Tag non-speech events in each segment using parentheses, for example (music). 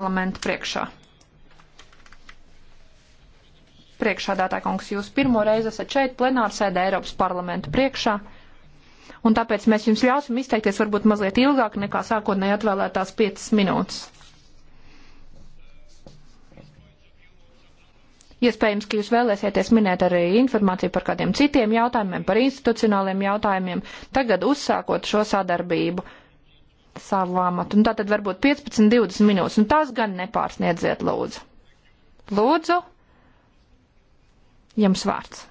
parlamentu priekšā. Priekšādātā kungs, jūs pirmo reizi esat šeit plenārsēdē Eiropas parlamentu priekšā, un tāpēc mēs jums ļausim izteikties varbūt mazliet ilgāk nekā sākotnēji atvēlētās piecas minūtes. Iespējams, ka jūs vēlēsieties minēt arī informāciju par kādiem citiem jautājumiem, par institucionāliem jautājumiem, tagad uzsākot šo sadarbību savu amatu. Un nu, tā tad varbūt 15-20 minūtes, un nu, tās gan nepārsniedziet, lūdzu. Lūdzu, jums vārds.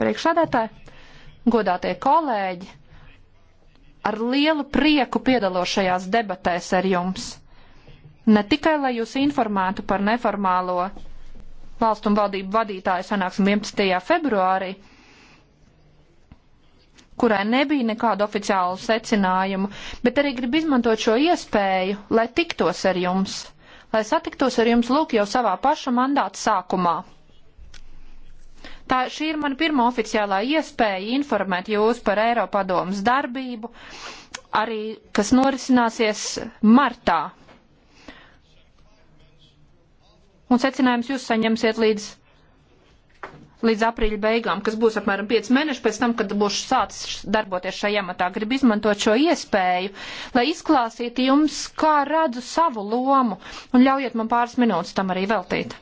Priekšādētāji, godātie kolēģi, ar lielu prieku piedalošajās debatēs ar jums. Ne tikai, lai jūs informētu par neformālo valstu un valdību vadītāju sanāksim 11. februārī, kurai nebija nekādu oficiālu secinājumu, bet arī grib izmantot šo iespēju, lai tiktos ar jums, lai satiktos ar jums lūk jau savā paša mandāta sākumā. Tā šī ir mana pirmā oficiālā iespēja informēt jūs par Eiropadomas darbību, arī kas norisināsies martā. Un secinājums jūs saņemsiet līdz līdz aprīļa beigām, kas būs apmēram 5 mēneši pēc tam, kad būšu sācis darboties šajā amatā. Gribu izmantot šo iespēju, lai izklāstītu jums, kā redzu savu lomu, un ļaujiet man pāris minūtes tam arī veltīt.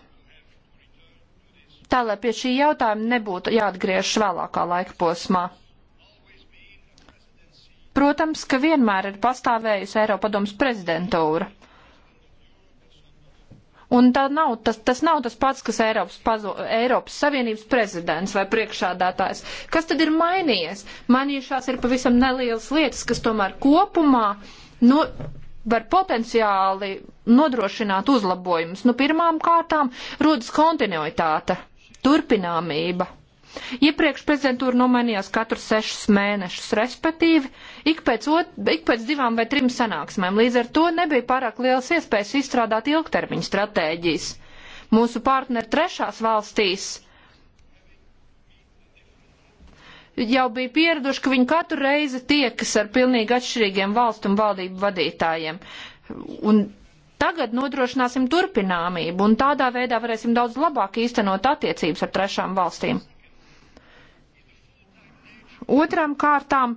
Tā, lai pie šī jautājuma nebūtu jāatgriežas vēlākā laika posmā. Protams, ka vienmēr ir pastāvējusi Eiropadomas prezidentūra Un tā nav, tas, tas nav tas pats, kas Eiropas, pazo, Eiropas Savienības prezidents vai priekšādātājs. Kas tad ir mainījies? Mainījušās ir pavisam nelielas lietas, kas tomēr kopumā nu, var potenciāli nodrošināt uzlabojumus. Nu, pirmām kārtām rodas kontinuitāte, turpināmība Iepriekš prezidentūra nomainījās katru sešus mēnešus, respektīvi ik pēc, ot, ik pēc divām vai trim sanāksmēm. Līdz ar to nebija pārāk liels iespējas izstrādāt ilgtermiņu stratēģijas. Mūsu partneri trešās valstīs jau bija pieraduši, ka viņi katru reizi tiekas ar pilnīgi atšķirīgiem valstu un valdību vadītājiem. Un tagad nodrošināsim turpināmību, un tādā veidā varēsim daudz labāk īstenot attiecības ar trešām valstīm. Otram kārtām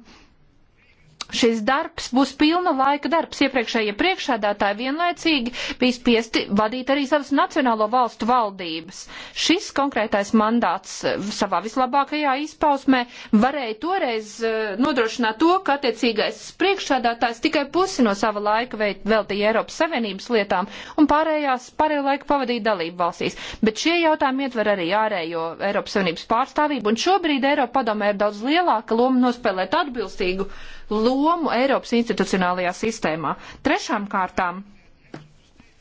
šis darbs būs pilna laika darbs. Iepriekšējie priekšsēdētāji vienlaicīgi bija spiesti vadīt arī savas nacionālo valstu valdības. Šis konkrētais mandāts eh, savā vislabākajā izpausmē varēja toreiz eh, nodrošināt to, ka attiecīgais priekšsēdētājs tikai pusi no sava laika veltīja Eiropas Savienības lietām un pārējās pārējo laiku pavadīja dalību valstīs. Bet šie jautājumi ietver arī ārējo Eiropas Savienības pārstāvību un šobrīd Eiropa padomē ir daudz lielāka loma nospēlēt atbilstīgu uh, lomu Eiropas institucionālajā sistēmā. Trešām kārtām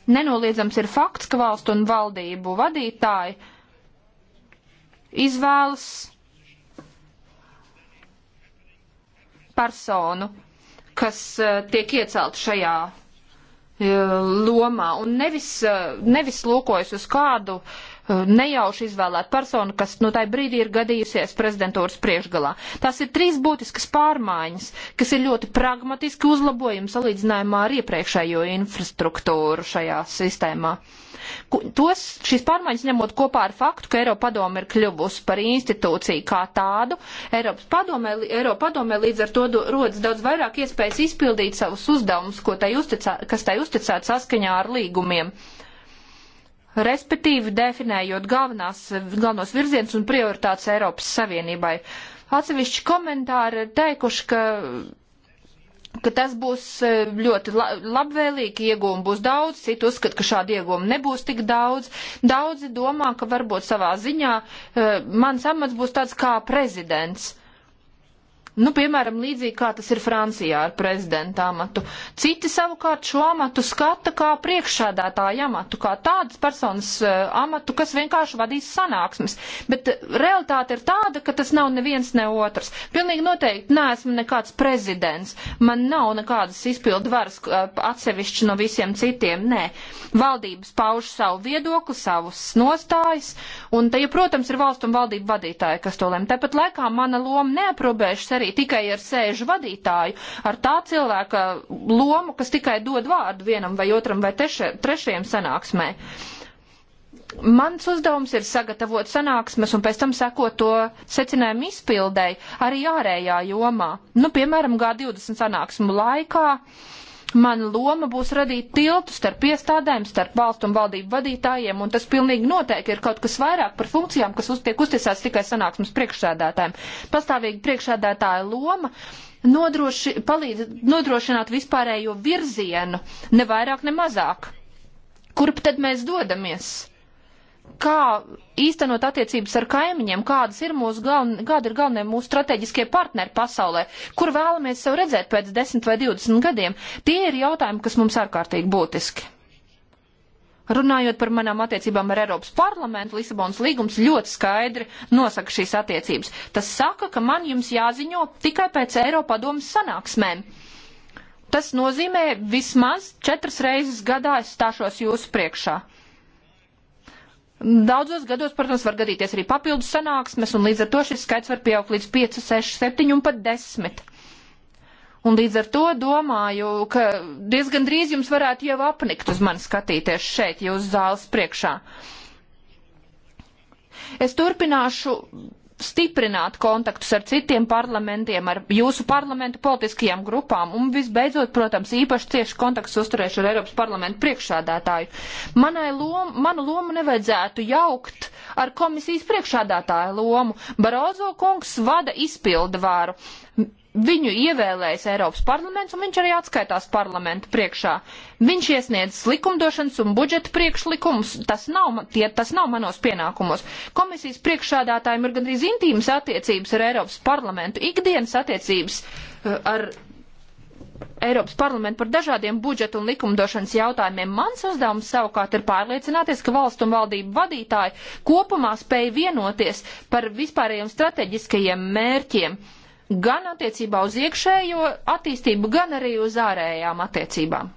nenoliedzams ir fakts, ka valstu un valdību vadītāji izvēlas personu, kas eh, tiek iecelt šajā eh, lomā un nevis, eh, nevis lūkojas uz kādu uh, nejauši izvēlēt personu, kas no tai brīdī ir gadījusies prezidentūras priekšgalā. Tās ir trīs būtiskas pārmaiņas, kas ir ļoti pragmatiski uzlabojumi salīdzinājumā ar iepriekšējo infrastruktūru šajā sistēmā. Tos šīs pārmaiņas ņemot kopā ar faktu, ka Eiropa padome ir kļuvusi par institūciju kā tādu, Eiropas padomē, Eiropa padomē līdz ar to rodas daudz vairāk iespējas izpildīt savus uzdevumus, tai uzticā, kas tai uzticēt saskaņā ar līgumiem respektīvi definējot galvenās, galvenos virziens un prioritātes Eiropas Savienībai. Atsevišķi komentāri ir teikuši, ka, ka tas būs e, ļoti labvēlīgi, iegūmi būs daudz, citi uzskata, ka šādi iegūmi nebūs tik daudz. Daudzi domā, ka varbūt savā ziņā e, mans amats būs tāds kā prezidents Nu, piemēram, līdzīgi kā tas ir Francijā ar prezidenta amatu. Citi savukārt šo amatu skata kā priekšsādātāju amatu, kā tādas personas eh, amatu, kas vienkārši vadīs sanāksmes. Bet eh, realitāte ir tāda, ka tas nav neviens ne otrs. Pilnīgi noteikti neesmu nekāds prezidents. Man nav nekādas izpildu varas eh, atsevišķi no visiem citiem. Nē, valdības pauž savu viedokli, savus nostājas, un te, ja, protams, ir valstu un valdību vadītāji, kas to lem. Tāpat laikā mana loma neaprobežas arī arī tikai ar sēžu vadītāju, ar tā cilvēka lomu, kas tikai dod vārdu vienam vai otram vai teša, trešajam sanāksmē. Mans uzdevums ir sagatavot sanāksmes un pēc tam sekot to secinājumu izpildēji arī ārējā jomā. Nu, piemēram, G20 sanāksmu laikā uh, Mana loma būs radīt tiltu starp iestādēm, starp valstu un valdību vadītājiem, un tas pilnīgi noteikti ir kaut kas vairāk par funkcijām, kas uz tiek uzticēts tikai sanāksmes priekšsēdētājiem. Pastāvīgi priekšsēdētāja loma nodroši, palīdz nodrošināt vispārējo virzienu, ne vairāk, ne mazāk. Kurp tad mēs dodamies? kā īstenot attiecības ar kaimiņiem, kādas ir mūsu galven, kāda ir galvenie mūsu strateģiskie partneri pasaulē, kur vēlamies sev redzēt pēc 10 vai 20 gadiem. Tie ir jautājumi, kas mums ārkārtīgi būtiski. Runājot par manām attiecībām ar Eiropas parlamentu, Lisabonas līgums ļoti skaidri nosaka šīs attiecības. Tas saka, ka man jums jāziņo tikai pēc Eiropadomas sanāksmēm. Tas nozīmē vismaz četras reizes gadā es stāšos jūsu priekšā. Daudzos gados, protams, var gadīties arī papildus sanāksmes, un līdz ar to šis skaits var pieaugt līdz 5, 6, 7 un pat 10. Un līdz ar to domāju, ka diezgan drīz jums varētu jau apnikt uz mani skatīties šeit, jūs zāles priekšā. Es turpināšu stiprināt kontaktus ar citiem parlamentiem, ar jūsu parlamentu politiskajām grupām un visbeidzot, protams, īpaši cieši kontaktus uzturēšu ar Eiropas parlamentu priekšādātāju. Manai lom, manu lomu nevajadzētu jaukt ar komisijas priekšādātāju lomu. Barozo kungs vada izpildu vāru viņu ievēlējis Eiropas parlaments, un viņš arī atskaitās parlamenta priekšā. Viņš iesniedz likumdošanas un budžeta priekšlikumus. Tas, nav, tie, tas nav manos pienākumos. Komisijas priekšādātājiem ir gandrīz intīmas attiecības ar Eiropas parlamentu, ikdienas attiecības eh, ar Eiropas parlamentu par dažādiem budžetu un likumdošanas jautājumiem. Mans uzdevums savukārt ir pārliecināties, ka valstu un valdību vadītāji kopumā spēja vienoties par vispārējiem strateģiskajiem mērķiem gan attiecībā uz iekšējo attīstību, gan arī uz ārējām attiecībām.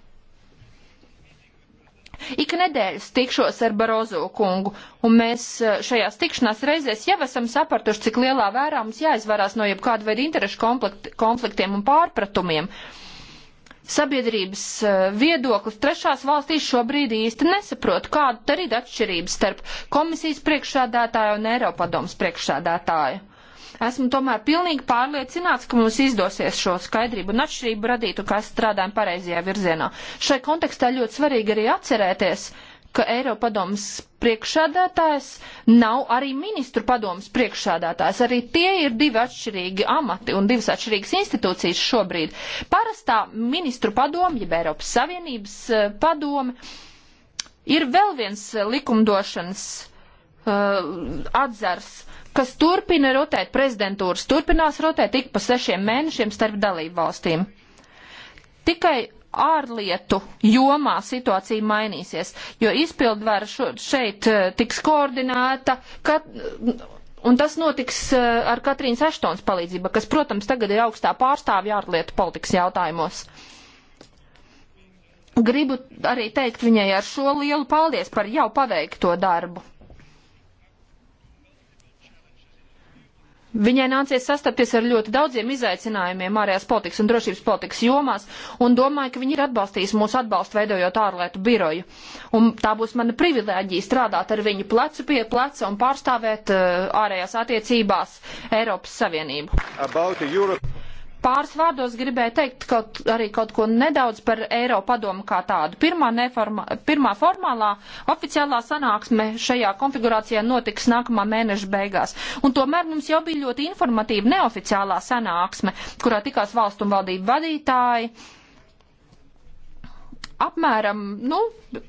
Ik nedēļas tikšos ar Barozo kungu, un mēs eh, šajās tikšanās reizēs jau esam sapratuši, cik lielā vērā mums jāizvarās no jebkāda veida interešu konflikt, konfliktiem un pārpratumiem. Sabiedrības eh, viedoklis trešās valstīs šobrīd īsti nesaprot, kāda tad ir atšķirības starp komisijas priekšsādātāju un Eiropadomas priekšsādātāju Esmu tomēr pilnīgi pārliecināts, ka mums izdosies šo skaidrību un atšķirību radīt un kā strādājam pareizajā virzienā. Šai kontekstā ļoti svarīgi arī atcerēties, ka Eiropadomas priekšsādātājs nav arī ministru padomas priekšsādātājs. Arī tie ir divi atšķirīgi amati un divas atšķirīgas institūcijas šobrīd. Parastā ministru padoma, jeb Eiropas Savienības eh, padome, ir vēl viens eh, likumdošanas uh, atzars kas turpina rotēt prezidentūras, turpinās rotēt tik pa sešiem mēnešiem starp dalību valstīm. Tikai ārlietu jomā situācija mainīsies, jo izpildvara šeit eh, tiks koordinēta, ka, un tas notiks eh, ar Katrīnas Eštons palīdzību, kas, protams, tagad ir augstā pārstāvja ārlietu politikas jautājumos. Gribu arī teikt viņai ar šo lielu paldies par jau paveikto darbu. Viņai nācies sastapties ar ļoti daudziem izaicinājumiem ārējās politikas un drošības politikas jomās, un domāju, ka viņi ir atbalstījis mūsu atbalstu veidojot ārlietu biroju. Un tā būs mana privilēģija strādāt ar viņu plecu pie pleca un pārstāvēt uh, ārējās attiecībās Eiropas Savienību. Europe pāris vārdos gribēju teikt kaut, arī kaut ko nedaudz par Eiropadomu kā tādu. Pirmā, neforma, pirmā formālā oficiālā sanāksme šajā konfigurācijā notiks nākamā mēneša beigās. Un tomēr mums jau bija ļoti informatīva neoficiālā sanāksme, kurā tikās valstu un valdību vadītāji apmēram, nu,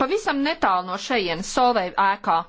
pavisam netālu no šejienes Solvei ēkā.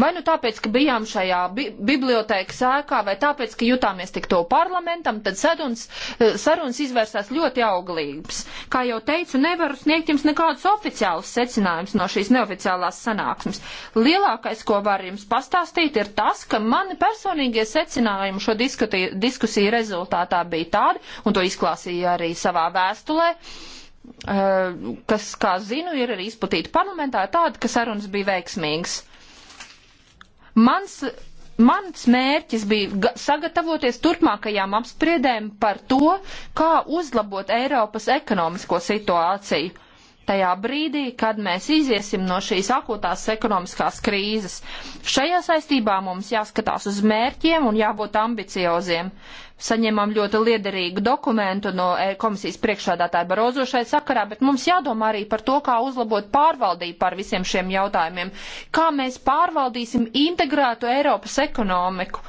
Vai nu tāpēc, ka bijām šajā bi bibliotēkas ēkā, vai tāpēc, ka jutāmies tik to parlamentam, tad sarunas, eh, sarunas izvērsās ļoti auglības. Kā jau teicu, nevaru sniegt jums nekādus oficiālus secinājumus no šīs neoficiālās sanāksmes. Lielākais, ko var jums pastāstīt, ir tas, ka mani personīgie secinājumi šo diskusiju rezultātā bija tādi, un to izklāsīja arī savā vēstulē, eh, kas, kā zinu, ir arī izplatīta parlamentā tāda, ka sarunas bija veiksmīgas. Mans, mans mērķis bija sagatavoties turpmākajām apspriedēm par to, kā uzlabot Eiropas ekonomisko situāciju. Tajā brīdī, kad mēs iziesim no šīs akūtās ekonomiskās krīzes, šajā saistībā mums jāskatās uz mērķiem un jābūt ambicioziem saņemam ļoti liederīgu dokumentu no e, komisijas priekšādātāja Barozo šai sakarā, bet mums jādomā arī par to, kā uzlabot pārvaldību par visiem šiem jautājumiem. Kā mēs pārvaldīsim integrētu Eiropas ekonomiku?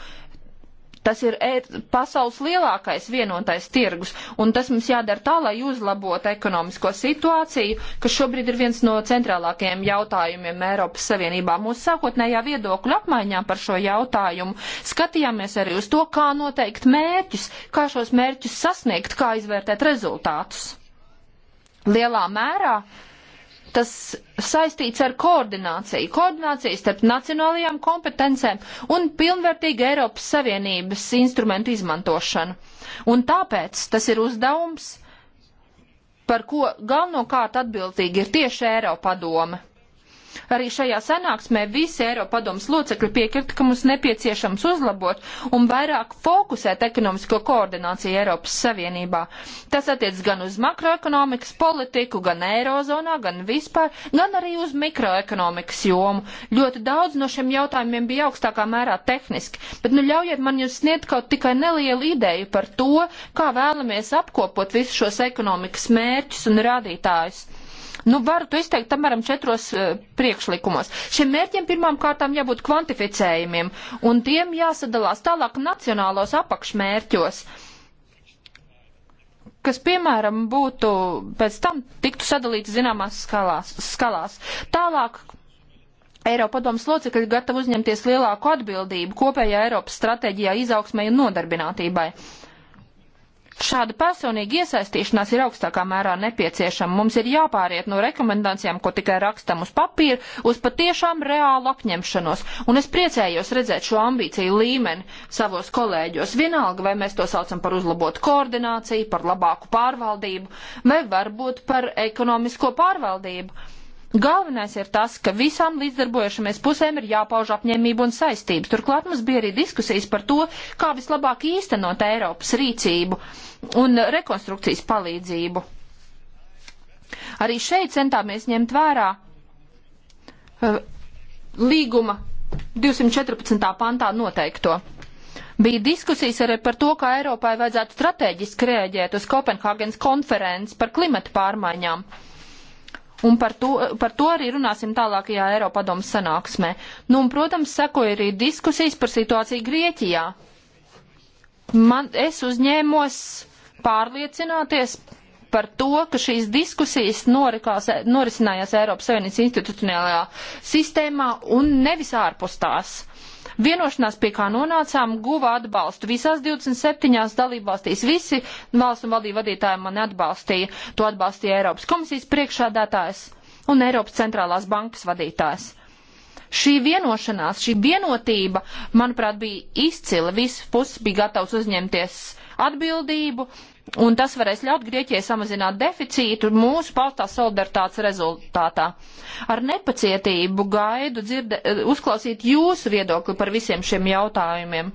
Tas ir e pasaules lielākais vienotais tirgus, un tas mums jādara tā, lai uzlabotu ekonomisko situāciju, kas šobrīd ir viens no centrālākajiem jautājumiem Eiropas Savienībā. Mūsu sākotnējā viedokļa apmaiņā par šo jautājumu skatījāmies arī uz to, kā noteikt mērķus, kā šos mērķus sasniegt, kā izvērtēt rezultātus. Lielā mērā tas saistīts ar koordināciju. Koordināciju starp nacionālajām kompetencēm un pilnvērtīgu Eiropas Savienības instrumentu izmantošanu. Un tāpēc tas ir uzdevums, par ko galvenokārt atbildīgi ir tieši Eiropa padome. Arī šajā sanāksmē visi Eiropadomas locekļi piekrita, ka mums nepieciešams uzlabot un vairāk fokusēt ekonomisko koordināciju Eiropas Savienībā. Tas attiec gan uz makroekonomikas politiku, gan eirozonā, gan vispār, gan arī uz mikroekonomikas jomu. Ļoti daudz no šiem jautājumiem bija augstākā mērā tehniski, bet nu ļaujiet man jūs sniegt kaut tikai nelielu ideju par to, kā vēlamies apkopot visus šos ekonomikas mērķus un rādītājus. Nu, varu to izteikt, tamēram, četros uh, priekšlikumos. Šiem mērķiem pirmām kārtām jābūt kvantificējumiem, un tiem jāsadalās tālāk nacionālos apakšmērķos kas, piemēram, būtu pēc tam tiktu sadalīts zināmās skalās. skalās. Tālāk Eiropadomas locekļi gatavi uzņemties lielāku atbildību kopējā Eiropas stratēģijā izaugsmai un nodarbinātībai. Uh, Šāda personīga iesaistīšanās ir augstākā mērā nepieciešama. Mums ir jāpāriet no rekomendācijām, ko tikai rakstam uz papīra, uz patiešām reālu apņemšanos. Un es priecējos redzēt šo ambīciju līmeni savos kolēģos. Vienalga, vai mēs to saucam par uzlabotu koordināciju, par labāku pārvaldību, vai varbūt par ekonomisko pārvaldību Galvenais ir tas, ka visām līdzdarbojušamies pusēm ir jāpauž apņēmība un saistības. Turklāt mums bija arī diskusijas par to, kā vislabāk īstenot Eiropas rīcību un rekonstrukcijas palīdzību. Arī šeit centāmies ņemt vērā uh, līguma 214. pantā noteikto. Bija diskusijas arī par to, kā Eiropai vajadzētu strateģiski rēģēt uz Kopenhāgenes konferences par klimatu pārmaiņām. Uh, Un par to, par to arī runāsim tālākajā Eiropadomas sanāksmē. Nu, un, protams, sekoja arī diskusijas par situāciju Grieķijā. Man, es uzņēmos pārliecināties par to, ka šīs diskusijas norikās, norisinājās Eiropas Savienības institucionālajā sistēmā un nevis ārpus tās. Uh, Vienošanās, pie kā nonācām, guva atbalstu visās 27 dalībvalstīs. Visi valsts un valdību vadītāji mani atbalstīja. To atbalstīja Eiropas komisijas priekšādātājs un Eiropas centrālās bankas vadītājs šī vienošanās, šī vienotība, manuprāt, bija izcila. Visas puses bija gatavs uzņemties atbildību Un tas varēs ļaut Grieķijai samazināt deficītu mūsu paustās solidaritātes rezultātā. Ar nepacietību gaidu dzirde, uzklausīt jūsu viedokli par visiem šiem jautājumiem.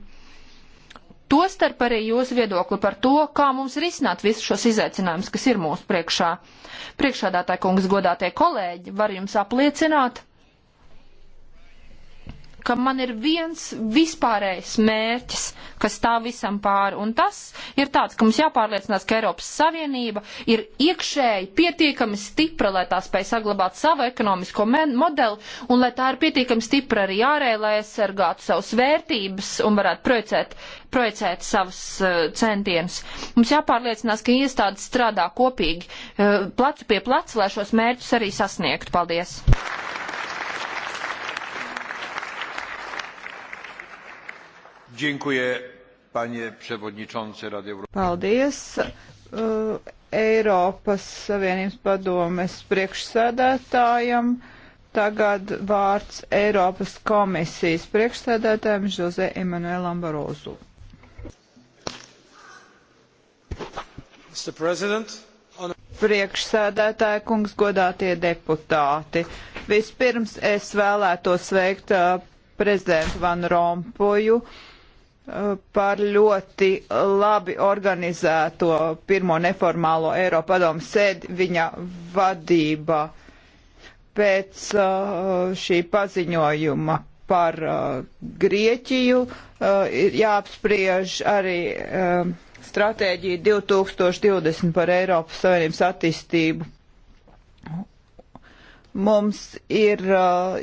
Tostarp arī jūsu viedokli par to, kā mums risināt visus šos izaicinājumus, kas ir mūsu priekšā. Priekšādātāja kungas godātie kolēģi, var jums apliecināt, ka man ir viens vispārējs mērķis, kas tā visam pāri, un tas ir tāds, ka mums jāpārliecinās, ka Eiropas Savienība ir iekšēji pietiekami stipra, lai tā spēj saglabāt savu ekonomisko modeli, un lai tā ir pietiekami stipra arī ārēji, lai aizsargātu savus vērtības un varētu projicēt, projicēt savus uh, centienus. Mums jāpārliecinās, ka iestādes strādā kopīgi, uh, eh, plecu pie pleca, lai šos mērķus arī sasniegtu. Paldies! Dziękuję, panie przewodniczący Rady Eiropas. Paldies, uh, Eiropas Savienības padomes priekšsēdētājam. Tagad vārds Eiropas komisijas priekšsēdētājiem Žoze Emanuēlam Barozu. Mr. President, priekšsēdētāja kungs, godātie deputāti. Vispirms es vēlētos sveikt uh, prezidentu Van Rompuju. Uh, par ļoti labi organizēto pirmo neformālo Eiropadomu sēdi viņa vadībā pēc uh, šī paziņojuma par uh, Grieķiju uh, ir jāapspriež arī um, stratēģija 2020 par Eiropas Savienības attīstību mums ir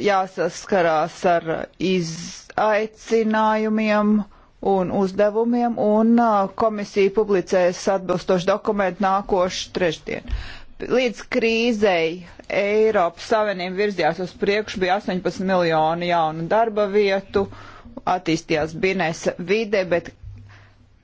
jāsaskarās ar izaicinājumiem, un uzdevumiem, un komisija publicēs atbilstošu dokumentu nākošu trešdien. Līdz krīzei Eiropas Savienība virzījās uz priekšu, bija 18 miljoni jaunu darba vietu, attīstījās binēs vide, bet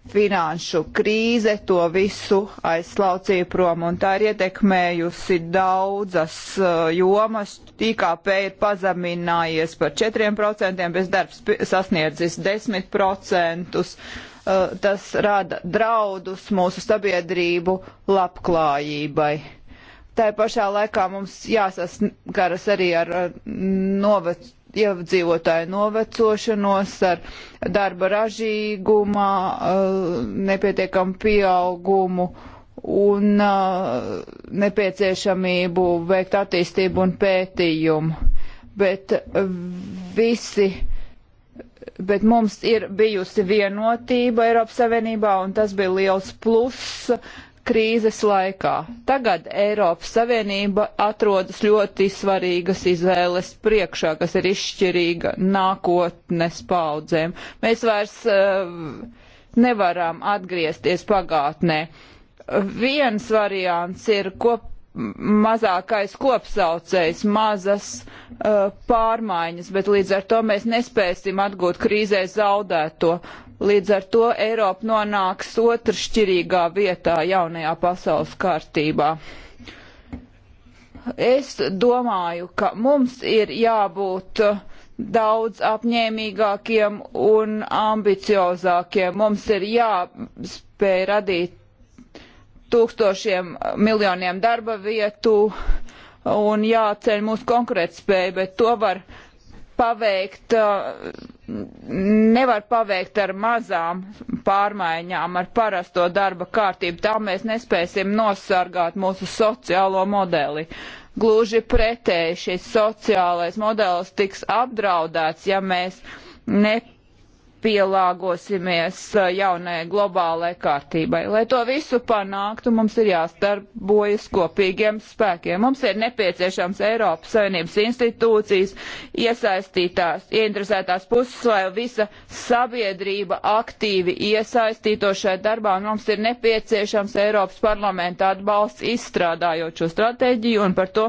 finanšu krīze to visu aizslaucīja prom, un tā ir ietekmējusi daudzas uh, jomas. IKP ir pazeminājies par 4%, bezdarbs sasniedzis 10%. Uh, tas rada draudus mūsu sabiedrību labklājībai. Tā pašā laikā mums jāsaskaras arī ar uh, novec iedzīvotāju novecošanos, ar darba ražīgumā, eh, nepietiekamu pieaugumu un eh, nepieciešamību veikt attīstību un pētījumu. Bet visi, bet mums ir bijusi vienotība Eiropas Savienībā, un tas bija liels pluss krīzes laikā. Tagad Eiropas Savienība atrodas ļoti svarīgas izvēles priekšā, kas ir izšķirīga nākotnes paudzēm. Mēs vairs uh, nevaram atgriezties pagātnē. Viens variants ir kop, mazākais kopsaucējs, mazas uh, pārmaiņas, bet līdz ar to mēs nespēsim atgūt krīzē zaudēto. Uh, Līdz ar to Eiropa nonāks otršķirīgā vietā jaunajā pasaules kārtībā. Es domāju, ka mums ir jābūt daudz apņēmīgākiem un ambiciozākiem. Mums ir jāspēj radīt tūkstošiem miljoniem darba vietu un jāceļ mūsu konkurētspēja, bet to var paveikt uh, nevar paveikt ar mazām pārmaiņām, ar parasto darba kārtību. Tā mēs nespēsim nosargāt mūsu sociālo modeli. Gluži pretēji šis sociālais modelis tiks apdraudēts, ja mēs nepārmaiņām pielāgosimies uh, jaunajai globālai kārtībai. Lai to visu panāktu, mums ir jāstarbojas kopīgiem spēkiem. Mums ir nepieciešams Eiropas Savienības institūcijas, iesaistītās, ieinteresētās puses, lai visa sabiedrība aktīvi iesaistītos šajā darbā, un mums ir nepieciešams Eiropas parlamenta atbalsts izstrādājot šo stratēģiju un par to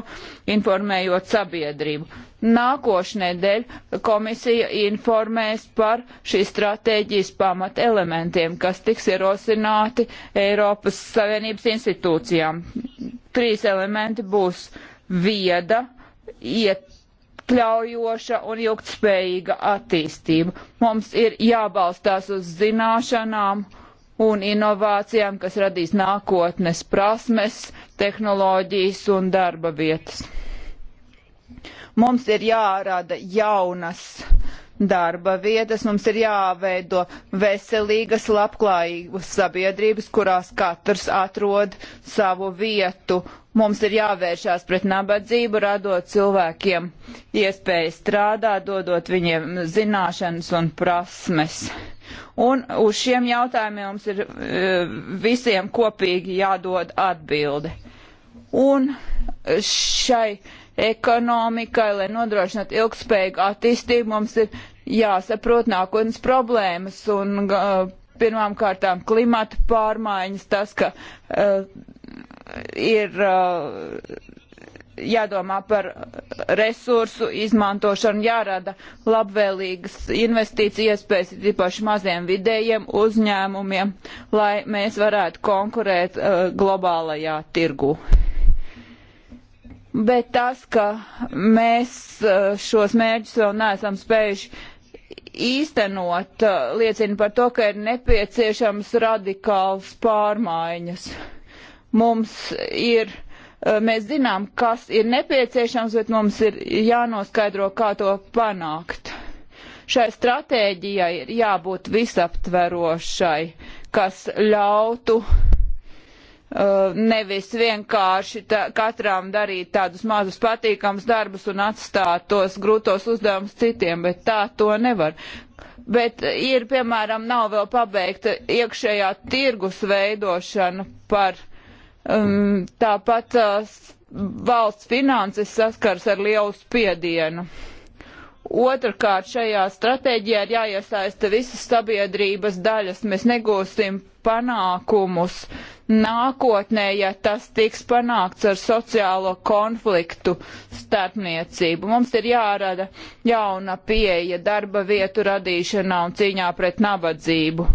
informējot sabiedrību Nākošnedēļ komisija informēs par šīs stratēģijas pamat elementiem, kas tiks ierosināti Eiropas Savienības institūcijām. Trīs elementi būs vieda, iet iekļaujoša un ilgtspējīga attīstība. Mums ir jābalstās uz zināšanām un inovācijām, kas radīs nākotnes prasmes, tehnoloģijas un darba vietas. Mums ir jārada jaunas darba vietas, mums ir jāveido veselīgas, labklājīgas sabiedrības, kurās katrs atrod savu vietu. Mums ir jāvēršās pret nabadzību, radot cilvēkiem iespēju strādāt, dodot viņiem zināšanas un prasmes. Un uz šiem jautājumiem mums ir eh, visiem kopīgi jādod atbildi. Un šai ekonomikai, lai nodrošinātu ilgspējīgu attīstību, mums ir jāsaprot nākotnes problēmas un uh, pirmām kārtām klimata pārmaiņas, tas, ka uh, ir uh, jādomā par resursu izmantošanu, jārada labvēlīgas investīcijas iespējas, tīpaši maziem vidējiem uzņēmumiem, lai mēs varētu konkurēt uh, globālajā tirgu bet tas, ka mēs eh, šos mērķus vēl neesam spējuši īstenot, eh, liecina par to, ka ir nepieciešams radikāls pārmaiņas. Mums ir eh, mēs zinām, kas ir nepieciešams, bet mums ir jānoskaidro, kā to panākt. Šai stratēģijai ir jābūt visaptverošai, kas ļautu uh, Uh, nevis vienkārši tā, katram darīt tādus mazus patīkams darbus un atstāt tos grūtos uzdevumus citiem, bet tā to nevar. Bet ir, piemēram, nav vēl pabeigta iekšējā tirgus veidošana par um, tāpat uh, valsts finanses saskars ar lielu spiedienu. Otrakārt, šajā stratēģijā ir jāiesaista visas sabiedrības daļas. Mēs negūsim panākumus nākotnē, ja tas tiks panākts ar sociālo konfliktu starpniecību. Mums ir jārada jauna pieeja darba vietu radīšanā un cīņā pret nabadzību.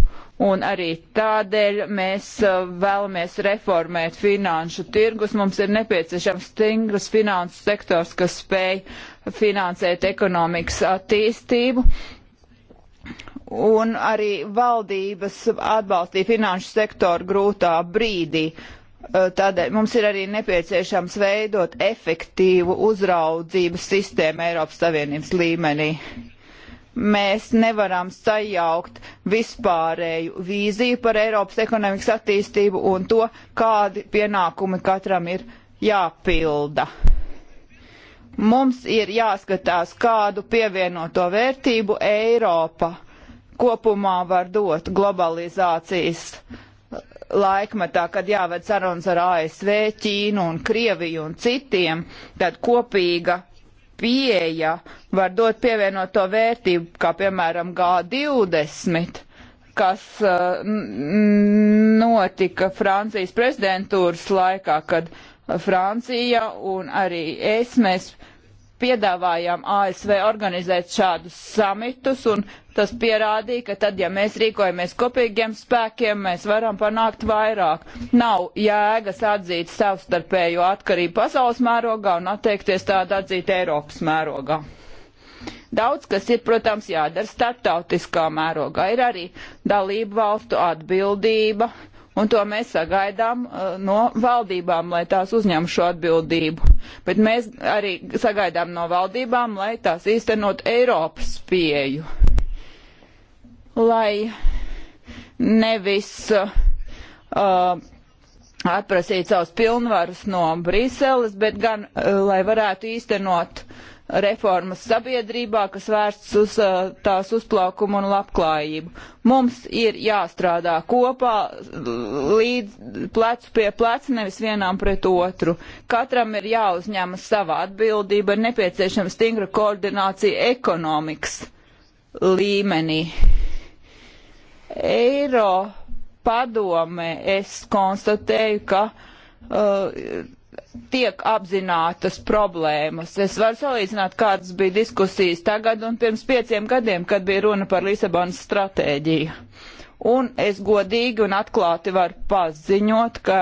Un arī tādēļ mēs uh, vēlamies reformēt finanšu tirgus. Mums ir nepieciešams stingrs finanšu sektors, kas spēj finansēt ekonomikas attīstību un arī valdības atbalstīja finanšu sektoru grūtā brīdī. Tādēļ mums ir arī nepieciešams veidot efektīvu uzraudzības sistēmu Eiropas Savienības līmenī. Mēs nevaram sajaukt vispārēju vīziju par Eiropas ekonomikas attīstību un to, kādi pienākumi katram ir jāpilda. Mums ir jāskatās, kādu pievienoto vērtību Eiropa kopumā var dot globalizācijas laikmetā, kad jāved sarunas ar ASV, Ķīnu un Krieviju un citiem, tad kopīga pieeja var dot pievienoto vērtību, kā piemēram G20, kas uh, notika Francijas prezidentūras laikā, kad Francija un arī es mēs piedāvājām ASV organizēt šādus samitus, un tas pierādīja, ka tad, ja mēs rīkojamies kopīgiem spēkiem, mēs varam panākt vairāk. Nav jēgas atzīt savstarpējo atkarību pasaules mērogā un atteikties tādu atzīt Eiropas mērogā. Daudz, kas ir, protams, jādara starptautiskā mērogā, ir arī dalību valstu atbildība un to mēs sagaidām uh, no valdībām, lai tās uzņem šo atbildību. Bet mēs arī sagaidām no valdībām, lai tās īstenot Eiropas pieju. Lai nevis uh, atprasīt savus pilnvarus no Briseles, bet gan, uh, lai varētu īstenot uh, reformas sabiedrībā, kas vērsts uz uh, tās uzplaukumu un labklājību. Mums ir jāstrādā kopā līdz plecu pie pleca, nevis vienām pret otru. Katram ir jāuzņemas sava atbildība, ir nepieciešama stingra koordinācija ekonomikas līmenī. Eiro padome es konstatēju, ka uh, tiek apzinātas problēmas. Es varu salīdzināt, kādas bija diskusijas tagad un pirms pieciem gadiem, kad bija runa par Lisabonas stratēģiju. Un es godīgi un atklāti varu paziņot, ka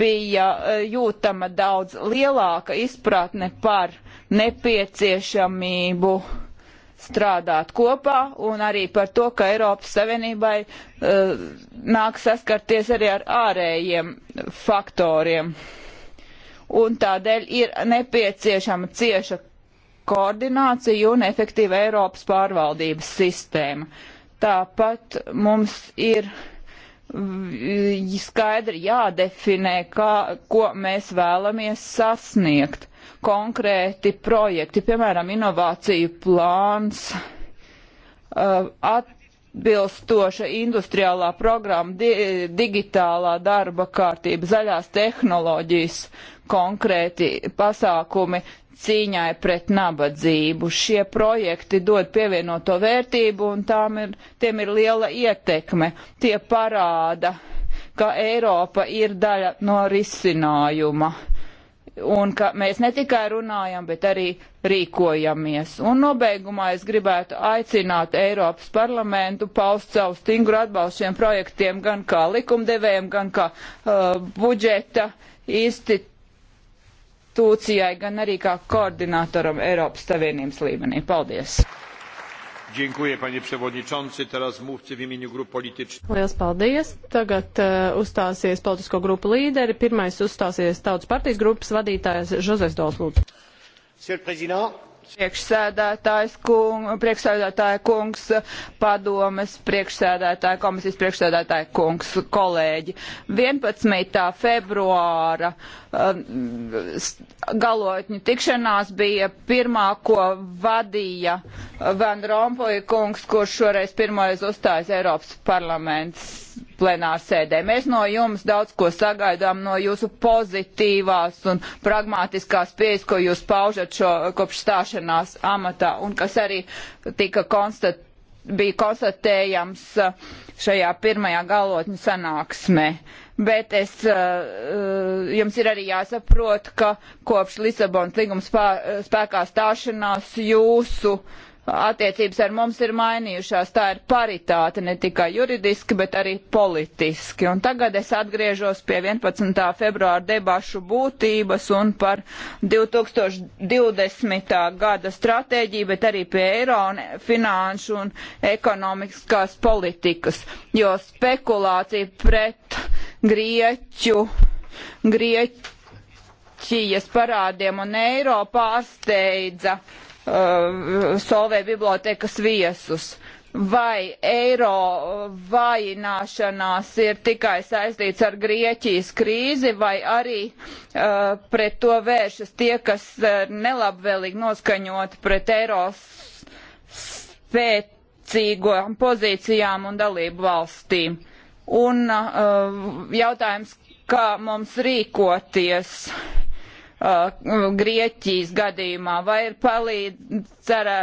bija eh, jūtama daudz lielāka izpratne par nepieciešamību strādāt kopā un arī par to, ka Eiropas Savienībai uh, nāk saskarties arī ar ārējiem faktoriem. Uh, un tādēļ ir nepieciešama cieša koordinācija un efektīva Eiropas pārvaldības sistēma. Tāpat mums ir skaidri jādefinē, kā, ko mēs vēlamies sasniegt. Konkrēti projekti, piemēram, inovāciju plāns, uh, atbilstoša industriālā programma, di digitālā darba kārtība, zaļās tehnoloģijas, uh, konkrēti pasākumi cīņai pret nabadzību. Šie projekti dod pievienoto vērtību un tām ir, tiem ir liela ietekme. Tie parāda, ka Eiropa ir daļa no risinājuma un ka mēs ne tikai runājam, bet arī rīkojamies. Un nobeigumā es gribētu aicināt Eiropas parlamentu paust savu stingru atbalstu šiem projektiem gan kā likumdevējiem, gan kā uh, budžeta institucijiem institūcijai, gan arī kā koordinatoram Eiropas Savienības līmenī. Paldies! Dziękuję, panie przewodniczący. Teraz mówcy w imieniu grup politycznych. Lielas paldies. Tagad uh, uzstāsies politisko grupu līderi. Pirmais uzstāsies Tautas partijas grupas vadītājs Žozefs Dols. Lūdzu priekšsēdētājs kung, priekšsēdētāja kungs, padomes priekšsēdētāja, komisijas priekšsēdētāja kungs, kolēģi. 11. februāra um, galotņu tikšanās bija pirmā, ko vadīja Van Rompuy kungs, kurš šoreiz pirmoreiz uzstājas Eiropas parlaments plenārsēdē. Mēs no jums daudz ko sagaidām no jūsu pozitīvās un pragmatiskās pieejas, ko jūs paužat šo kopš stāšanās amatā un kas arī tika konstat, bija konstatējams uh, šajā pirmajā galotņu sanāksmē. Bet es, uh, uh, jums ir arī jāsaprot, ka kopš Lisabonas līgums spēkā stāšanās jūsu uh, attiecības ar mums ir mainījušās. Tā ir paritāte ne tikai juridiski, bet arī politiski. Un tagad es atgriežos pie 11. februāra debašu būtības un par 2020. gada stratēģiju, bet arī pie eiro un finanšu un ekonomiskās politikas, jo spekulācija pret Grieķu, Grieķijas parādiem un eiro pārsteidza uh, Uh, solvē bibliotekas viesus. Vai eiro vājināšanās ir tikai saistīts ar Grieķijas krīzi, vai arī uh, pret to vēršas tie, kas uh, nelabvēlīgi noskaņoti pret eiro spēcīgām pozīcijām un dalību valstīm? Un uh, jautājums, kā mums rīkoties? Uh, Uh, Grieķijas gadījumā, vai ir palīdz, cerā,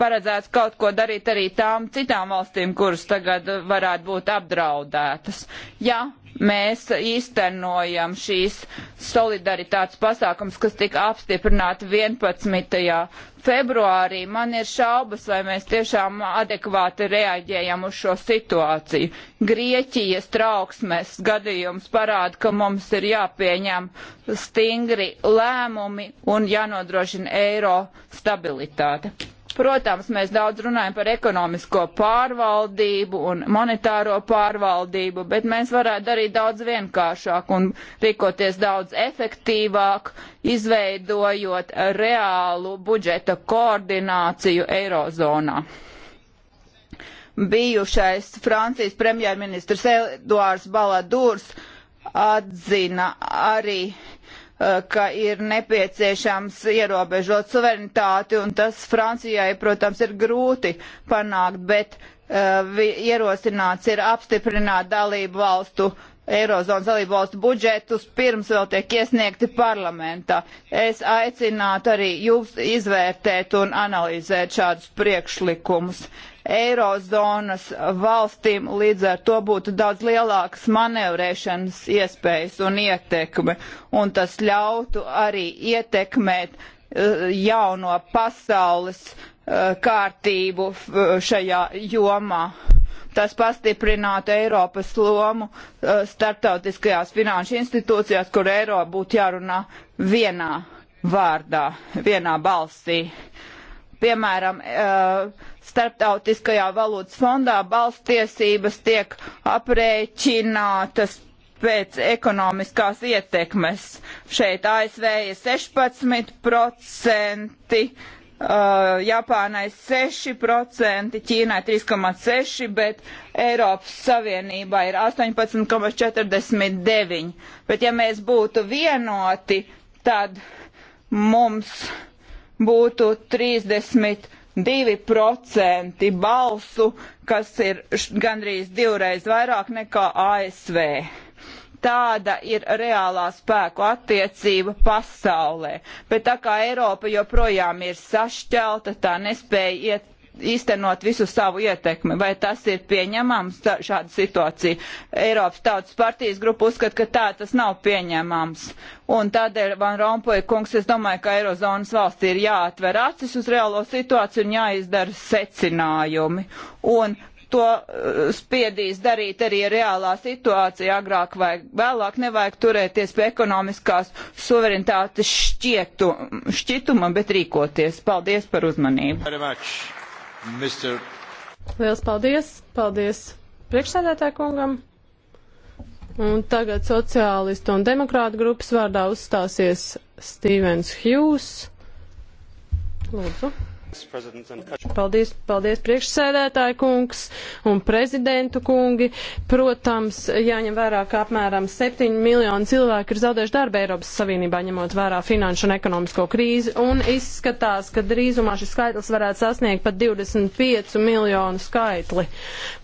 paredzēts kaut ko darīt arī tām citām valstīm, kuras tagad varētu būt apdraudētas. Ja mēs īstenojam šīs solidaritātes pasākums, kas tika apstiprināti 11. februārī, man ir šaubas, vai mēs tiešām adekvāti reaģējam uz šo situāciju. Grieķijas trauksmes gadījums parāda, ka mums ir jāpieņem stingri lēmumi un jānodrošina eiro stabilitāte. Protams, mēs daudz runājam par ekonomisko pārvaldību un monetāro pārvaldību, bet mēs varētu darīt daudz vienkāršāk un rīkoties daudz efektīvāk, izveidojot reālu budžeta koordināciju Eirozonā. Bijušais Francijas premjerministrs Eduards Baladurs atzina arī uh, Eh, ka ir nepieciešams ierobežot suverenitāti, un tas Francijai, protams, ir grūti panākt, bet uh, ierosināts ir apstiprināt dalību valstu Eirozonas dalību valstu budžetus pirms vēl tiek iesniegti parlamentā. Es aicinātu arī jūs izvērtēt un analizēt šādus priekšlikumus eirozonas valstīm līdz ar to būtu daudz lielākas manevrēšanas iespējas un ietekme, un tas ļautu arī ietekmēt eh, jauno pasaules eh, kārtību eh, šajā jomā. Tas pastiprinātu Eiropas lomu starptautiskajās finanšu institūcijās, kur Eiropa būtu jārunā vienā vārdā, vienā balsī. Uh, piemēram, eh, Startautiskajā valūtas fondā balstiesības tiek aprēķinātas pēc ekonomiskās ietekmes. Šeit ASV ir 16%, eh, Japānai 6%, Ķīnai 3,6%, bet Eiropas Savienībā ir 18,49%. Bet ja mēs būtu vienoti, tad mums uh, būtu 32% balsu, kas ir gandrīz divreiz vairāk nekā ASV. Tāda ir reālā spēku attiecība pasaulē, bet tā kā Eiropa joprojām ir sašķelta, tā nespēja iet īstenot visu savu ietekmi. Vai tas ir pieņemams, tā, šāda situācija? Eiropas Tautas partijas grupa uzskata, ka tā tas nav pieņemams. Un tādēļ, Van Rompuja kungs, es domāju, ka Eirozonas valstī ir jāatver acis uz reālo situāciju un jāizdara secinājumi. Un to uh, spiedīs darīt arī reālā situācija agrāk vai vēlāk. Nevajag turēties pie ekonomiskās suverenitātes šķietu, šķituma, bet rīkoties. Paldies par uzmanību. Mister... Liels paldies! Paldies priekšsēdētāju kungam! Un tagad sociālistu un demokrātu grupas vārdā uzstāsies Stīvens Hjūs. Lūdzu. Paldies, paldies priekšsēdētāji kungs un prezidentu kungi. Protams, jāņem vērā, ka apmēram 7 miljoni cilvēku ir zaudējuši darbu Eiropas Savienībā, ņemot vērā finanšu un ekonomisko krīzi. Un izskatās, ka drīzumā šis skaitlis varētu sasniegt pat 25 miljonu skaitli.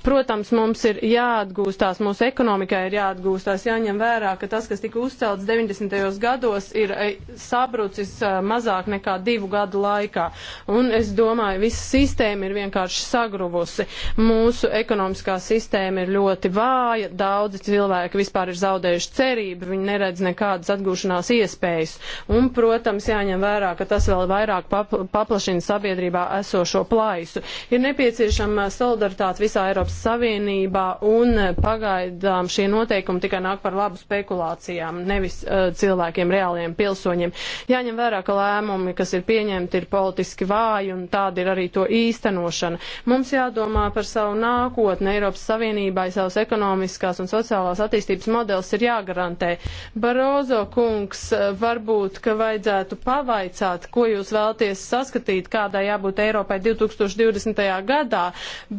Protams, mums ir jāatgūstās, mūsu ekonomikai ir jāatgūstās, jāņem vērā, ka tas, kas tika uzcelts 90. gados, ir eh, sabrucis eh, mazāk nekā divu gadu laikā. Un Es domāju, visa sistēma ir vienkārši sagruvusi. Mūsu ekonomiskā sistēma ir ļoti vāja, daudzi cilvēki vispār ir zaudējuši cerību, viņi neredz nekādas atgūšanās iespējas. Un, protams, jāņem vērā, ka tas vēl vairāk paplašina sabiedrībā esošo plaisu. Ir nepieciešama solidaritāte visā Eiropas Savienībā un pagaidām šie noteikumi tikai nāk par labu spekulācijām, nevis uh, cilvēkiem, reāliem pilsoņiem. Jāņem vērā, ka lēmumi, kas ir pieņemti, ir politiski vāji mērķi, un tāda ir arī to īstenošana. Mums jādomā par savu nākotni Eiropas Savienībai, savas ekonomiskās un sociālās attīstības modelis ir jāgarantē. Barozo kungs, varbūt, ka vajadzētu pavaicāt, ko jūs vēlties saskatīt, kādai jābūt Eiropai 2020. gadā,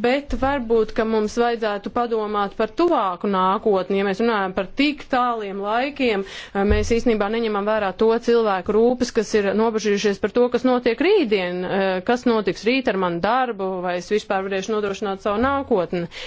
bet varbūt, ka mums vajadzētu padomāt par tuvāku nākotni, ja mēs runājam par tik tāliem laikiem, mēs īstenībā neņemam vērā to cilvēku rūpes, kas ir nobežījušies par to, kas notiek rītdien kas notiks rīt ar manu darbu, vai es vispār varēšu nodrošināt savu nākotni. Uh,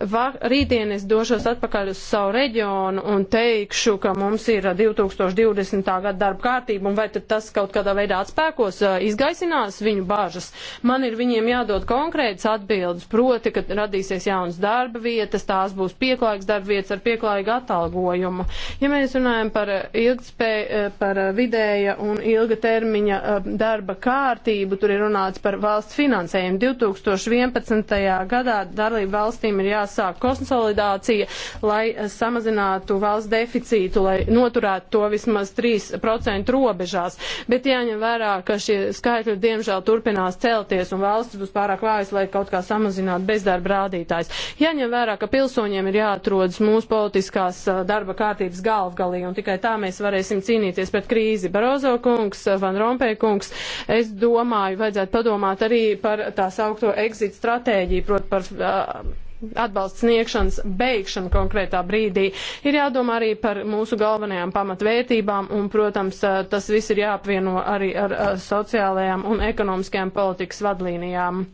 Var, rītdien es došos atpakaļ uz savu reģionu un teikšu, ka mums ir 2020. gada darba kārtība un vai tad tas kaut kādā veidā atspēkos, izgaisinās viņu bāžas. Man ir viņiem jādod konkrētas atbildes, proti, ka radīsies jaunas darba vietas, tās būs pieklājīgas darba vietas ar pieklājīgu atalgojumu. Ja mēs runājam par ilgspēju, par vidēja un ilga termiņa darba kārtību, tur ir runāts par valsts finansējumu. 2011. gadā dalību valstīm ir jāsaka, jāsāk konsolidācija, lai eh, samazinātu valsts deficītu, lai noturētu to vismaz 3% robežās. Bet jāņem vērā, ka šie skaitļi diemžēl turpinās celties un valsts būs pārāk vājas, lai kaut kā samazinātu bezdarba rādītājs. Jāņem vērā, ka pilsoņiem ir jāatrodas mūsu politiskās eh, darba kārtības galvgalī un tikai tā mēs varēsim cīnīties pret krīzi. Barozo kungs, eh, Van Rompē kungs, es domāju, vajadzētu padomāt arī par tā saukto exit stratēģiju, proti par uh, atbalsts sniegšanas beigšanu konkrētā brīdī. Ir jādomā arī par mūsu galvenajām pamatvērtībām un, protams, tas viss ir jāapvieno arī ar sociālajām un ekonomiskajām politikas vadlīnijām.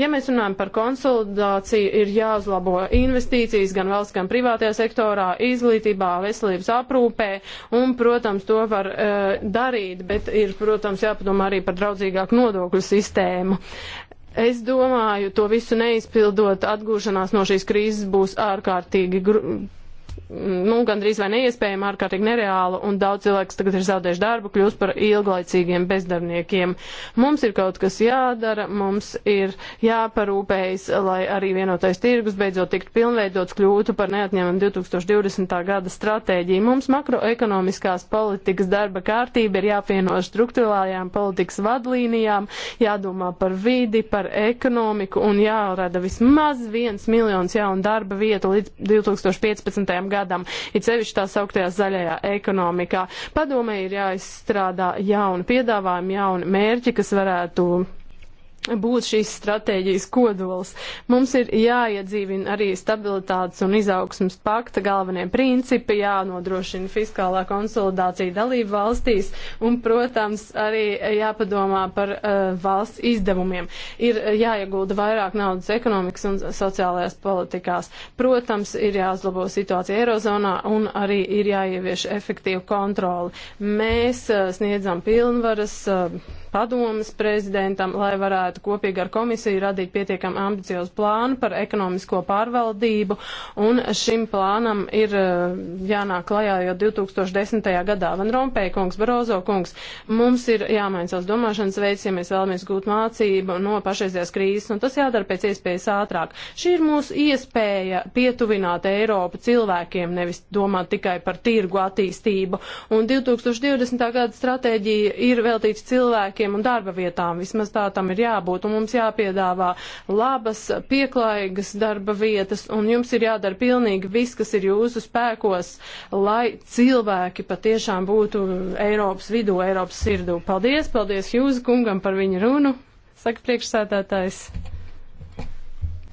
Ja mēs runājam par konsolidāciju, ir jāuzlabo investīcijas gan valsts, gan privātajā sektorā, izglītībā, veselības aprūpē, un, protams, to var uh, darīt, bet ir, protams, jāpadomā arī par draudzīgāku nodokļu sistēmu. Es domāju, to visu neizpildot, atgūšanās no šīs krīzes būs ārkārtīgi grūta nu, gandrīz vai neiespējama, ārkārtīgi nereāla, un daudz cilvēks tagad ir zaudējuši darbu, kļūst par ilglaicīgiem bezdarbniekiem. Mums ir kaut kas jādara, mums ir jāparūpējas, lai arī vienotais tirgus beidzot tiktu pilnveidots, kļūtu par neatņemamu 2020. gada stratēģiju. Mums makroekonomiskās politikas darba kārtība ir jāpieno struktūrālajām politikas vadlīnijām, jādomā par vidi, par ekonomiku un jārada vismaz viens miljons jaunu darba vietu līdz 2015 gadam, it sevišķi tā sauktajā zaļajā ekonomikā. Padomē ir jāizstrādā jauni piedāvājumi, jauni mērķi, kas varētu būt šīs stratēģijas kodols. Mums ir jāiedzīvina arī stabilitātes un izaugsmas pakta galvenie principi, jānodrošina fiskālā konsolidācija dalību valstīs un, protams, arī jāpadomā par uh, valsts izdevumiem. Ir eh, jāiegulda vairāk naudas ekonomikas un sociālajās politikās. Protams, ir jāuzlabo situācija Eirozonā un arī ir jāievieš efektīva kontrola. Mēs uh, sniedzam pilnvaras. Uh, padomas prezidentam, lai varētu kopīgi ar komisiju radīt pietiekam ambiciozu plānu par ekonomisko pārvaldību, un šim plānam ir eh, jānāk klajā jau 2010. gadā. Van Rompēja kungs, Barozo kungs, mums ir jāmaina savs domāšanas veids, ja mēs vēlamies gūt mācību no pašreizējās krīzes, un tas jādara pēc iespējas ātrāk. Šī ir mūsu iespēja pietuvināt Eiropu cilvēkiem, nevis domāt tikai par tirgu attīstību. Un 2020. gada stratēģija ir veltīta cilvēkiem, cilvēkiem un darba vietām. Vismaz tā tam ir jābūt, un mums jāpiedāvā labas, pieklājīgas darba vietas, un jums ir jādara pilnīgi viss, kas ir jūsu spēkos, lai cilvēki patiešām būtu Eiropas vidū, Eiropas sirdū. Paldies, paldies Hjūza kungam par viņa runu, saka priekšsēdētājs.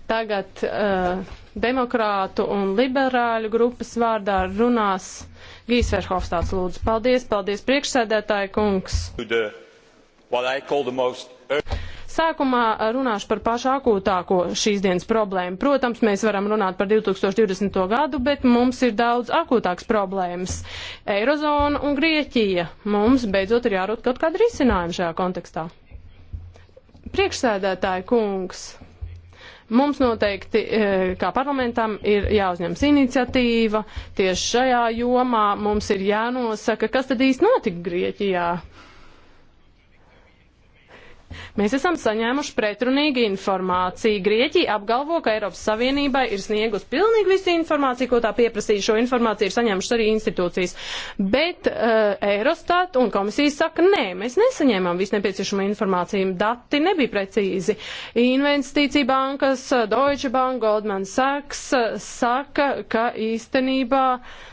Tagad uh, demokrātu un liberāļu grupas vārdā runās Gīsverhofstāts lūdzu. Paldies, paldies priekšsēdētāji kungs. Good, uh... Sākumā runāšu par pašu akūtāko šīs dienas problēmu. Protams, mēs varam runāt par 2020. gadu, bet mums ir daudz akūtāks problēmas. Eirozona un Grieķija. Mums beidzot ir jārūt kaut kādu risinājumu šajā kontekstā. Priekšsēdētāji kungs mums noteikti e, kā parlamentam ir jāuzņems iniciatīva tieši šajā jomā. Mums ir jānosaka, kas tad īsti notika Grieķijā. Mēs esam saņēmuši pretrunīgu informāciju. Grieķija apgalvo, ka Eiropas Savienībai ir sniegus pilnīgi visu informāciju, ko tā pieprasīja. Šo informāciju ir saņēmušas arī institūcijas. Bet uh, Eurostat un komisija saka, nē, mēs nesaņēmām visu nepieciešamo informāciju. Dati nebija precīzi. Investīcija bankas, Deutsche Bank, Goldman Sachs eh, saka, ka īstenībā. Uh,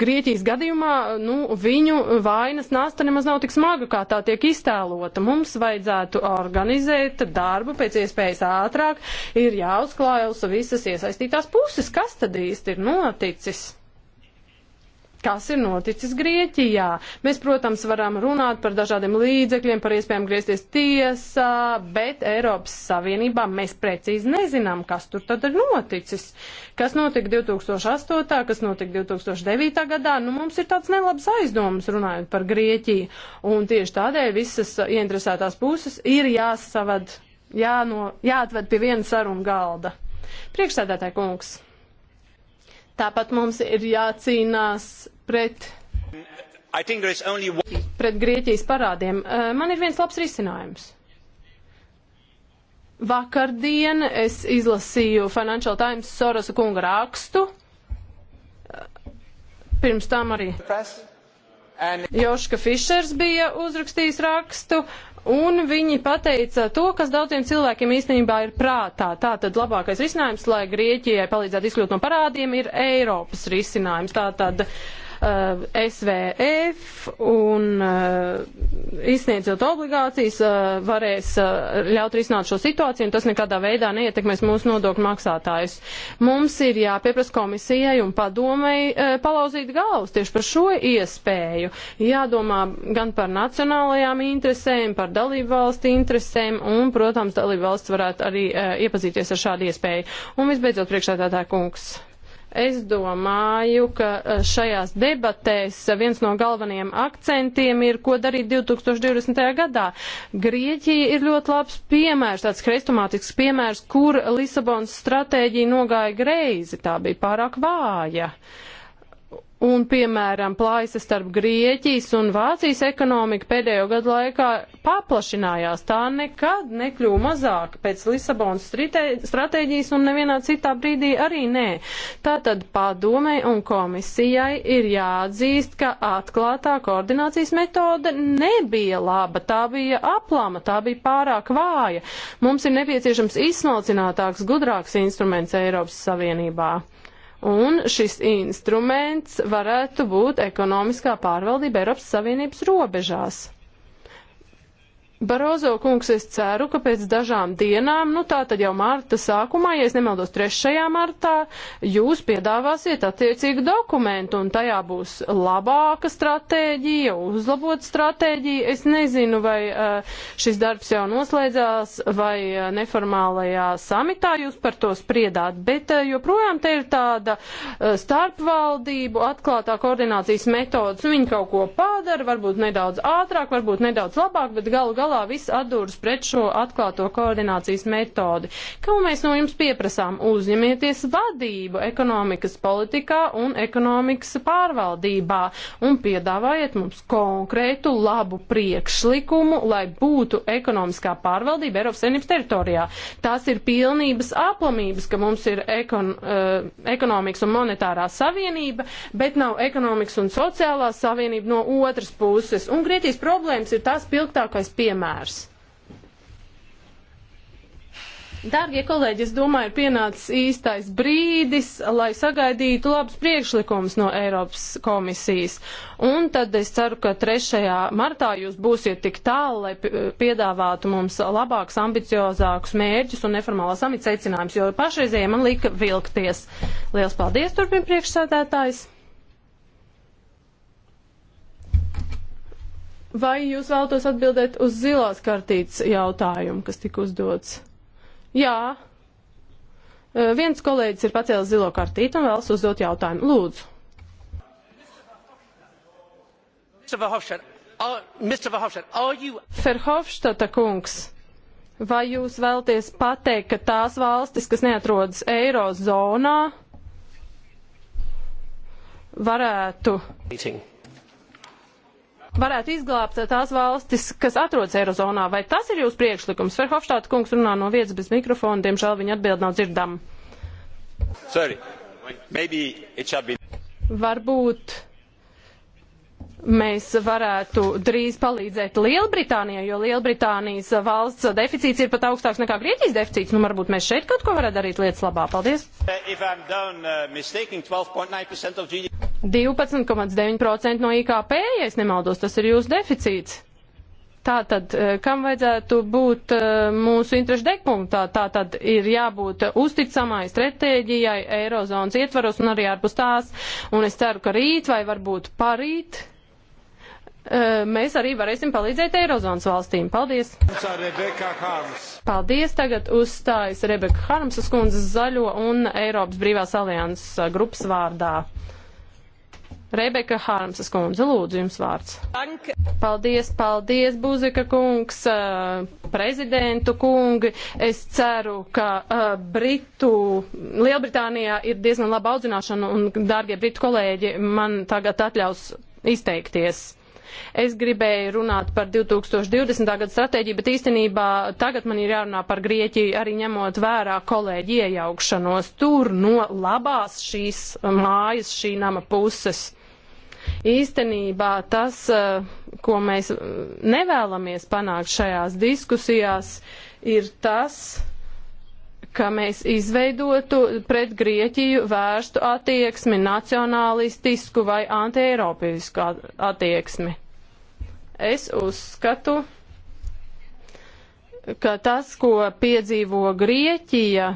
Grieķijas gadījumā nu, viņu vainas nasta nemaz nav tik smaga, kā tā tiek iztēlota. Mums vajadzētu organizēt darbu pēc iespējas ātrāk, ir jāuzklājas visas iesaistītās puses, kas tad īsti ir noticis kas ir noticis Grieķijā. Mēs, protams, varam runāt par dažādiem līdzekļiem, par iespējām griezties tiesā, bet Eiropas Savienībā mēs precīzi nezinām, kas tur tad ir noticis. Kas notika 2008, kas notika 2009 gadā, nu mums ir tāds nelabs aizdomas runājot par Grieķiju. Un tieši tādēļ visas ieinteresētās puses ir jāsavad, jāno, jāatved pie viena saruna galda. Priekšsēdētāji kungs. Tāpat mums ir jācīnās pret, pret Grieķijas parādiem. Man ir viens labs risinājums. Vakardien es izlasīju Financial Times Sorosa kunga rakstu. Pirms tam arī Joška Fišers bija uzrakstījis rakstu, un viņi pateica to, kas daudziem cilvēkiem īstenībā ir prātā. Tātad labākais risinājums, lai Grieķijai palīdzētu izkļūt no parādiem, ir Eiropas risinājums. Tātad uh, uh, SVF un uh, izsniedzot obligācijas uh, varēs uh, ļaut risināt šo situāciju un tas nekādā veidā neietekmēs mūsu nodokļu maksātājus. Mums ir jāpieprasa komisijai un padomai uh, palauzīt galvas tieši par šo iespēju. Jādomā gan par nacionālajām interesēm, par dalību valstu interesēm un, protams, dalību valsts varētu arī uh, iepazīties ar šādu iespēju. Un visbeidzot, priekšā tādā kungs. Es domāju, ka e, šajās debatēs viens no galvenajiem akcentiem ir, ko darīt 2020. gadā. Grieķija ir ļoti labs piemērs, tāds krestomātisks piemērs, kur Lisabonas stratēģija nogāja greizi, tā bija pārāk vāja. Uh, Un, piemēram, plaisa starp Grieķijas un Vācijas ekonomiku pēdējo gadu laikā paplašinājās. Tā nekad nekļūma mazāk pēc Lisabonas stratēģijas un nevienā citā brīdī arī nē. Tātad padomei un komisijai ir jāatzīst, ka atklātā koordinācijas metode nebija laba, tā bija aplama, tā bija pārāk vāja. Mums ir nepieciešams izsmalcinātāks, gudrāks instruments Eiropas Savienībā un šis instruments varētu būt ekonomiskā pārvaldība Eiropas Savienības robežās. Barozo kungs, es ceru, ka pēc dažām dienām, nu tā tad jau marta sākumā, ja es nemaldos 3. martā, jūs piedāvāsiet attiecīgu dokumentu un tajā būs labāka stratēģija, uzlabot stratēģija. Es nezinu, vai eh, šis darbs jau noslēdzās vai eh, neformālajā samitā jūs par to spriedāt, bet eh, joprojām te ir tāda starpvaldību atklātā koordinācijas metodas. Nu, viņi kaut ko padara, varbūt nedaudz ātrāk, varbūt nedaudz labāk, bet galu galā galā viss atdūras pret šo atklāto koordinācijas metodi. Ko mēs no jums pieprasām? Uzņemieties vadību ekonomikas politikā un ekonomikas pārvaldībā un piedāvājiet mums konkrētu labu priekšlikumu, lai būtu ekonomiskā pārvaldība Eiropas Savienības teritorijā. Tās ir pilnības aplamības, ka mums ir ekon, uh, ekonomikas un monetārā savienība, bet nav ekonomikas un sociālā savienība no otras puses. Un Grieķijas problēmas ir tās pilgtākais piemērs piemērs. Dārgie kolēģi, es domāju, ir pienācis īstais brīdis, lai sagaidītu labus priekšlikumus no Eiropas komisijas. Un tad es ceru, ka 3. martā jūs būsiet tik tālu, lai piedāvātu mums labākus, ambiciozākus mērķus un neformālā samita secinājumus, jo pašreizējie man lika vilkties. Liels paldies, turpin priekšsēdētājs! Vai jūs vēlatos atbildēt uz zilās kartītes jautājumu, kas tika uzdots? Jā. E, viens kolēģis ir pacēlis zilo kartīti un vēlas uzdot jautājumu. Lūdzu. Verhofstadta kungs, vai jūs vēlties pateikt, ka tās valstis, kas neatrodas eirozonā, varētu. Meeting varētu izglābt tās valstis, kas atrodas Eirozonā. Vai tas ir jūsu priekšlikums? Verhofstāta kungs runā no vietas bez mikrofona, diemžēl viņa atbild nav dzirdama. Sorry. Maybe it shall be. Varbūt mēs varētu drīz palīdzēt Lielbritānijai, jo Lielbritānijas valsts deficīts ir pat augstāks nekā Grieķijas deficīts. Nu, varbūt mēs šeit kaut ko varētu darīt lietas labā. Paldies! 12,9% uh, uh, no IKP, ja es nemaldos, tas ir jūsu deficīts. Tātad, uh, kam vajadzētu būt mūsu interešu degpunktā? Tātad ir jābūt uzticamai stratēģijai Eirozonas ietvaros un arī ārpus tās. Un es ceru, ka rīt vai varbūt parīt Eh, mēs arī varēsim palīdzēt Eirozonas valstīm. Paldies! Paldies! Tagad uzstājas Rebeka Harmsas kundzes zaļo un Eiropas brīvās alianses eh, grupas vārdā. Rebeka Harmsas kundze, lūdzu jums vārds. Paldies, paldies, Buzika kungs, eh, prezidentu kungi. Es ceru, ka Britu, Lielbritānijā ir diezgan laba audzināšana un, dārgie Britu kolēģi, man tagad atļaus izteikties. Es gribēju runāt par 2020. gada stratēģiju, bet īstenībā tagad man ir jārunā par Grieķiju, arī ņemot vērā kolēģi iejaukšanos tur no labās šīs uh, mājas, šī nama puses īstenībā tas, uh, ko mēs uh, nevēlamies panākt šajās diskusijās, ir tas, ka mēs izveidotu pret Grieķiju vērstu attieksmi, nacionālistisku vai antieiropeisku attieksmi. Es uzskatu, ka tas, ko piedzīvo Grieķija,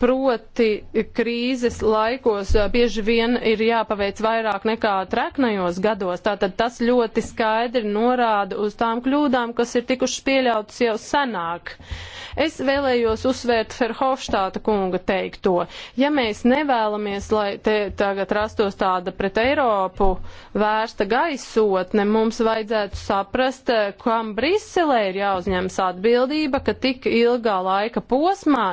Proti krīzes laikos bieži vien ir jāpaveic vairāk nekā treknajos gados, tātad tas ļoti skaidri norāda uz tām kļūdām, kas ir tikušas pieļautas jau senāk. Es vēlējos uzsvērt Ferhofštāta kunga teikto. Ja mēs nevēlamies, lai te tagad rastos tāda pret Eiropu vērsta gaisotne, mums vajadzētu saprast, kam Briselē ir jāuzņemas atbildība, ka tik ilgā laika posmā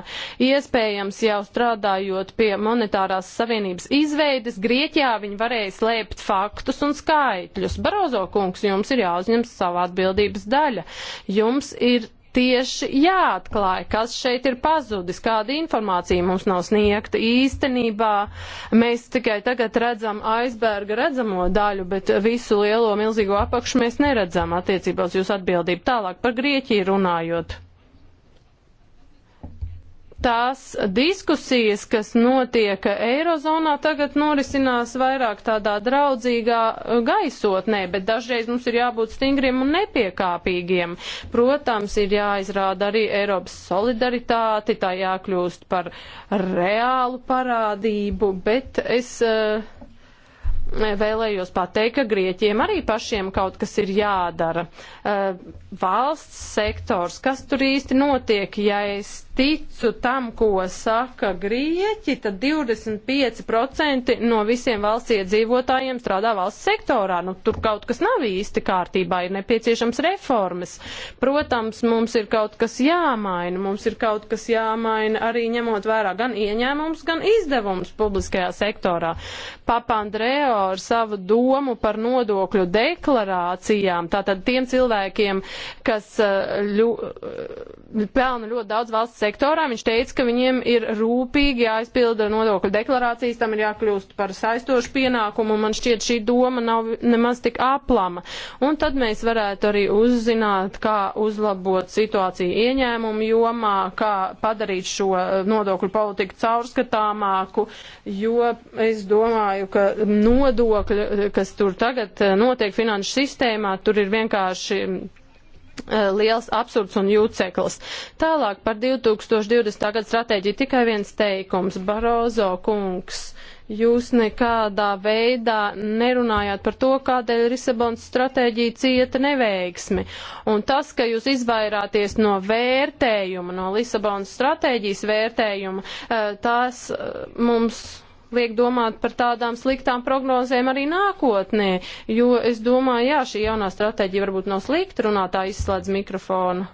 iespējams protams, jau strādājot pie monetārās savienības izveides, Grieķijā viņi varēja slēpt faktus un skaitļus. Barozo kungs, jums ir jāuzņems savā atbildības daļa. Jums ir tieši jāatklāj, kas šeit ir pazudis, kāda informācija mums nav sniegta. Īstenībā mēs tikai tagad redzam aizberga redzamo daļu, bet visu lielo milzīgo apakšu mēs neredzam attiecībā uz jūsu atbildību. Tālāk par Grieķiju runājot tās diskusijas, kas notiek Eirozonā, tagad norisinās vairāk tādā draudzīgā gaisotnē, bet dažreiz mums ir jābūt stingriem un nepiekāpīgiem. Protams, ir jāizrāda arī Eiropas solidaritāti, tā jākļūst par reālu parādību, bet es. Uh, vēlējos pateikt, ka Grieķiem arī pašiem kaut kas ir jādara. E, valsts sektors, kas tur īsti notiek, ja es ticu tam, ko saka Grieķi, tad 25% no visiem valsts iedzīvotājiem strādā valsts sektorā. Nu, tur kaut kas nav īsti kārtībā, ir nepieciešams reformas. Protams, mums ir kaut kas jāmaina, mums ir kaut kas jāmaina arī ņemot vērā gan ieņēmums, gan izdevums publiskajā sektorā. Papandreo autoru savu domu par nodokļu deklarācijām, tātad tiem cilvēkiem, kas eh, ļu, eh, pelna ļoti daudz valsts sektorā, viņš teica, ka viņiem ir rūpīgi jāizpilda nodokļu deklarācijas, tam ir jākļūst par saistošu pienākumu, un man šķiet šī doma nav nemaz tik aplama. Un tad mēs varētu arī uzzināt, kā uzlabot situāciju ieņēmumu jomā, kā padarīt šo eh, nodokļu politiku caurskatāmāku, jo es domāju, ka nodokļu nodokļi, kas tur tagad eh, notiek finanšu sistēmā, tur ir vienkārši mm, eh, liels absurds un jūceklis. Tālāk par 2020. gada stratēģiju tikai viens teikums. Barozo kungs, jūs nekādā veidā nerunājāt par to, kādēļ Lisabons stratēģija cieta neveiksmi. Un tas, ka jūs izvairāties no vērtējuma, no Lisabons stratēģijas vērtējuma, eh, tas mums liek domāt par tādām sliktām prognozēm arī nākotnē, jo es domāju, jā, šī jaunā stratēģija varbūt nav slikta, runātā izslēdz mikrofonu.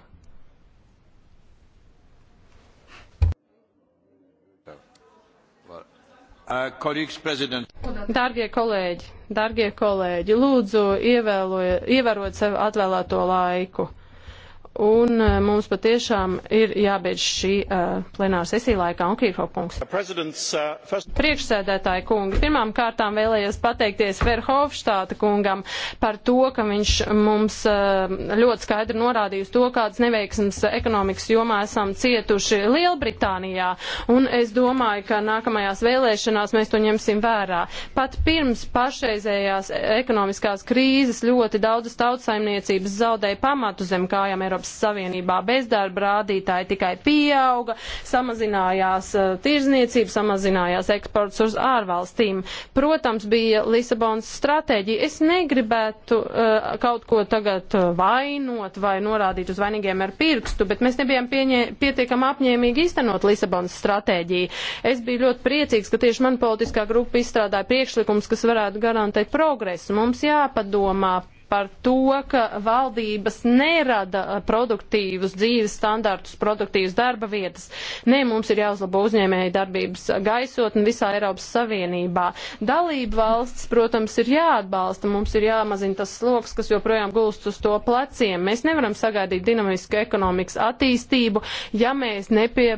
Uh, darbie kolēģi, darbie kolēģi, lūdzu ievērojiet sev atvēlēto laiku. Un e, mums patiešām ir jābeidz šī uh, plenāra sesija laikā un Kīrho kungs. Uh, first... Priekšsēdētāji kungi, pirmām kārtām vēlējos pateikties Verhofštāta kungam par to, ka viņš mums uh, ļoti skaidri norādījis to, kādas neveiksmes ekonomikas jomā esam cietuši Lielbritānijā. Un es domāju, ka nākamajās vēlēšanās mēs to ņemsim vērā. Pat pirms pašreizējās ekonomiskās krīzes ļoti daudzas tautsaimniecības zaudēja pamatu zem kājām Eiropas. Eiropas Savienībā. Bezdarba rādītāji tikai pieauga, samazinājās uh, tirzniecība, samazinājās eksports uz ārvalstīm. Protams, bija Lisabonas stratēģija. Es negribētu uh, kaut ko tagad eh, vainot vai norādīt uz vainīgiem ar pirkstu, bet mēs nebijām pieņē, pietiekam apņēmīgi iztenot Lisabonas stratēģiju. Es biju ļoti priecīgs, ka tieši man politiskā grupa izstrādāja priekšlikums, kas varētu garantēt progresu. Mums jāpadomā par to, ka valdības nerada uh, produktīvus dzīves standartus, produktīvas darba vietas. Nē, mums ir jāuzlabo uzņēmēja darbības gaisotni visā Eiropas Savienībā. Dalība valsts, protams, ir jāatbalsta, mums ir jāmazina tas sloks, kas joprojām gulst uz to pleciem. Mēs nevaram sagaidīt dinamisku ekonomikas attīstību, ja mēs nepie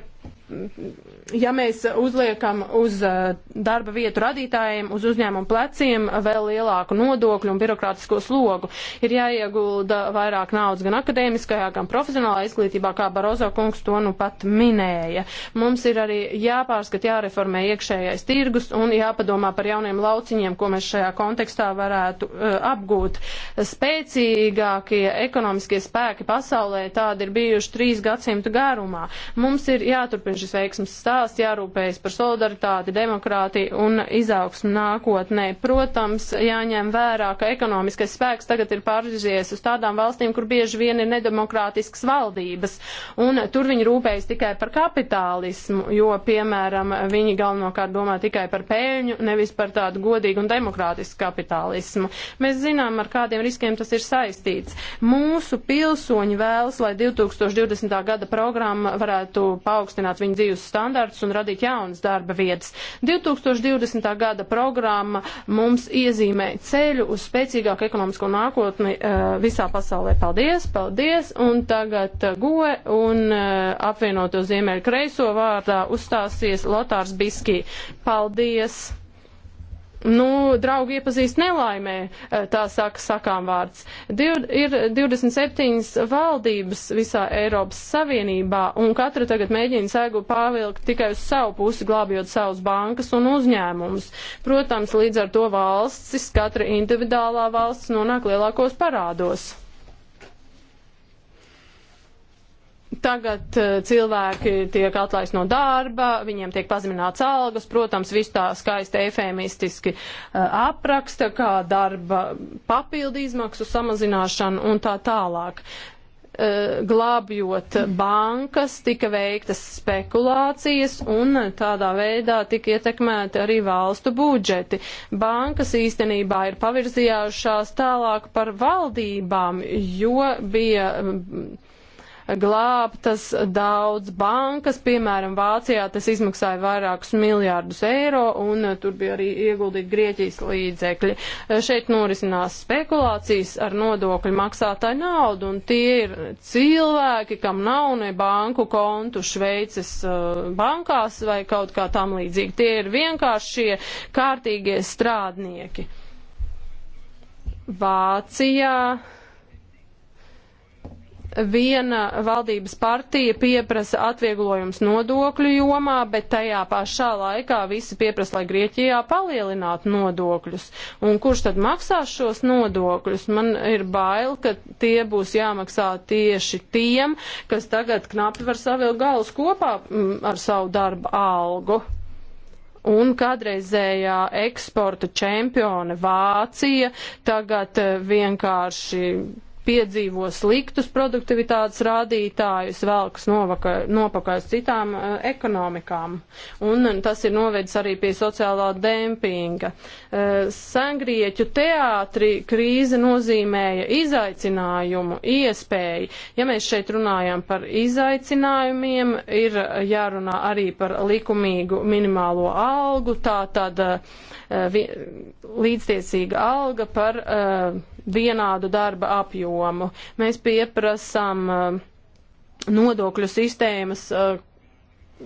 ja mēs uzliekam uz uh, darba vietu radītājiem, uz uzņēmumu pleciem vēl lielāku nodokļu un birokrātisko slogu, ir jāiegulda vairāk naudas gan akadēmiskajā, gan profesionālā izglītībā, kā Barozo kungs to nu pat minēja. Mums ir arī jāpārskat, jāreformē iekšējais tirgus un jāpadomā par jauniem lauciņiem, ko mēs šajā kontekstā varētu uh, apgūt. Spēcīgākie ekonomiskie spēki pasaulē tādi ir bijuši trīs gadsimtu garumā. Mums ir jāturpina jāskan šis veiksmes stāsts, jārūpējas par solidaritāti, demokrātiju un izaugsmu nākotnē. Protams, jāņem vērā, ka ekonomiskais spēks tagad ir pārzies uz tādām valstīm, kur bieži vien ir nedemokrātiskas valdības, un tur viņi rūpējas tikai par kapitālismu, jo, piemēram, viņi galvenokārt domā tikai par pēļņu, nevis par tādu godīgu un demokrātisku kapitālismu. Mēs zinām, ar kādiem riskiem tas ir saistīts. Mūsu pilsoņi vēlas, lai 2020. gada programma varētu paaugstināt viņu viņu dzīves standartus un radīt jaunas darba vietas. 2020. gada programma mums iezīmē ceļu uz spēcīgāku ekonomisko nākotni eh, visā pasaulē. Paldies, paldies! Un tagad eh, goe un eh, apvienoto Ziemeļu kreiso vārdā uzstāsies Lotārs Biskī. Paldies! nu, draugi iepazīst nelaimē, eh, tā saka sakām vārds. Div, ir 27 valdības visā Eiropas Savienībā, un katra tagad mēģina sēgu pārvilkt tikai uz savu pusi, glābjot savus bankas un uzņēmumus. Protams, līdz ar to valstis, katra individuālā valsts nonāk lielākos parādos. Tagad eh, cilvēki tiek atlaist no darba, viņiem tiek pazemināts algas, protams, viss tā skaisti efēmistiski eh, apraksta, kā darba papildu izmaksu samazināšanu un tā tālāk eh, glābjot bankas, tika veiktas spekulācijas un tādā veidā tika ietekmēti arī valstu budžeti. Bankas īstenībā ir pavirzījājušās tālāk par valdībām, jo bija mm, glābtas daudz bankas, piemēram, Vācijā tas izmaksāja vairākus miljārdus eiro, un eh, tur bija arī ieguldīti Grieķijas līdzekļi. Eh, šeit norisinās spekulācijas ar nodokļu maksātāju naudu, un tie ir cilvēki, kam nav ne banku kontu Šveices eh, bankās vai kaut kā tam līdzīgi. Tie ir vienkārši šie kārtīgie strādnieki. Vācijā viena valdības partija pieprasa atvieglojums nodokļu jomā, bet tajā pašā laikā visi pieprasa, lai Grieķijā palielinātu nodokļus. Un kurš tad maksās šos nodokļus? Man ir bail, ka tie būs jāmaksā tieši tiem, kas tagad knapi var savilkt galus kopā mm, ar savu darbu algu un kādreizējā eksporta čempione Vācija tagad eh, vienkārši piedzīvo sliktus produktivitātes rādītājus, velkas nopakaļ citām uh, ekonomikām. Un tas ir novedis arī pie sociālā dempinga. Uh, Sangrieķu teātri krīze nozīmēja izaicinājumu, iespēju. Ja mēs šeit runājam par izaicinājumiem, ir jārunā arī par likumīgu minimālo algu, tā tad uh, vi, līdztiesīga alga par vienādu darba apjomu apjomu. Mēs pieprasām eh, nodokļu sistēmas eh,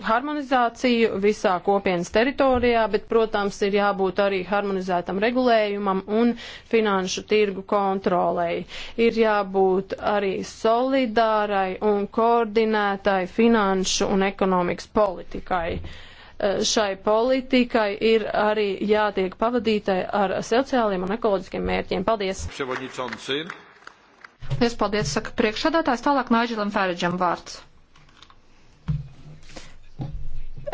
harmonizāciju visā kopienas teritorijā, bet, protams, ir jābūt arī harmonizētam regulējumam un finanšu tirgu kontrolei. Ir jābūt arī solidārai un koordinētai finanšu un ekonomikas politikai. Eh, šai politikai ir arī jātiek pavadītai ar sociāliem un ekoloģiskiem mērķiem. Paldies! Lies paldies, saka priekšsādātājs. Tālāk Naiģelam Fēreģam vārds.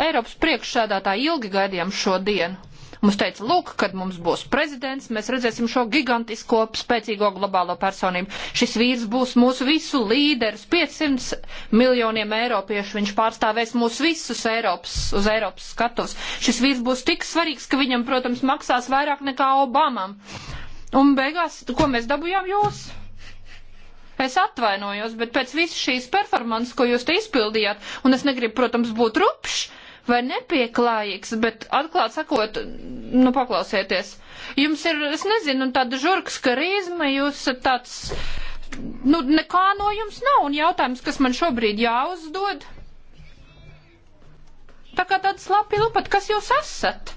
Eiropas priekšsādātāji ilgi gaidījām šo dienu. Mums teica, lūk, kad mums būs prezidents, mēs redzēsim šo gigantisko, spēcīgo globālo personību. Šis vīrs būs mūsu visu līderis, 500 miljoniem eiropiešu, viņš pārstāvēs mūs visus Eiropas, uz Eiropas skatus. Šis vīrs būs tik svarīgs, ka viņam, protams, maksās vairāk nekā Obamam. Un beigās, ko mēs dabujām jūs? Es atvainojos, bet pēc visas šīs performances, ko jūs te izpildījāt, un es negribu, protams, būt rupšs vai nepieklājīgs, bet atklāt sakot, nu paklausieties, jums ir, es nezinu, tāda žurks karizma, jūs esat tāds, nu nekā no jums nav, un jautājums, kas man šobrīd jāuzdod, tā kā tāds lapi lupat, kas jūs esat?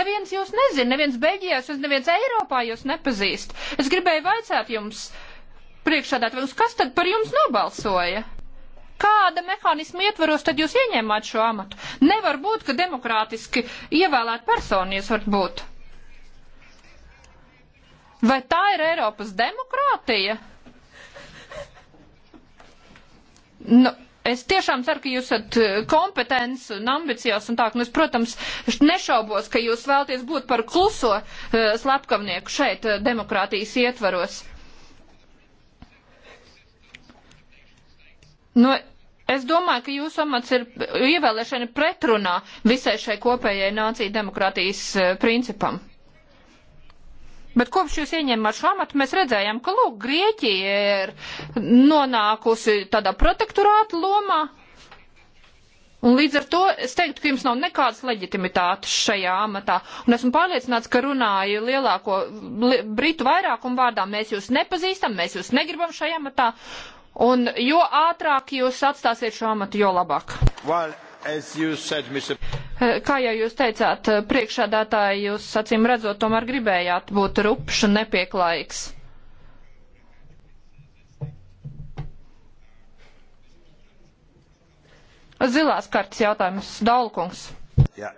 Neviens jūs nezina, neviens Beļģijās, neviens Eiropā jūs nepazīst. Es gribēju vaicāt jums, uh, priekšādātājus, kas tad par jums nobalsoja? Kāda mehānisma ietvaros tad jūs ieņēmāt šo amatu? Nevar būt, ka demokrātiski ievēlēt personu jūs varat būt. Vai tā ir Eiropas demokrātija? Nu, es tiešām ceru, ka jūs esat eh, kompetents un ambiciozs un tā, ka, nu, es, protams, nešaubos, ka jūs vēlties būt par kluso uh, slepkavnieku šeit uh, demokrātijas ietvaros. Uh, Nu, es domāju, ka jūsu amats ir ievēlēšana pretrunā visai šai kopējai nācija demokrātijas e, principam. Bet kopš jūs ieņēmāt šo amatu, mēs redzējām, ka lūk, Grieķija ir nonākusi tādā protektorāta lomā. Un līdz ar to es teiktu, ka jums nav nekādas leģitimitātes šajā amatā. Un esmu pārliecināts, ka runāju lielāko li, britu vairākumu vārdā. Mēs jūs nepazīstam, mēs jūs negribam šajā amatā. Un jo ātrāk jūs atstāsiet šo amatu, jo labāk. Well, said, Mr... Eh, kā jau jūs teicāt, eh, priekšādātāji, jūs acīm redzot, tomēr gribējāt būt rupšs un nepieklājīgs. Zilās kartas jautājums, Daulkungs. Yeah.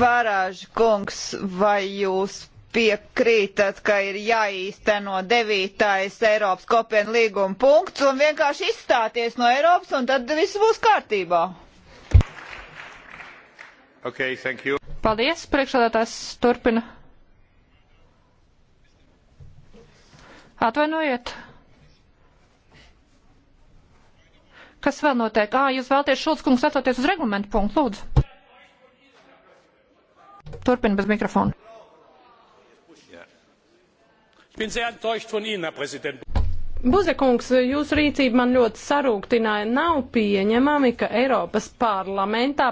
Farāža kungs, vai jūs piekrītat, ka ir jāīsteno devītais Eiropas kopienu līguma punkts un vienkārši izstāties no Eiropas un tad viss būs kārtībā? Okay, Paldies, priekšsādātājs turpina. Atvainojiet. Kas vēl notiek? Ā, jūs vēlties Šulc kungs atsoties uz reglamentu punktu, lūdzu. Turpina bez mikrofona. Buzekungs, jūsu rīcība man ļoti sarūktināja. Nav pieņemami, ka Eiropas parlamentā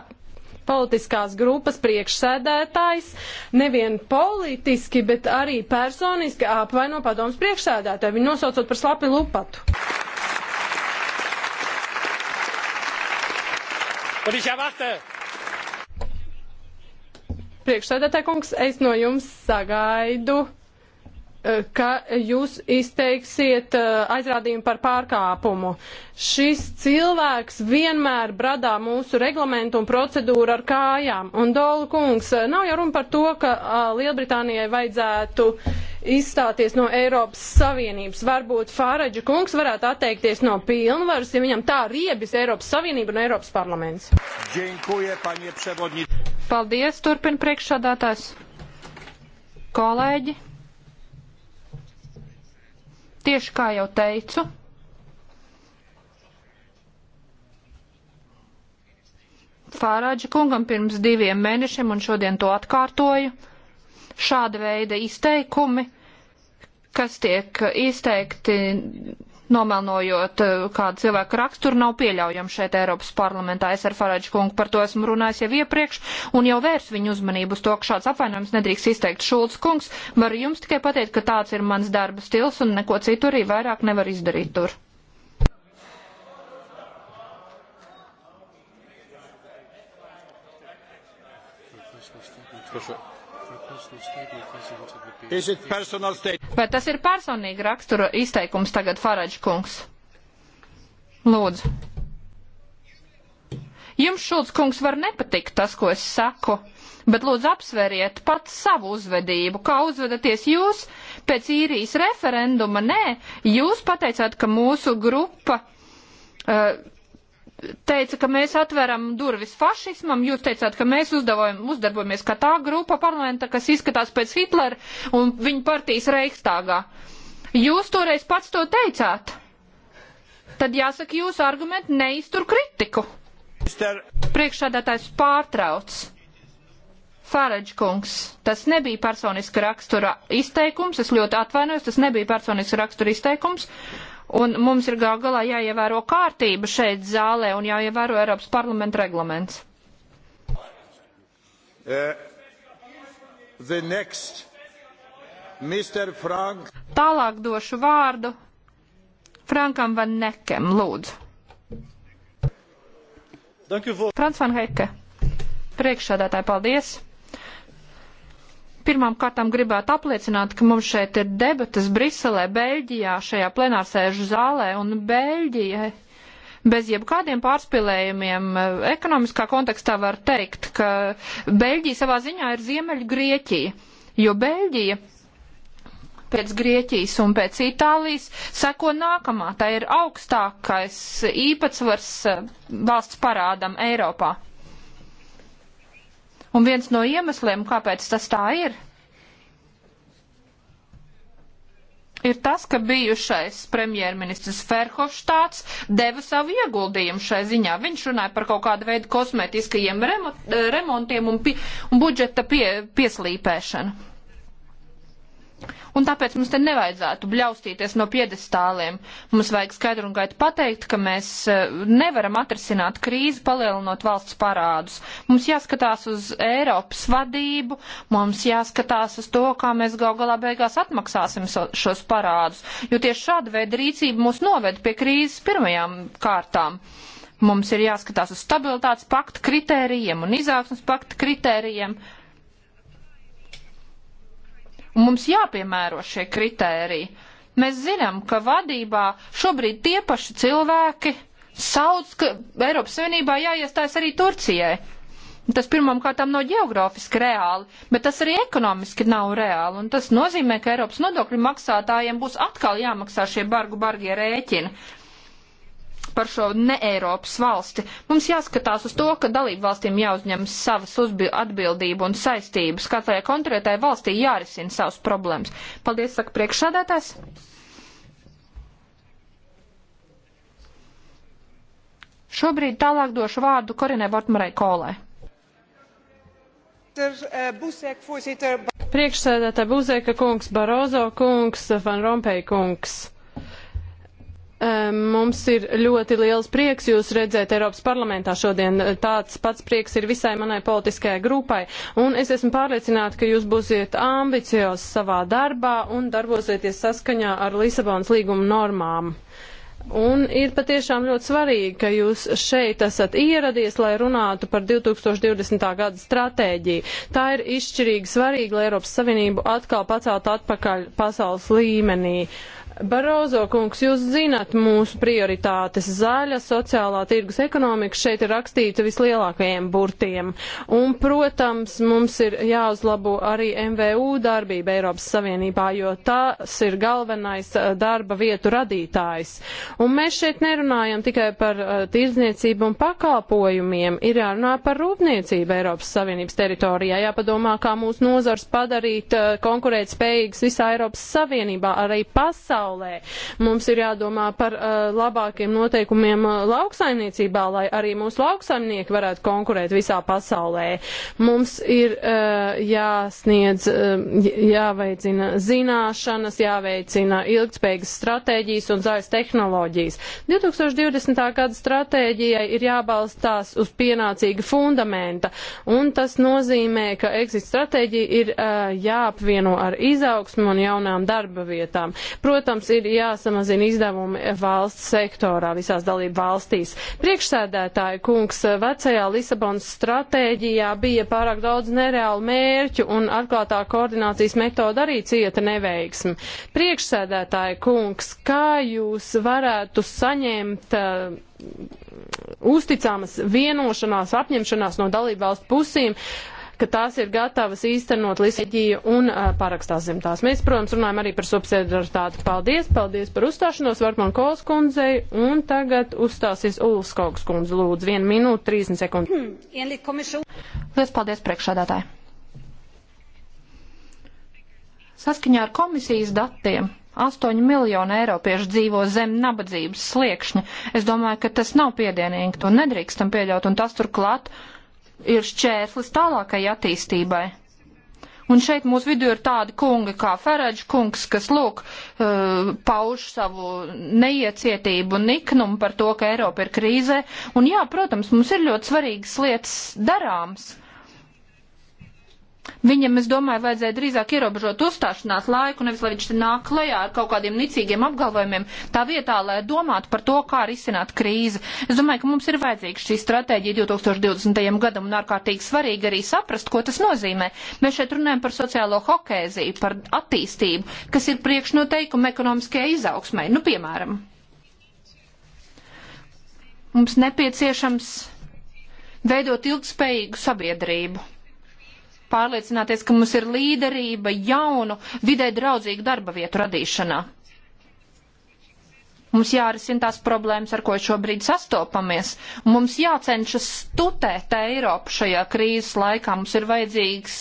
politiskās grupas priekšsēdētājs nevien politiski, bet arī personiski apvaino padomus priekšsēdētāju, viņu nosaucot par slapi lupatu. Un ich erwarte, Priekšsēdētāj kungs, es no jums sagaidu ka jūs izteiksiet eh, aizrādījumu par pārkāpumu. Šis cilvēks vienmēr bradā mūsu reglamentu un procedūru ar kājām. Un, Dolu kungs, eh, nav jau runa par to, ka eh, Lielbritānijai vajadzētu izstāties no Eiropas Savienības. Varbūt Fāraģa kungs varētu atteikties no pilnvaras, ja viņam tā riebis Eiropas Savienība un Eiropas parlaments. Paldies, turpina priekšsādātājs. Kolēģi. Tieši kā jau teicu, Fārāģa kungam pirms diviem mēnešiem, un šodien to atkārtoju, šāda veida izteikumi, kas tiek izteikti nomelnojot kādu cilvēku raksturu, nav pieļaujama šeit Eiropas parlamentā. Es ar Farāģu kungu par to esmu runājis jau iepriekš un jau vērs viņu uzmanību uz to, ka šāds apvainojums nedrīkst izteikt Šulc kungs. Varu jums tikai pateikt, ka tāds ir mans darba stils un neko citu arī vairāk nevar izdarīt tur. Proszę. Vai tas ir personīgi rakstura izteikums tagad, Faraģ kungs? Lūdzu. Jums, Šulc kungs, var nepatikt tas, ko es saku, bet lūdzu apsveriet pats savu uzvedību, kā uzvedaties jūs pēc īrijas referenduma. Nē, jūs pateicāt, ka mūsu grupa. Uh, teica, ka mēs atveram durvis fašismam, jūs teicāt, ka mēs uzdarbojamies kā tā grupa parlamenta, kas izskatās pēc Hitlera un viņa partijas reikstāgā. Jūs toreiz pats to teicāt. Tad jāsaka, jūsu argumenti neiztur kritiku. Mister... Priekšādātājs pārtrauc. Faraģkungs, tas nebija personiska rakstura izteikums, es ļoti atvainojos, tas nebija personiska rakstura izteikums. Uh, Un mums ir gal galā jāievēro kārtība šeit zālē un jāievēro Eiropas parlamenta reglaments. Uh, next, Frank. Tālāk došu vārdu Frankam Van Nekem, lūdzu. Frans Van Heke, priekšsādātāji, paldies! Pirmām kārtām gribētu apliecināt, ka mums šeit ir debatas Briselē, Beļģijā, šajā plenārsēžu zālē, un Beļģija bez jebkādiem pārspīlējumiem eh, ekonomiskā kontekstā var teikt, ka Beļģija savā ziņā ir Ziemeļa Grieķija, jo Beļģija pēc Grieķijas un pēc Itālijas seko nākamā. Tā ir augstākais īpatsvars eh, valsts parādam Eiropā. Un viens no iemesliem, kāpēc tas tā ir, ir tas, ka bijušais premjerministrs Ferhofštāts deva savu ieguldījumu šai ziņā. Viņš runāja par kaut kādu veidu kosmētiskajiem remontiem un, pi, un budžeta pie, pieslīpēšanu. Un tāpēc mums te nevajadzētu bļaustīties no piedestāliem. Mums vajag skaidru un gaitu pateikt, ka mēs eh, nevaram atrisināt krīzi, palielinot valsts parādus. Mums jāskatās uz Eiropas vadību, mums jāskatās uz to, kā mēs gal galā beigās atmaksāsim so, šos parādus, jo tieši šāda veida rīcība mūs noved pie krīzes pirmajām kārtām. Mums ir jāskatās uz stabilitātes pakta kritērijiem un izaugsmas pakta kritērijiem. Uh, Un mums jāpiemēro šie kritēriji. Mēs zinām, ka vadībā šobrīd tie paši cilvēki sauc, ka Eiropas Savienībā jāiestājas arī Turcijai. Tas pirmām kārtām nav geogrāfiski reāli, bet tas arī ekonomiski nav reāli, un tas nozīmē, ka Eiropas nodokļu maksātājiem būs atkal jāmaksā šie bargu bargie rēķini par šo ne Eiropas valsti. Mums jāskatās uz to, ka dalību valstīm jāuzņem savas atbildību un saistības. Katrai konkrētai valstī jārisina savas problēmas. Paldies, saka priekšsādātājs. Šobrīd tālāk došu vārdu Korinai Vortmarai Kolai. Priekšsēdētāji Buzēka kungs, Barozo kungs, Van Rompēja kungs. Mums ir ļoti liels prieks jūs redzēt Eiropas parlamentā šodien. Tāds pats prieks ir visai manai politiskajai grupai. Un es esmu pārliecināta, ka jūs būsiet ambiciozi savā darbā un darbosieties saskaņā ar Lisabonas līguma normām. Un ir patiešām ļoti svarīgi, ka jūs šeit esat ieradies, lai runātu par 2020. gada stratēģiju. Tā ir izšķirīgi svarīga, lai Eiropas Savienību atkal pacelt atpakaļ pasaules līmenī. Uh, Barozo kungs, jūs zinat mūsu prioritātes - zaļa, sociālā tirgus ekonomika šeit ir rakstīta vislielākajiem burtiem. Un, protams, mums ir jāuzlabo arī MVU darbība Eiropas Savienībā, jo tas ir galvenais eh, darba vietu radītājs. Un mēs šeit nerunājam tikai par uh, tirdzniecību un pakalpojumiem, ir jārunā par rūpniecību Eiropas Savienības teritorijā, jāpadomā, kā mūsu nozars padarīt uh, eh, konkurētspējīgas visā Eiropas Savienībā, arī pasaulē pasaulē. Mums ir jādomā par uh, labākiem noteikumiem uh, lauksaimniecībā, lai arī mūsu lauksaimnieki varētu konkurēt visā pasaulē. Mums ir uh, jāsniedz, uh, jāveicina zināšanas, jāveicina ilgtspējīgas stratēģijas un zaļas tehnoloģijas. 2020. gada stratēģijai ir jābalstās uz pienācīga fundamenta, un tas nozīmē, ka exit stratēģija ir uh, jāapvieno ar izaugsmu un jaunām darba vietām. Protams, protams, ir jāsamazina izdevumi valsts sektorā visās dalību valstīs. Priekšsēdētāja kungs, vecajā Lisabonas stratēģijā bija pārāk daudz nereālu mērķu un atklātā koordinācijas metoda arī cieta neveiksmi. Priekšsēdētāja kungs, kā jūs varētu saņemt uh, uzticamas vienošanās, apņemšanās no dalību valstu pusīm, uh, ka tās ir gatavas īstenot Lisēģiju un uh, parakstās zem tās. Mēs, protams, runājam arī par subsidiaritāti. Paldies, paldies par uzstāšanos Vartman Kols kundzei, un tagad uzstāsies Ulas Kogs kundze. Lūdzu, 1 minūte, 30 sekundes. Hmm, Liels paldies priekšādātāji. Saskaņā ar komisijas datiem 8 miljoni eiropiešu dzīvo zem nabadzības sliekšņa. Es domāju, ka tas nav piedienīgi, to nedrīkstam pieļaut, un tas turklāt ir šķērslis tālākai attīstībai. Un šeit mūsu vidū ir tādi kungi kā Ferēģis kungs, kas lūk uh, pauž savu neiecietību un niknumu par to, ka Eiropa ir krīzē. Un jā, protams, mums ir ļoti svarīgas lietas darāms. Viņam, es domāju, vajadzēja drīzāk ierobežot uzstāšanās laiku, nevis lai viņš te nāk klajā ar kaut kādiem nicīgiem apgalvojumiem, tā vietā, lai domātu par to, kā risināt krīzi. Es domāju, ka mums ir vajadzīga šī stratēģija 2020. gadam un ārkārtīgi svarīgi arī saprast, ko tas nozīmē. Mēs šeit runājam par sociālo hokēziju, par attīstību, kas ir priekšnoteikumi ekonomiskajai izaugsmai. Nu, piemēram, mums nepieciešams veidot ilgspējīgu sabiedrību pārliecināties, ka mums ir līderība jaunu, vidē draudzīgu darba vietu radīšanā. Mums jārisina tās problēmas, ar ko šobrīd sastopamies. Mums jācenšas tutēt Eiropu šajā krīzes laikā. Mums ir vajadzīgs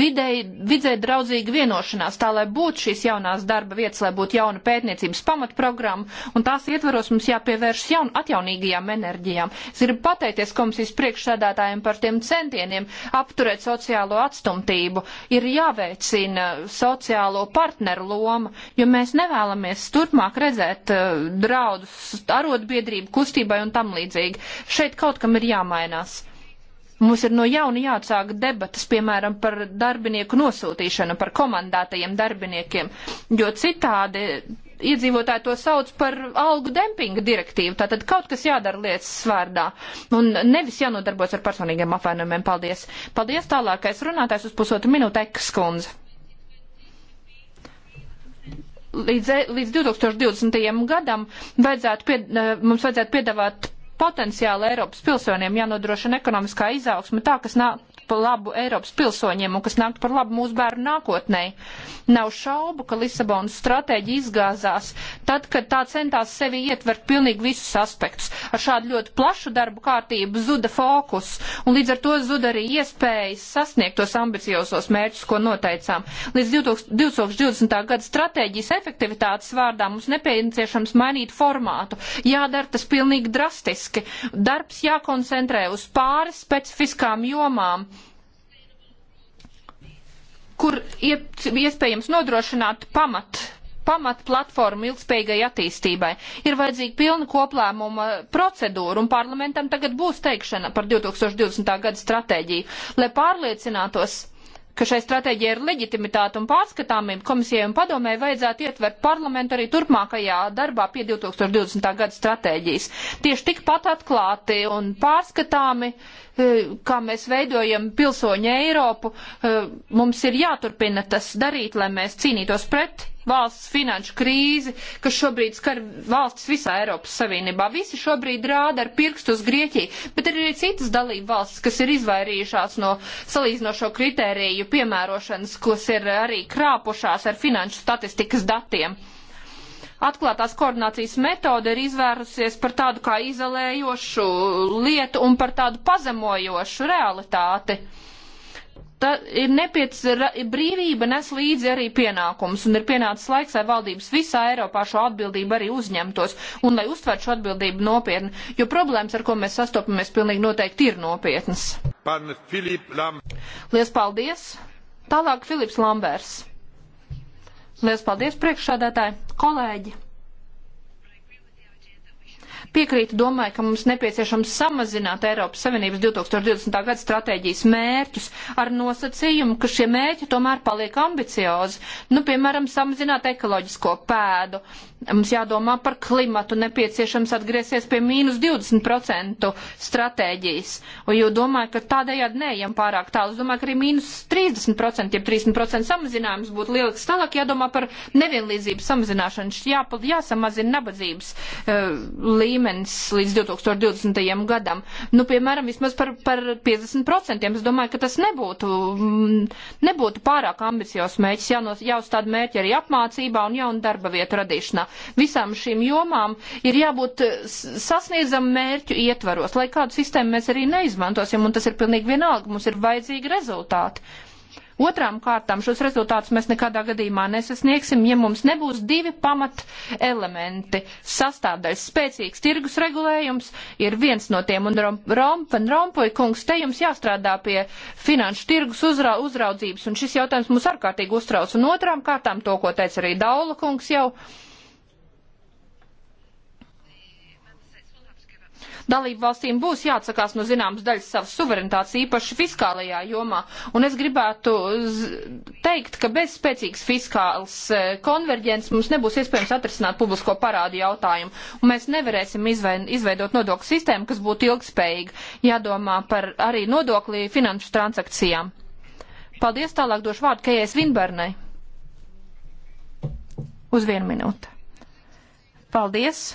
videi, vidē draudzīga vienošanās, tā lai būtu šīs jaunās darba vietas, lai būtu jauna pētniecības pamatprogramma, un tās ietvaros mums jāpievērš jaun, atjaunīgajām enerģijām. Es gribu pateikties komisijas priekšsēdētājiem par tiem centieniem apturēt sociālo atstumtību. Ir jāveicina sociālo partneru loma, jo mēs nevēlamies turpmāk redzēt uh, draudus arotbiedrību kustībai un tam līdzīgi. Šeit kaut kam ir jāmainās. Mums ir no jauna jāatsāk debatas, piemēram, par darbinieku nosūtīšanu, par komandātajiem darbiniekiem, jo citādi iedzīvotāji to sauc par algu dempinga direktīvu. Tātad kaut kas jādara lietas svārdā un nevis jānodarbojas ar personīgiem apvainojumiem. Paldies! Paldies tālākais runātājs uz pusotru minūtu Ekskundze līdz, līdz 2020. gadam vajadzētu pied, eh, mums vajadzētu piedāvāt potenciāli Eiropas pilsoniem jānodrošina ekonomiskā izaugsme tā, kas nāk pa labu Eiropas pilsoņiem un kas nāktu par labu mūsu bērnu nākotnē. Nav šaubu, ka Lisabonas stratēģija izgāzās tad, kad tā centās sevi ietvert pilnīgi visus aspektus. Ar šādu ļoti plašu darbu kārtību zuda fokus un līdz ar to zuda arī iespējas sasniegt tos ambiciosos mērķus, ko noteicām. Līdz 2020. gada stratēģijas efektivitātes vārdā mums nepieciešams mainīt formātu. Jādara tas pilnīgi drastiski. Darbs jākoncentrē uz pāris specifiskām jomām, kur iespējams nodrošināt pamat pamatplatformu ilgspējīgai attīstībai. Ir vajadzīga pilna koplēmuma procedūra, un parlamentam tagad būs teikšana par 2020. gada stratēģiju, lai pārliecinātos, ka šai stratēģijai ir leģitimitāte un pārskatāmība, komisijai un padomē vajadzētu ietvert parlamentu arī turpmākajā darbā pie 2020. gada stratēģijas. Tieši tikpat atklāti un pārskatāmi, e, kā mēs veidojam pilsoņu Eiropu, e, mums ir jāturpina tas darīt, lai mēs cīnītos pret valsts finanšu krīzi, kas šobrīd skar valstis visā Eiropas Savienībā. Visi šobrīd rāda ar pirkstu uz Grieķiju, bet ir arī citas dalība valstis, kas ir izvairījušās no salīdzinošo kritēriju piemērošanas, kas ir arī krāpušās ar finanšu statistikas datiem atklātās koordinācijas metode ir izvērusies par tādu kā izolējošu lietu un par tādu pazemojošu realitāti. Uh, Ta ir nepieciešama brīvība, nes līdzi arī pienākums, un ir pienācis laiks, lai valdības visā Eiropā šo atbildību arī uzņemtos, un lai uztvērtu šo atbildību nopietni, jo problēmas, ar ko mēs sastopamies, pilnīgi noteikti ir nopietnas. Lielas paldies! Tālāk Filips Lambērs. Lielas paldies priekšsādātāji, kolēģi! Piekrītu domāju, ka mums nepieciešams samazināt Eiropas Savienības 2020. gada stratēģijas mērķus ar nosacījumu, ka šie mērķi tomēr paliek ambiciozi. Nu, piemēram, samazināt ekoloģisko pēdu. Mums jādomā par klimatu, nepieciešams atgriezties pie mīnus 20% stratēģijas. Un, jo domāju, ka tādējādi neejam pārāk tālu. Es domāju, ka arī mīnus 30%, ja 30% samazinājums būtu lielāks. Tālāk jādomā par nevienlīdzības samazināšanu. Jā, jāsamazina nabadzības uh, eh, līmenis līmenis līdz 2020. gadam. Nu, piemēram, vismaz par, par 50%. Es domāju, ka tas nebūtu, mm, nebūtu pārāk ambiciozs mērķis. Jānos, jāuzstāda mērķi arī apmācībā un jaunu darba vietu radīšanā. Visām šīm jomām ir jābūt eh, sasniedzam mērķu ietvaros, lai kādu sistēmu mēs arī neizmantosim, un tas ir pilnīgi vienalga. Mums ir vajadzīgi rezultāti. Otrām kārtām šos rezultātus mēs nekādā gadījumā nesasniegsim, ja mums nebūs divi pamat elementi. Sastāvdaļas spēcīgs tirgus regulējums ir viens no tiem, un Rompen rom, rom, Rompuj kungs, te jums jāstrādā pie finanšu tirgus uzra, uzraudzības, un šis jautājums mums ārkārtīgi uztrauc. Un otrām kārtām to, ko teica arī Daula kungs jau. Uh, Dalību valstīm būs jāatsakās no zināmas daļas savas suverenitātes, īpaši fiskālajā jomā. Un es gribētu teikt, ka bez spēcīgas fiskālas e, konverģences mums nebūs iespējams atrisināt publisko parādu jautājumu. Un mēs nevarēsim izveidot nodokļu sistēmu, kas būtu ilgspējīga. Jādomā par arī nodokli finanšu transakcijām. Paldies, tālāk došu vārdu Kejais Vinbernai. Uz vienu minūti. Paldies!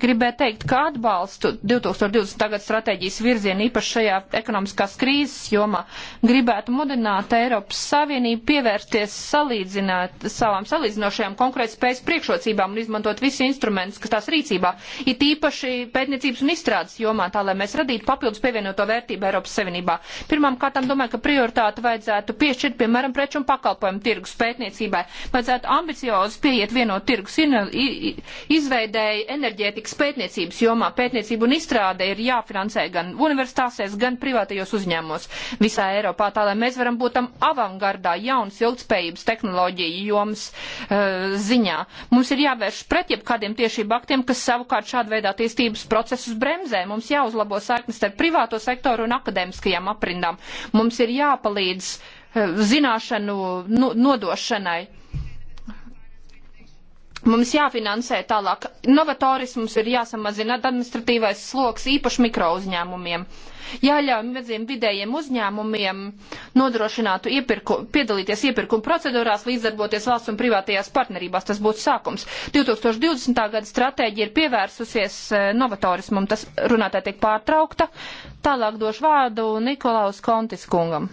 Gribēju teikt, ka atbalstu 2020. gada stratēģijas virzienu īpaši šajā ekonomiskās krīzes jomā gribētu mudināt Eiropas Savienību pievērsties salīdzināt savām salīdzinošajām konkurētspējas priekšrocībām un izmantot visus instrumentus, kas tās rīcībā ir īpaši pētniecības un izstrādes jomā, tā lai mēs radītu papildus pievienoto vērtību Eiropas Savienībā. Pirmām kārtām domāju, ka prioritāti vajadzētu piešķirt, piemēram, preču un pakalpojumu tirgus pētniecībai. Vajadzētu ambiciozi pieiet vienot tirgus izveidēji enerģētikas politikas pētniecības jomā. Pētniecība un izstrāde ir jāfinansē gan universitāsēs, gan privātajos uzņēmumos visā Eiropā, tā lai mēs varam būt tam avangardā jaunas ilgspējības tehnoloģiju jomas uh, ziņā. Mums ir jāvērš pret jebkādiem tiešību aktiem, kas savukārt šāda veidā attīstības procesus bremzē. Mums jāuzlabo saiknes ar privāto sektoru un akadēmiskajām aprindām. Mums ir jāpalīdz uh, zināšanu no, nodošanai Mums jāfinansē tālāk. Novatorisms ir jāsamazina administratīvais sloks īpaši mikro uzņēmumiem. Jāļauj maziem vidējiem uzņēmumiem nodrošinātu iepirku, piedalīties iepirkuma procedūrās, līdzdarboties valsts un privātajās partnerībās. Tas būtu sākums. 2020. gada stratēģija ir pievērsusies e, novatorismam. Tas runātā tiek pārtraukta. Tālāk došu vārdu Nikolaus Kontis kungam.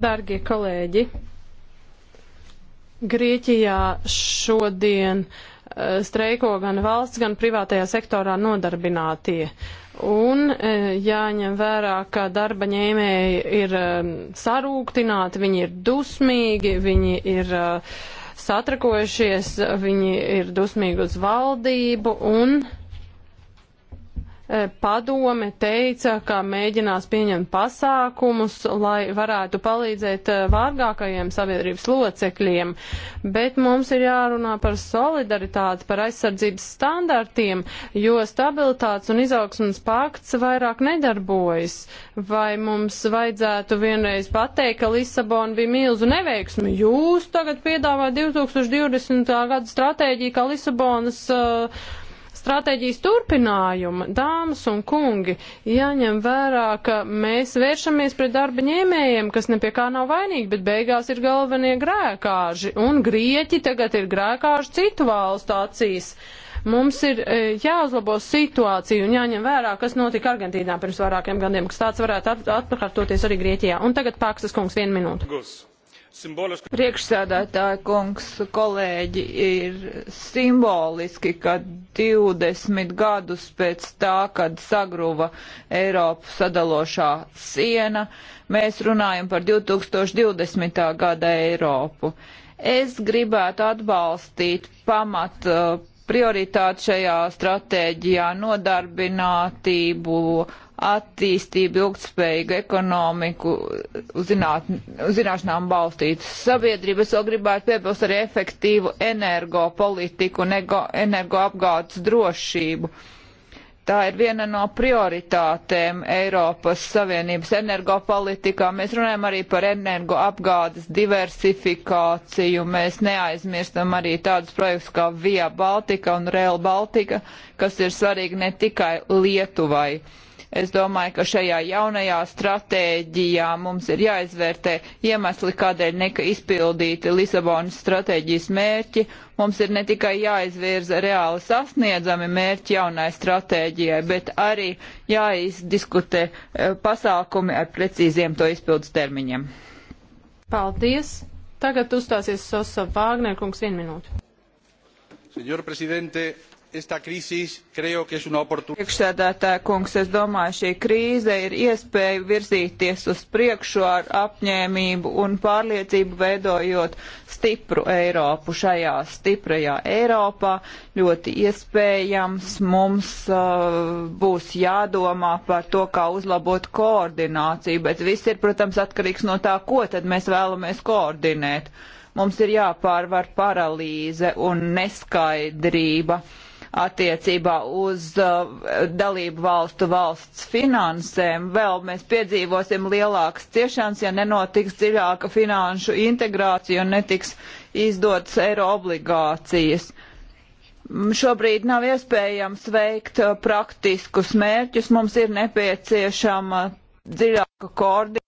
Dargie kolēģi! Grieķijā šodien uh, streiko gan valsts, gan privātajā sektorā nodarbinātie. Un uh, jāņem vērā, ka darba ņēmēji ir uh, sarūktināti, viņi ir dusmīgi, viņi ir satrakojušies, viņi ir dusmīgi uz valdību un. Uh, E, padome teica, ka mēģinās pieņemt pasākumus, lai varētu palīdzēt e, vārgākajiem sabiedrības locekļiem, bet mums ir jārunā par solidaritāti, par aizsardzības standartiem, jo stabilitātes un izaugsmas pakts vairāk nedarbojas. Vai mums vajadzētu vienreiz pateikt, ka Lisabona bija milzu neveiksmi? Jūs tagad piedāvājat 2020. gada stratēģiju, kā Lisabonas uh, stratēģijas turpinājuma. Dāmas un kungi, jāņem vērā, ka mēs vēršamies pret darba ņēmējiem, kas ne pie kā nav vainīgi, bet beigās ir galvenie grēkāži. Un grieķi tagad ir grēkāži citu valstu acīs. Mums ir e, jāuzlabo situācija un jāņem vērā, kas notika Argentīnā pirms vairākiem gadiem, kas tāds varētu atkārtoties arī Grieķijā. Un tagad Paksas kungs, vienu minūtu. Gus. Priekšsēdētāja kungs, kolēģi, ir simboliski, ka 20 gadus pēc tā, kad sagruva Eiropu sadalošā siena, mēs runājam par 2020. gada Eiropu. Es gribētu atbalstīt pamat uh, prioritāti šajā stratēģijā nodarbinātību, uh, attīstību, ilgtspējīgu ekonomiku, zināt, zināšanām balstītu sabiedrību. Es vēl gribētu piebilst arī efektīvu energopolitiku un energoapgādes drošību. Tā ir viena no prioritātēm Eiropas Savienības energopolitikā. Mēs runājam arī par energoapgādes diversifikāciju. Mēs neaizmirstam arī tādus projektus kā Via Baltica un Rail Baltica, kas ir svarīgi ne tikai Lietuvai Es domāju, ka šajā jaunajā stratēģijā mums ir jāizvērtē iemesli, kādēļ neka izpildīti Lisabonas stratēģijas mērķi. Mums ir ne tikai jāizvirza reāli sasniedzami mērķi jaunai stratēģijai, bet arī jāizdiskutē eh, pasākumi ar precīziem to izpildus termiņiem. Paldies! Tagad uzstāsies Sosa Vāgner kungs vienu minūtu. Senor presidente, esta crisis creo que es una oportunidad. Priekšsēdētāja kungs, es domāju, šī krīze ir iespēja virzīties uz priekšu ar apņēmību un pārliecību veidojot stipru Eiropu. Šajā stiprajā Eiropā ļoti iespējams mums uh, būs jādomā par to, kā uzlabot koordināciju, bet viss ir, protams, atkarīgs no tā, ko tad mēs vēlamies koordinēt mums ir jāpārvar paralīze un neskaidrība attiecībā uz uh, dalību valstu valsts finansēm, vēl mēs piedzīvosim lielākas ciešanas, ja nenotiks dziļāka finanšu integrācija un netiks izdotas eiro obligācijas. Mm, šobrīd nav iespējams veikt uh, praktiskus mērķus, mums ir nepieciešama dziļāka koordinācija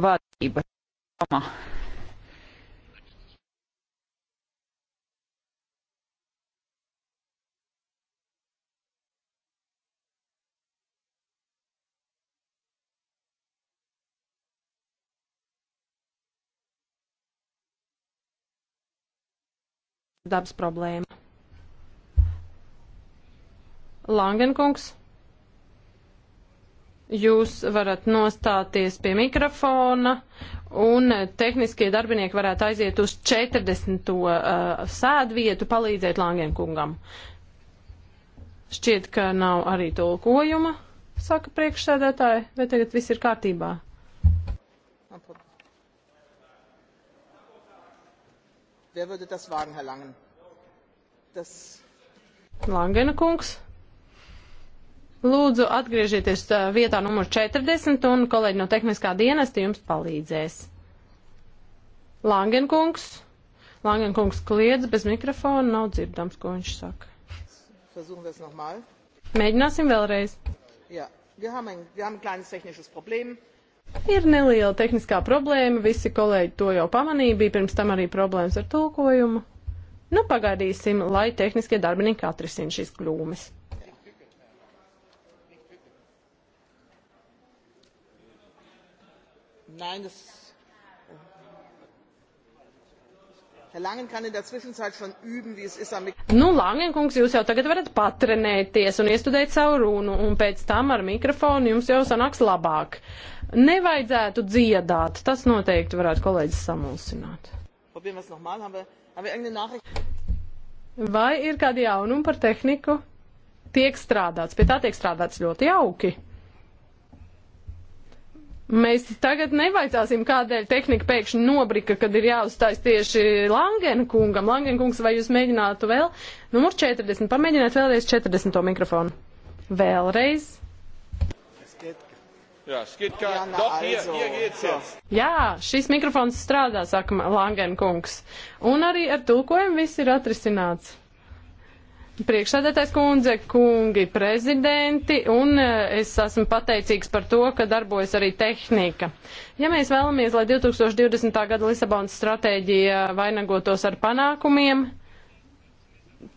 vadība. dabas problēma. Langenkungs jūs varat nostāties pie mikrofona un tehniskie darbinieki varētu aiziet uz 40. Uh, sēdvietu palīdzēt Langiem kungam. Šķiet, ka nav arī tulkojuma, saka priekšsēdētāji, vai tagad viss ir kārtībā? Wer würde das wagen, Herr Langen? Das Langena kungs. Lūdzu, atgriežieties vietā numur 40 un kolēģi no tehniskā dienesta jums palīdzēs. Langenkungs. Langenkungs kliedz bez mikrofona, nav dzirdams, ko viņš saka. Mēģināsim vēlreiz. Jā, wir haben ein, wir haben ein kleines technisches Problem. Ir neliela tehniskā problēma, visi kolēģi to jau pamanīja, bija pirms tam arī problēmas ar tulkojumu. Nu, pagaidīsim, lai tehniskie darbinieki atrisina šīs kļūmes. Nein, das. Herr Langen kann in der Zwischenzeit schon üben, wie es ist am Mikrofon. Nu, Langenkungs, jūs jau tagad varat patrenēties un iestudēt savu runu, un pēc tam ar mikrofonu jums jau sanāks labāk. Nevajadzētu dziedāt, tas noteikti varētu kolēģis samulsināt. Vai ir kādi jaunumi par tehniku? Tiek strādāts, pie tā tiek strādāts ļoti jauki. Mēs tagad nevaicāsim, kādēļ tehnika pēkšņi nobrika, kad ir jāuztais tieši Langena kungam. Langena kungs, vai jūs mēģinātu vēl? Numur 40. Pamēģiniet vēlreiz 40. mikrofonu. Vēlreiz. Jā, skitka, dok, hier, hier Jā, šis mikrofons strādā, saka Langena kungs. Un arī ar tulkojumu viss ir atrisināts. Priekšsēdētājs kundze, kungi, prezidenti, un e, es esmu pateicīgs par to, ka darbojas arī tehnika. Ja mēs vēlamies, lai 2020. gada Lisabonas stratēģija vainagotos ar panākumiem,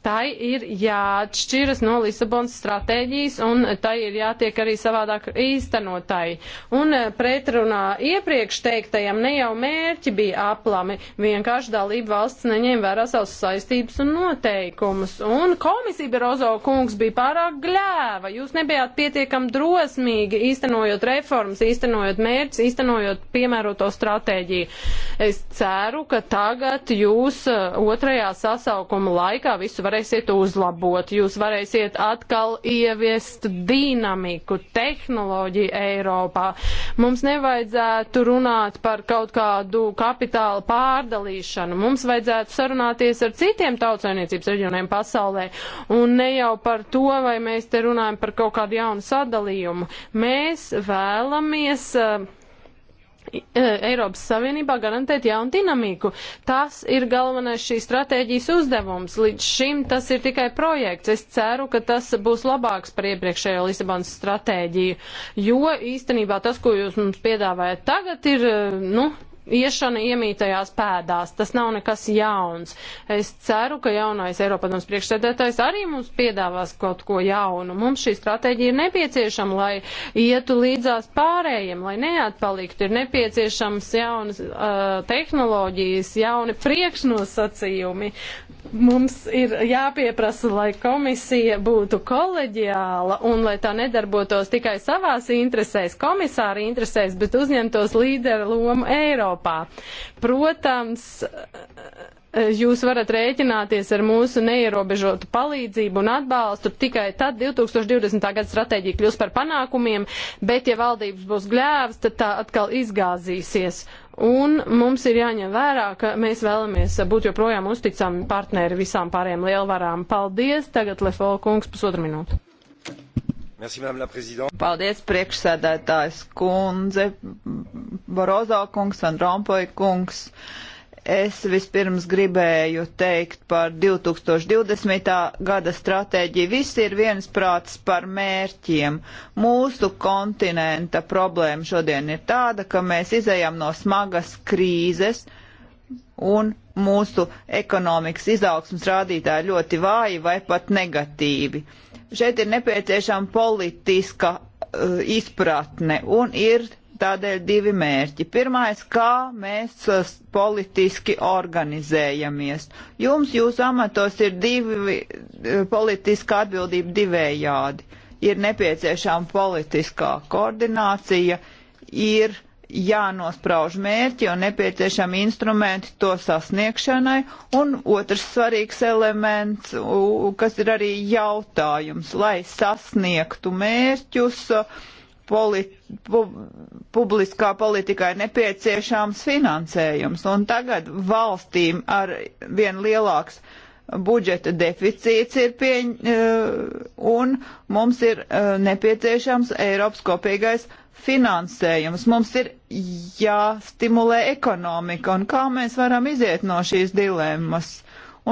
tai ir jāatšķiras no Lisabonas stratēģijas un tai ir jātiek arī savādāk īstenotai. Un eh, pretrunā iepriekš teiktajam ne jau mērķi bija aplami, vienkārši dalība valsts neņēma vērā savas saistības un noteikumus. Un komisija Barozo kungs bija pārāk gļēva, jūs nebijāt pietiekam drosmīgi īstenojot reformas, īstenojot mērķis, īstenojot piemēroto stratēģiju. Es ceru, ka tagad jūs eh, otrajā sasaukuma laikā visu jūs varēsiet uzlabot, jūs varēsiet atkal ieviest dinamiku, tehnoloģiju Eiropā. Mums nevajadzētu runāt par kaut kādu kapitāla pārdalīšanu, mums vajadzētu sarunāties ar citiem tautsainiecības reģioniem pasaulē un ne jau par to, vai mēs te runājam par kaut kādu jaunu sadalījumu. Mēs vēlamies uh, E, Eiropas Savienībā garantēt jaunu dinamiku. Tas ir galvenais šīs stratēģijas uzdevums. Līdz šim tas ir tikai projekts. Es ceru, ka tas būs labāks par iepriekšējo Lisabonas stratēģiju, jo īstenībā tas, ko jūs mums piedāvājat tagad, ir, e, nu, iešana iemītajās pēdās. Tas nav nekas jauns. Es ceru, ka jaunais Eiropadoms priekšsēdētājs arī mums piedāvās kaut ko jaunu. Mums šī stratēģija ir nepieciešama, lai ietu līdzās pārējiem, lai neatpaliktu. Ir nepieciešams jaunas uh, tehnoloģijas, jauni priekšnosacījumi. Mums ir jāpieprasa, lai komisija būtu koleģiāla un lai tā nedarbotos tikai savās interesēs, komisāra interesēs, bet uzņemtos līdera lomu Eiropā. Eiropā. Protams, jūs varat rēķināties ar mūsu neierobežotu palīdzību un atbalstu tikai tad 2020. gada stratēģija kļūs par panākumiem, bet ja valdības būs gļēvs, tad tā atkal izgāzīsies. Un mums ir jāņem vērā, ka mēs vēlamies būt joprojām uzticami partneri visām pārējām lielvarām. Paldies! Tagad Lefo kungs pusotru minūtu. Merci, Paldies, priekšsēdētājs kundze, Borozo kungs, Van Rompuy kungs. Es vispirms gribēju teikt par 2020. gada stratēģiju. Visi ir viensprāts par mērķiem. Mūsu kontinenta problēma šodien ir tāda, ka mēs izējām no smagas krīzes un mūsu ekonomikas izaugsmas rādītāji ļoti vāji vai pat negatīvi. Uh, šeit ir nepieciešama politiska uh, izpratne un ir tādēļ divi mērķi. Pirmais, kā mēs uh, politiski organizējamies. Jums, jūs amatos ir divi uh, politiska atbildība divējādi. Ir nepieciešama politiskā koordinācija, ir jānosprauž mērķi un nepieciešami instrumenti to sasniegšanai, un otrs svarīgs elements, kas ir arī jautājums, lai sasniegtu mērķus, polit, pu, publiskā politikā ir nepieciešams finansējums, un tagad valstīm ar vien lielāks budžeta deficīts ir pieņ, e, un mums ir e, nepieciešams Eiropas kopīgais finansējums. Mums ir jāstimulē ekonomika un kā mēs varam iziet no šīs dilemmas.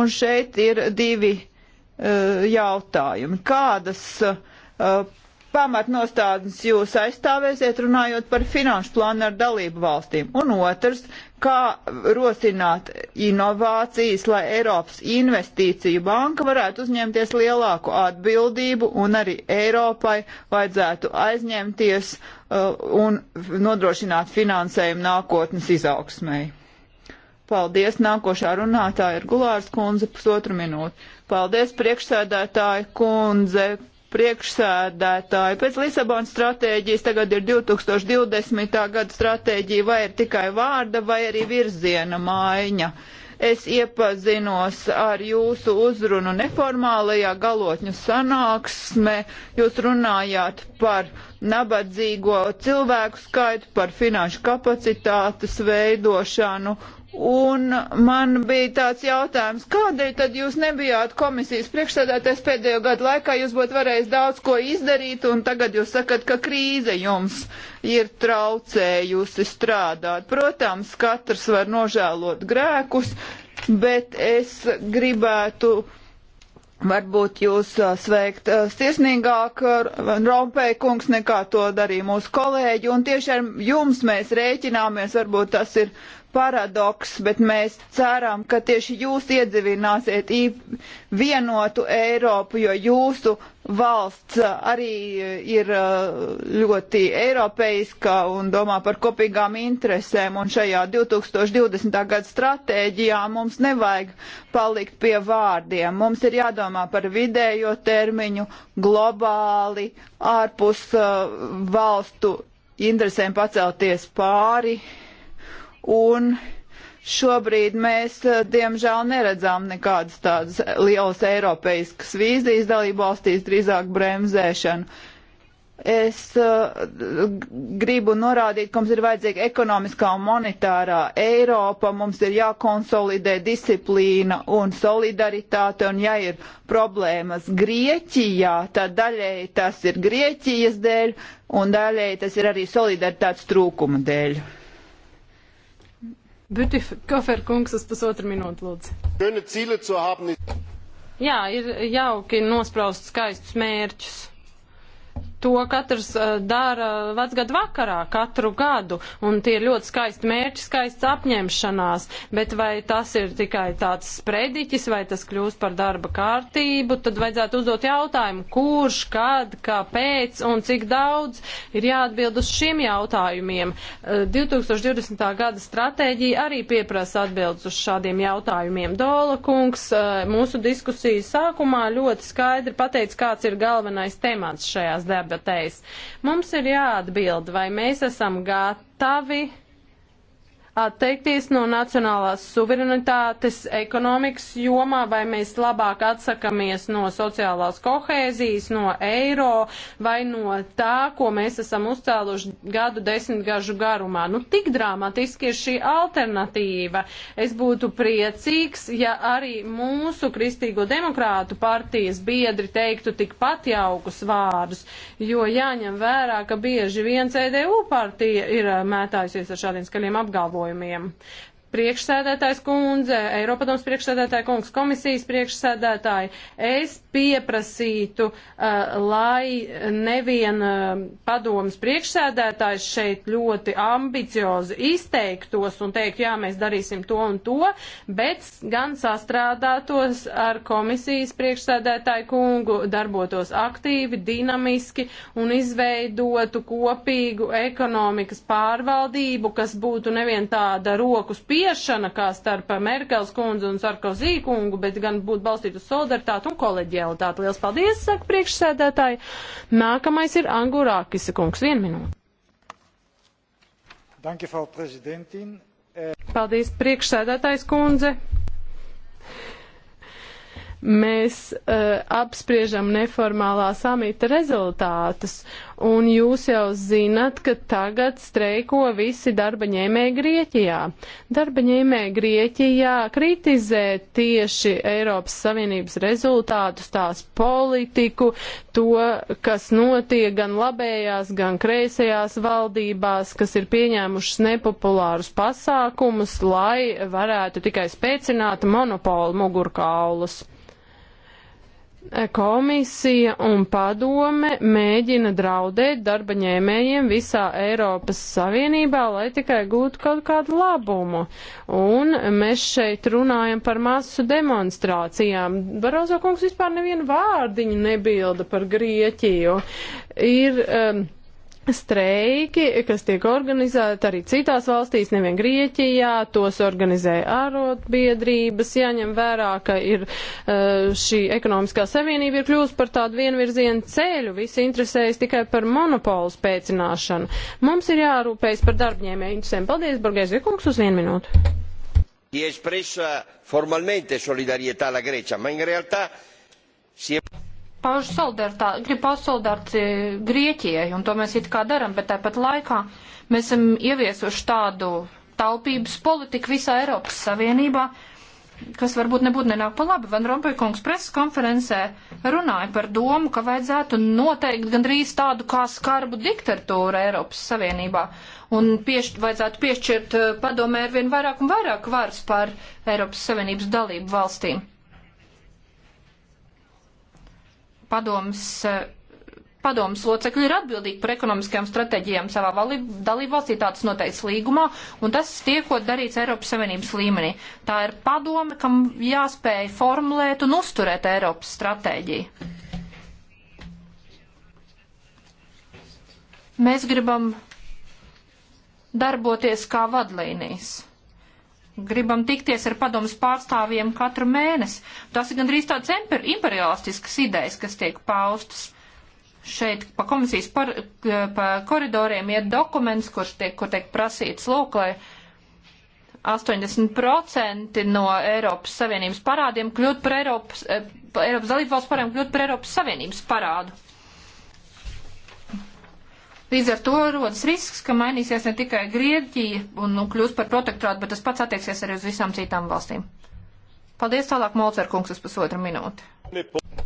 Un šeit ir divi uh, jautājumi. Kādas uh, pamatnostādnes jūs aizstāvēsiet, runājot par finanšu plānu ar dalību valstīm? Un otrs, kā rosināt inovācijas, lai Eiropas investīciju banka varētu uzņemties lielāku atbildību un arī Eiropai vajadzētu aizņemties uh, un nodrošināt finansējumu nākotnes izaugsmēji? Paldies, nākošā runātāja ir Gulārs kundze, pusotru minūti. Paldies, priekšsēdētāja kundze, priekšsēdētāji. Pēc Lisabonas stratēģijas tagad ir 2020. gada stratēģija, vai ir tikai vārda, vai arī virziena maiņa. Es iepazinos ar jūsu uzrunu neformālajā galotņu sanāksmē. Jūs runājāt par nabadzīgo cilvēku skaitu, par finanšu kapacitātes veidošanu Un man bija tāds jautājums, kādēļ tad jūs nebijāt komisijas priekšsēdētājs pēdējo gadu laikā, jūs būtu varējis daudz ko izdarīt, un tagad jūs sakat, ka krīze jums ir traucējusi strādāt. Protams, katrs var nožēlot grēkus, bet es gribētu varbūt jūs sveikt sirsnīgāk, Rompēja kungs, nekā to darīja mūsu kolēģi, un tieši ar jums mēs rēķināmies, varbūt tas ir paradoks, bet mēs ceram, ka tieši jūs iedzivināsiet vienotu Eiropu, jo jūsu valsts arī ir ļoti eiropeiska un domā par kopīgām interesēm. Un šajā 2020. gada stratēģijā mums nevajag palikt pie vārdiem. Mums ir jādomā par vidējo termiņu globāli, ārpus valstu interesēm pacelties pāri. Uh, un Šobrīd mēs, eh, diemžēl, neredzām nekādas tādas lielas eiropeiskas vīzijas dalību valstīs, drīzāk bremzēšanu. Es uh, gribu norādīt, ka mums ir vajadzīga ekonomiskā un monetārā Eiropa, mums ir jākonsolidē disciplīna un solidaritāte, un ja ir problēmas Grieķijā, tad daļēji tas ir Grieķijas dēļ, un daļēji tas ir arī solidaritātes trūkuma dēļ. Bütikofer kungs uz pusotru minūtu lūdzu. Jā, ir jauki nospraust skaistus mērķus to katrs eh, dara vecgadu vakarā katru gadu, un tie ir ļoti skaisti mērķi, skaists apņemšanās, bet vai tas ir tikai tāds sprediķis, vai tas kļūst par darba kārtību, tad vajadzētu uzdot jautājumu, kurš, kad, kāpēc un cik daudz ir jāatbild uz šiem jautājumiem. 2020. Eh, gada stratēģija arī pieprasa atbildes uz šādiem jautājumiem. Dola kungs eh, mūsu diskusijas sākumā ļoti skaidri pateica, kāds ir galvenais temats šajās debes debatēs. Mums ir jāatbild, vai mēs esam gatavi atteikties no nacionālās suverenitātes ekonomikas jomā, vai mēs labāk atsakamies no sociālās kohēzijas, no eiro vai no tā, ko mēs esam uzcēluši gadu desmitgažu garumā. Nu, tik dramatiski ir šī alternatīva. Es būtu priecīgs, ja arī mūsu Kristīgo demokrātu partijas biedri teiktu tikpat jaukus vārdus, jo jāņem vērā, ka bieži vien CDU partija ir eh, mētājusies ar šādiem skaļiem apgalvojumiem pakalpojumiem priekšsēdētājs kundze, Eiropadoms priekšsēdētāja kungs, komisijas priekšsēdētāji, es pieprasītu, uh, lai nevien uh, padomas priekšsēdētājs šeit ļoti ambiciozi izteiktos un teikt, jā, mēs darīsim to un to, bet gan sastrādātos ar komisijas priekšsēdētāju kungu, darbotos aktīvi, dinamiski un izveidotu kopīgu ekonomikas pārvaldību, kas būtu nevien tāda rokas pieeja, spiešana kā starp Merkels kundzu un Sarkozī kungu, bet gan būtu balstīta uz solidaritāti un koleģialitāti. Liels paldies, saka priekšsēdētāji. Nākamais ir Angurākis kungs. Vienu minūti. Danke, Frau Präsidentin. Paldies, priekšsēdētājs kundze. Mēs uh, apspriežam neformālā samita rezultātus, un jūs jau zinat, ka tagad streiko visi darba ņēmēji Grieķijā. Darba ņēmēji Grieķijā kritizē tieši Eiropas Savienības rezultātus, tās politiku, to, kas notiek gan labējās, gan kreisajās valdībās, kas ir pieņēmušas nepopulārus pasākumus, lai varētu tikai spēcināt monopolu mugurkaulus. Komisija un padome mēģina draudēt darba ņēmējiem visā Eiropas Savienībā, lai tikai gūtu kaut kādu labumu. Un mēs šeit runājam par masu demonstrācijām. Barozo kungs vispār nevienu vārdiņu nebilda par Grieķiju. Ir, um, Streiki, kas tiek organizēti arī citās valstīs, nevien Grieķijā, tos organizē ārotbiedrības, jāņem vērā, ka ir eh, šī ekonomiskā savienība ir kļūst par tādu vienvirzienu ceļu, visi interesējas tikai par monopolu spēcināšanu. Mums ir jārūpējas par darbņēmēju interesēm. Paldies, Borgēzi Kungs, uz vienu minūtu. Chi ha espressa formalmente solidarietà alla Grecia, ma in realtà si è pauž solidaritāti, grib paust solidaritāti Grieķijai, un to mēs it kā daram, bet tāpat laikā mēs esam ieviesuši tādu taupības politiku visā Eiropas Savienībā, kas varbūt nebūtu nenāk pa labi. Van Rompuykungs preses konferencē runāja par domu, ka vajadzētu noteikt gandrīz tādu kā skarbu diktatūru Eiropas Savienībā un piešķirt, vajadzētu piešķirt eh, padomē ar vien vairāk un vairāk varas par Eiropas Savienības dalību valstīm. padomas padomas locekļi ir atbildīgi par ekonomiskajām stratēģijām savā dalībvalstī, tāds noteikts līgumā, un tas tiekot darīts Eiropas Savienības līmenī. Tā ir padome, kam jāspēj formulēt un uzturēt Eiropas stratēģiju. Mēs gribam darboties kā vadlīnijas gribam tikties ar padomus pārstāvjiem katru mēnesi. Tas ir gandrīz tāds imperialistisks idejas, kas tiek paustas. Šeit pa komisijas par, pa koridoriem iet dokuments, kurš tiek, kur tiek prasīts, lūk, lai 80% no Eiropas Savienības parādiem kļūt par Eiropas, eh, Eiropas dalībvalsts parādiem kļūt par Eiropas Savienības parādu. Līdz ar to rodas risks, ka mainīsies ne tikai Grieķija un nu, kļūs par protektorātu, bet tas pats attieksies arī uz visām citām valstīm. Paldies tālāk, Molcer kungs, uz pusotru minūti.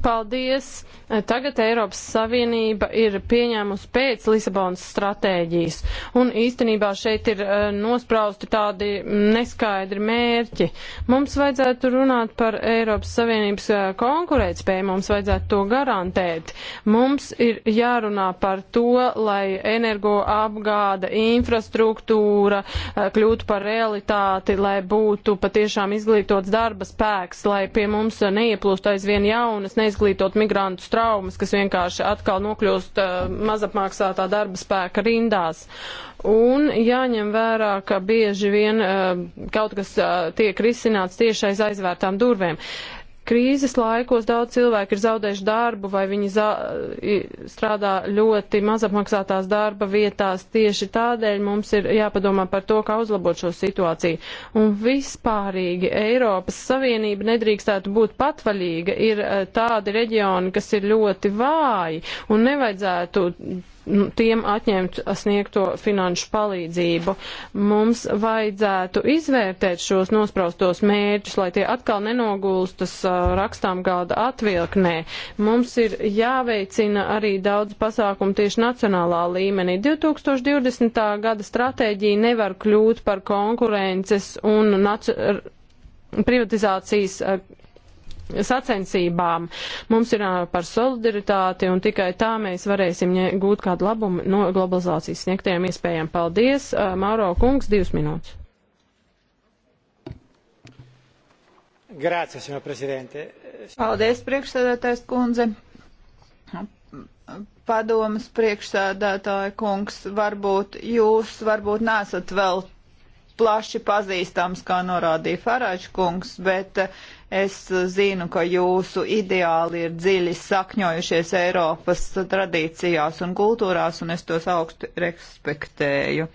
Paldies! Tagad Eiropas Savienība ir pieņēmusi pēc Lisabonas stratēģijas, un īstenībā šeit ir eh, nosprausti tādi neskaidri mērķi. Mums vajadzētu runāt par Eiropas Savienības eh, konkurētspēju, mums vajadzētu to garantēt. Mums ir jārunā par to, lai energoapgāda, infrastruktūra eh, kļūtu par realitāti, lai būtu patiešām izglītots darba spēks, lai pie mums neieplūst aizvien jaunas neizglītot migrantu traumas, kas vienkārši atkal nokļūst uh, mazapmaksātā darba spēka rindās. Un jāņem vērā, ka bieži vien uh, kaut kas uh, tiek risināts tieši aiz aizvērtām durvēm. Uh, Krīzes laikos daudz cilvēku ir zaudējuši darbu vai viņi za strādā ļoti mazapmaksātās darba vietās. Tieši tādēļ mums ir jāpadomā par to, kā uzlabot šo situāciju. Un vispārīgi Eiropas Savienība nedrīkstētu būt patvaļīga. Ir eh, tādi reģioni, kas ir ļoti vāji un nevajadzētu Nu, tiem atņemt sniegto finanšu palīdzību. Mums vajadzētu izvērtēt šos nospraustos mērķus, lai tie atkal nenogulstas uh, rakstām gada atvilknē. Mums ir jāveicina arī daudz pasākumu tieši nacionālā līmenī. 2020. gada stratēģija nevar kļūt par konkurences un nacionālā privatizācijas uh, sacensībām. Mums ir par solidaritāti un tikai tā mēs varēsim gūt kādu labumu no globalizācijas sniegtajām iespējām. Paldies, Mauro Kungs, divas minūtes. Grācies, no prezidente. Paldies, priekšsēdētājs kundze. Padomas priekšsēdētāja kungs, varbūt jūs, varbūt nesat vēl plaši pazīstams, kā norādīja Farāģis kungs, bet uh, Es zinu, ka jūsu ideāli ir dziļi sakņojušies Eiropas tradīcijās un kultūrās, un es tos augstu respektēju.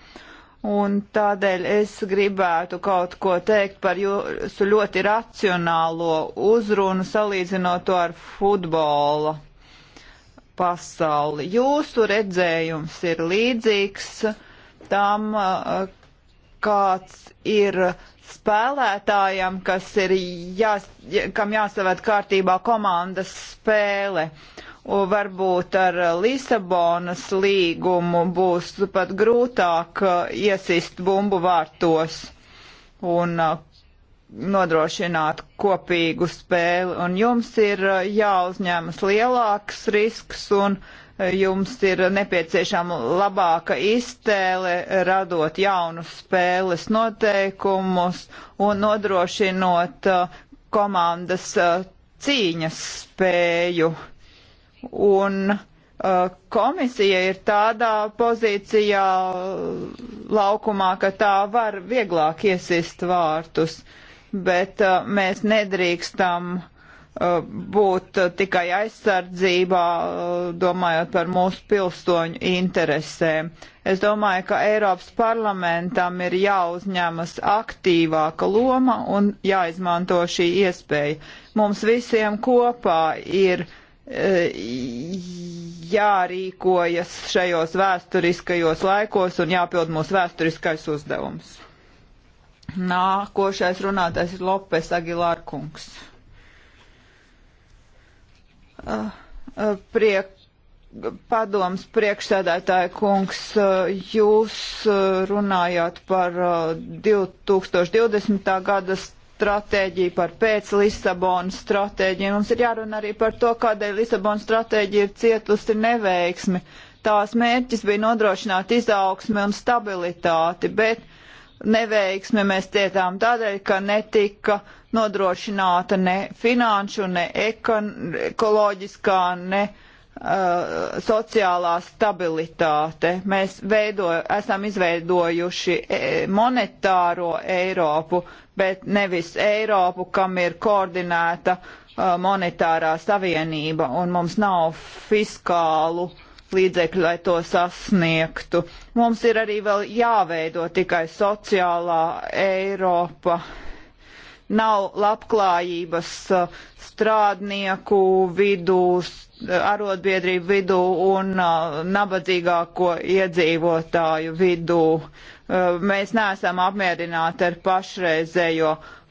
Un tādēļ es gribētu kaut ko teikt par jūsu ļoti racionālo uzrunu, salīdzinot to ar futbola pasauli. Jūsu redzējums ir līdzīgs tam, kāds ir spēlētājam, kas ir jās, kam jāsavērt kārtībā komandas spēle. Un varbūt ar Lisabonas līgumu būs pat grūtāk uh, iesist bumbu vārtos un uh, nodrošināt kopīgu spēli. Un jums ir uh, jāuzņemas lielāks risks un uh, jums ir nepieciešama labāka iztēle, radot jaunus spēles noteikumus un nodrošinot uh, komandas uh, cīņas spēju. Un uh, komisija ir tādā pozīcijā laukumā, ka tā var vieglāk iesist vārtus, bet mēs nedrīkstam uh, būt tikai aizsardzībā, domājot par mūsu pilsoņu interesēm. Es domāju, ka Eiropas parlamentam ir jāuzņemas aktīvāka loma un jāizmanto šī iespēja. Mums visiem kopā ir e, jārīkojas šajos vēsturiskajos laikos un jāpild mūsu vēsturiskais uzdevums. Nākošais runātais ir Lopes Agilārkungs. kungs priek, padoms priekšsēdētāja kungs, jūs runājāt par 2020. Uh, gada stratēģiju, par pēc Lisabonas stratēģiju. Mums ir jārunā arī par to, kādēļ Lisabonas stratēģija ir cietusi neveiksmi. Tās mērķis bija nodrošināt izaugsmi un stabilitāti, bet neveiksmi mēs cietām tādēļ, ka netika nodrošināta ne finanšu, ne ekon, ekoloģiskā, ne uh, sociālā stabilitāte. Mēs veido, esam izveidojuši e, monetāro Eiropu, bet nevis Eiropu, kam ir koordinēta uh, monetārā savienība un mums nav fiskālu uh, līdzekļu, lai to sasniegtu. Mums ir arī vēl jāveido tikai sociālā Eiropa. Nav labklājības uh, strādnieku vidū, uh, arotbiedrību vidū un uh, nabadzīgāko iedzīvotāju vidū. Mēs neesam apmierināti ar pašreizējo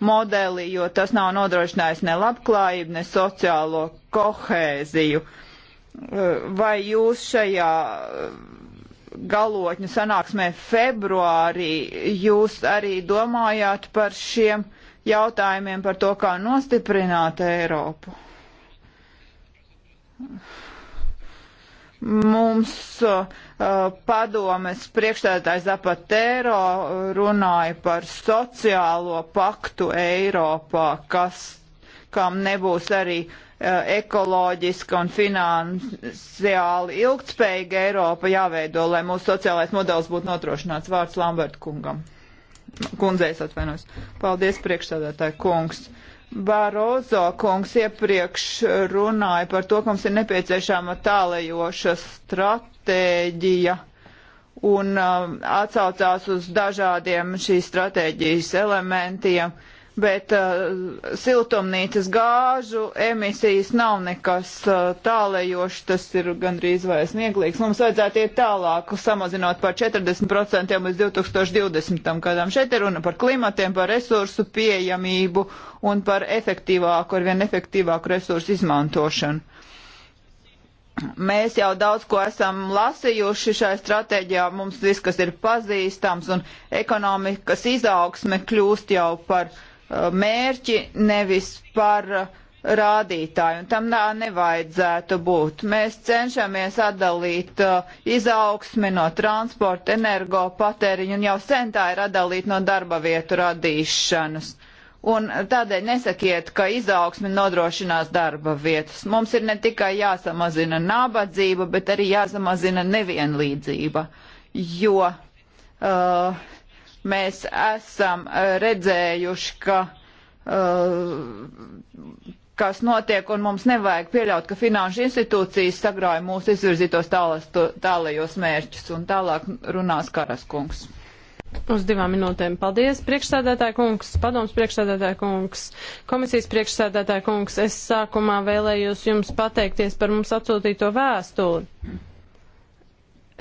modeli, jo tas nav nodrošinājis ne labklājību, ne sociālo kohēziju. Uh, vai jūs šajā galotņu sanāksmē februārī jūs arī domājāt par šiem jautājumiem, par to, kā nostiprināt Eiropu? Mums uh, padomes priekšstādātājs Zapatero runāja par sociālo paktu Eiropā, kas, kam nebūs arī uh, Eh, ekoloģiska un finansiāli ilgtspējīga Eiropa jāveido, lai mūsu sociālais modelis būtu notrošināts vārds Lambert kungam. Kundzēs atvainojos. Paldies, priekšstādātāji kungs. Barozo kungs iepriekš runāja par to, ka mums ir nepieciešama tālējoša stratēģija un um, atsaucās uz dažādiem šīs stratēģijas elementiem. Uh, bet uh, siltumnīcas gāžu emisijas nav nekas uh, tālējoši, tas ir gandrīz vai smieklīgs. Mums vajadzētu iet tālāk, samazinot par 40% līdz 2020. gadam. Šeit ir runa par klimatiem, par resursu pieejamību un par efektīvāku, ar vien efektīvāku resursu izmantošanu. Mēs jau daudz ko esam lasījuši šai stratēģijā, mums viss, kas ir pazīstams, un ekonomikas izaugsme kļūst jau par uh, Uh, mērķi, nevis par rādītāju, un tam tā nevajadzētu būt. Mēs cenšamies atdalīt uh, izaugsmi no transporta, energo patēriņu, un jau sen tā ir atdalīt no darba vietu radīšanas. Un tādēļ nesakiet, ka izaugsmi nodrošinās darba vietas. Mums ir ne tikai jāsamazina nabadzība, bet arī jāsamazina nevienlīdzība, jo uh, Mēs esam uh, redzējuši, ka uh, kas notiek, un mums nevajag pieļaut, ka finanšu institūcijas sagrauj mūsu izvirzītos tālas, tālajos mērķus, un tālāk runās Karas kungs. Uz divām minūtēm. Paldies, priekšsēdētāja kungs, padoms priekšsēdētāja kungs, komisijas priekšsēdētāja kungs. Es sākumā vēlējos jums pateikties par mums atsūtīto vēstuli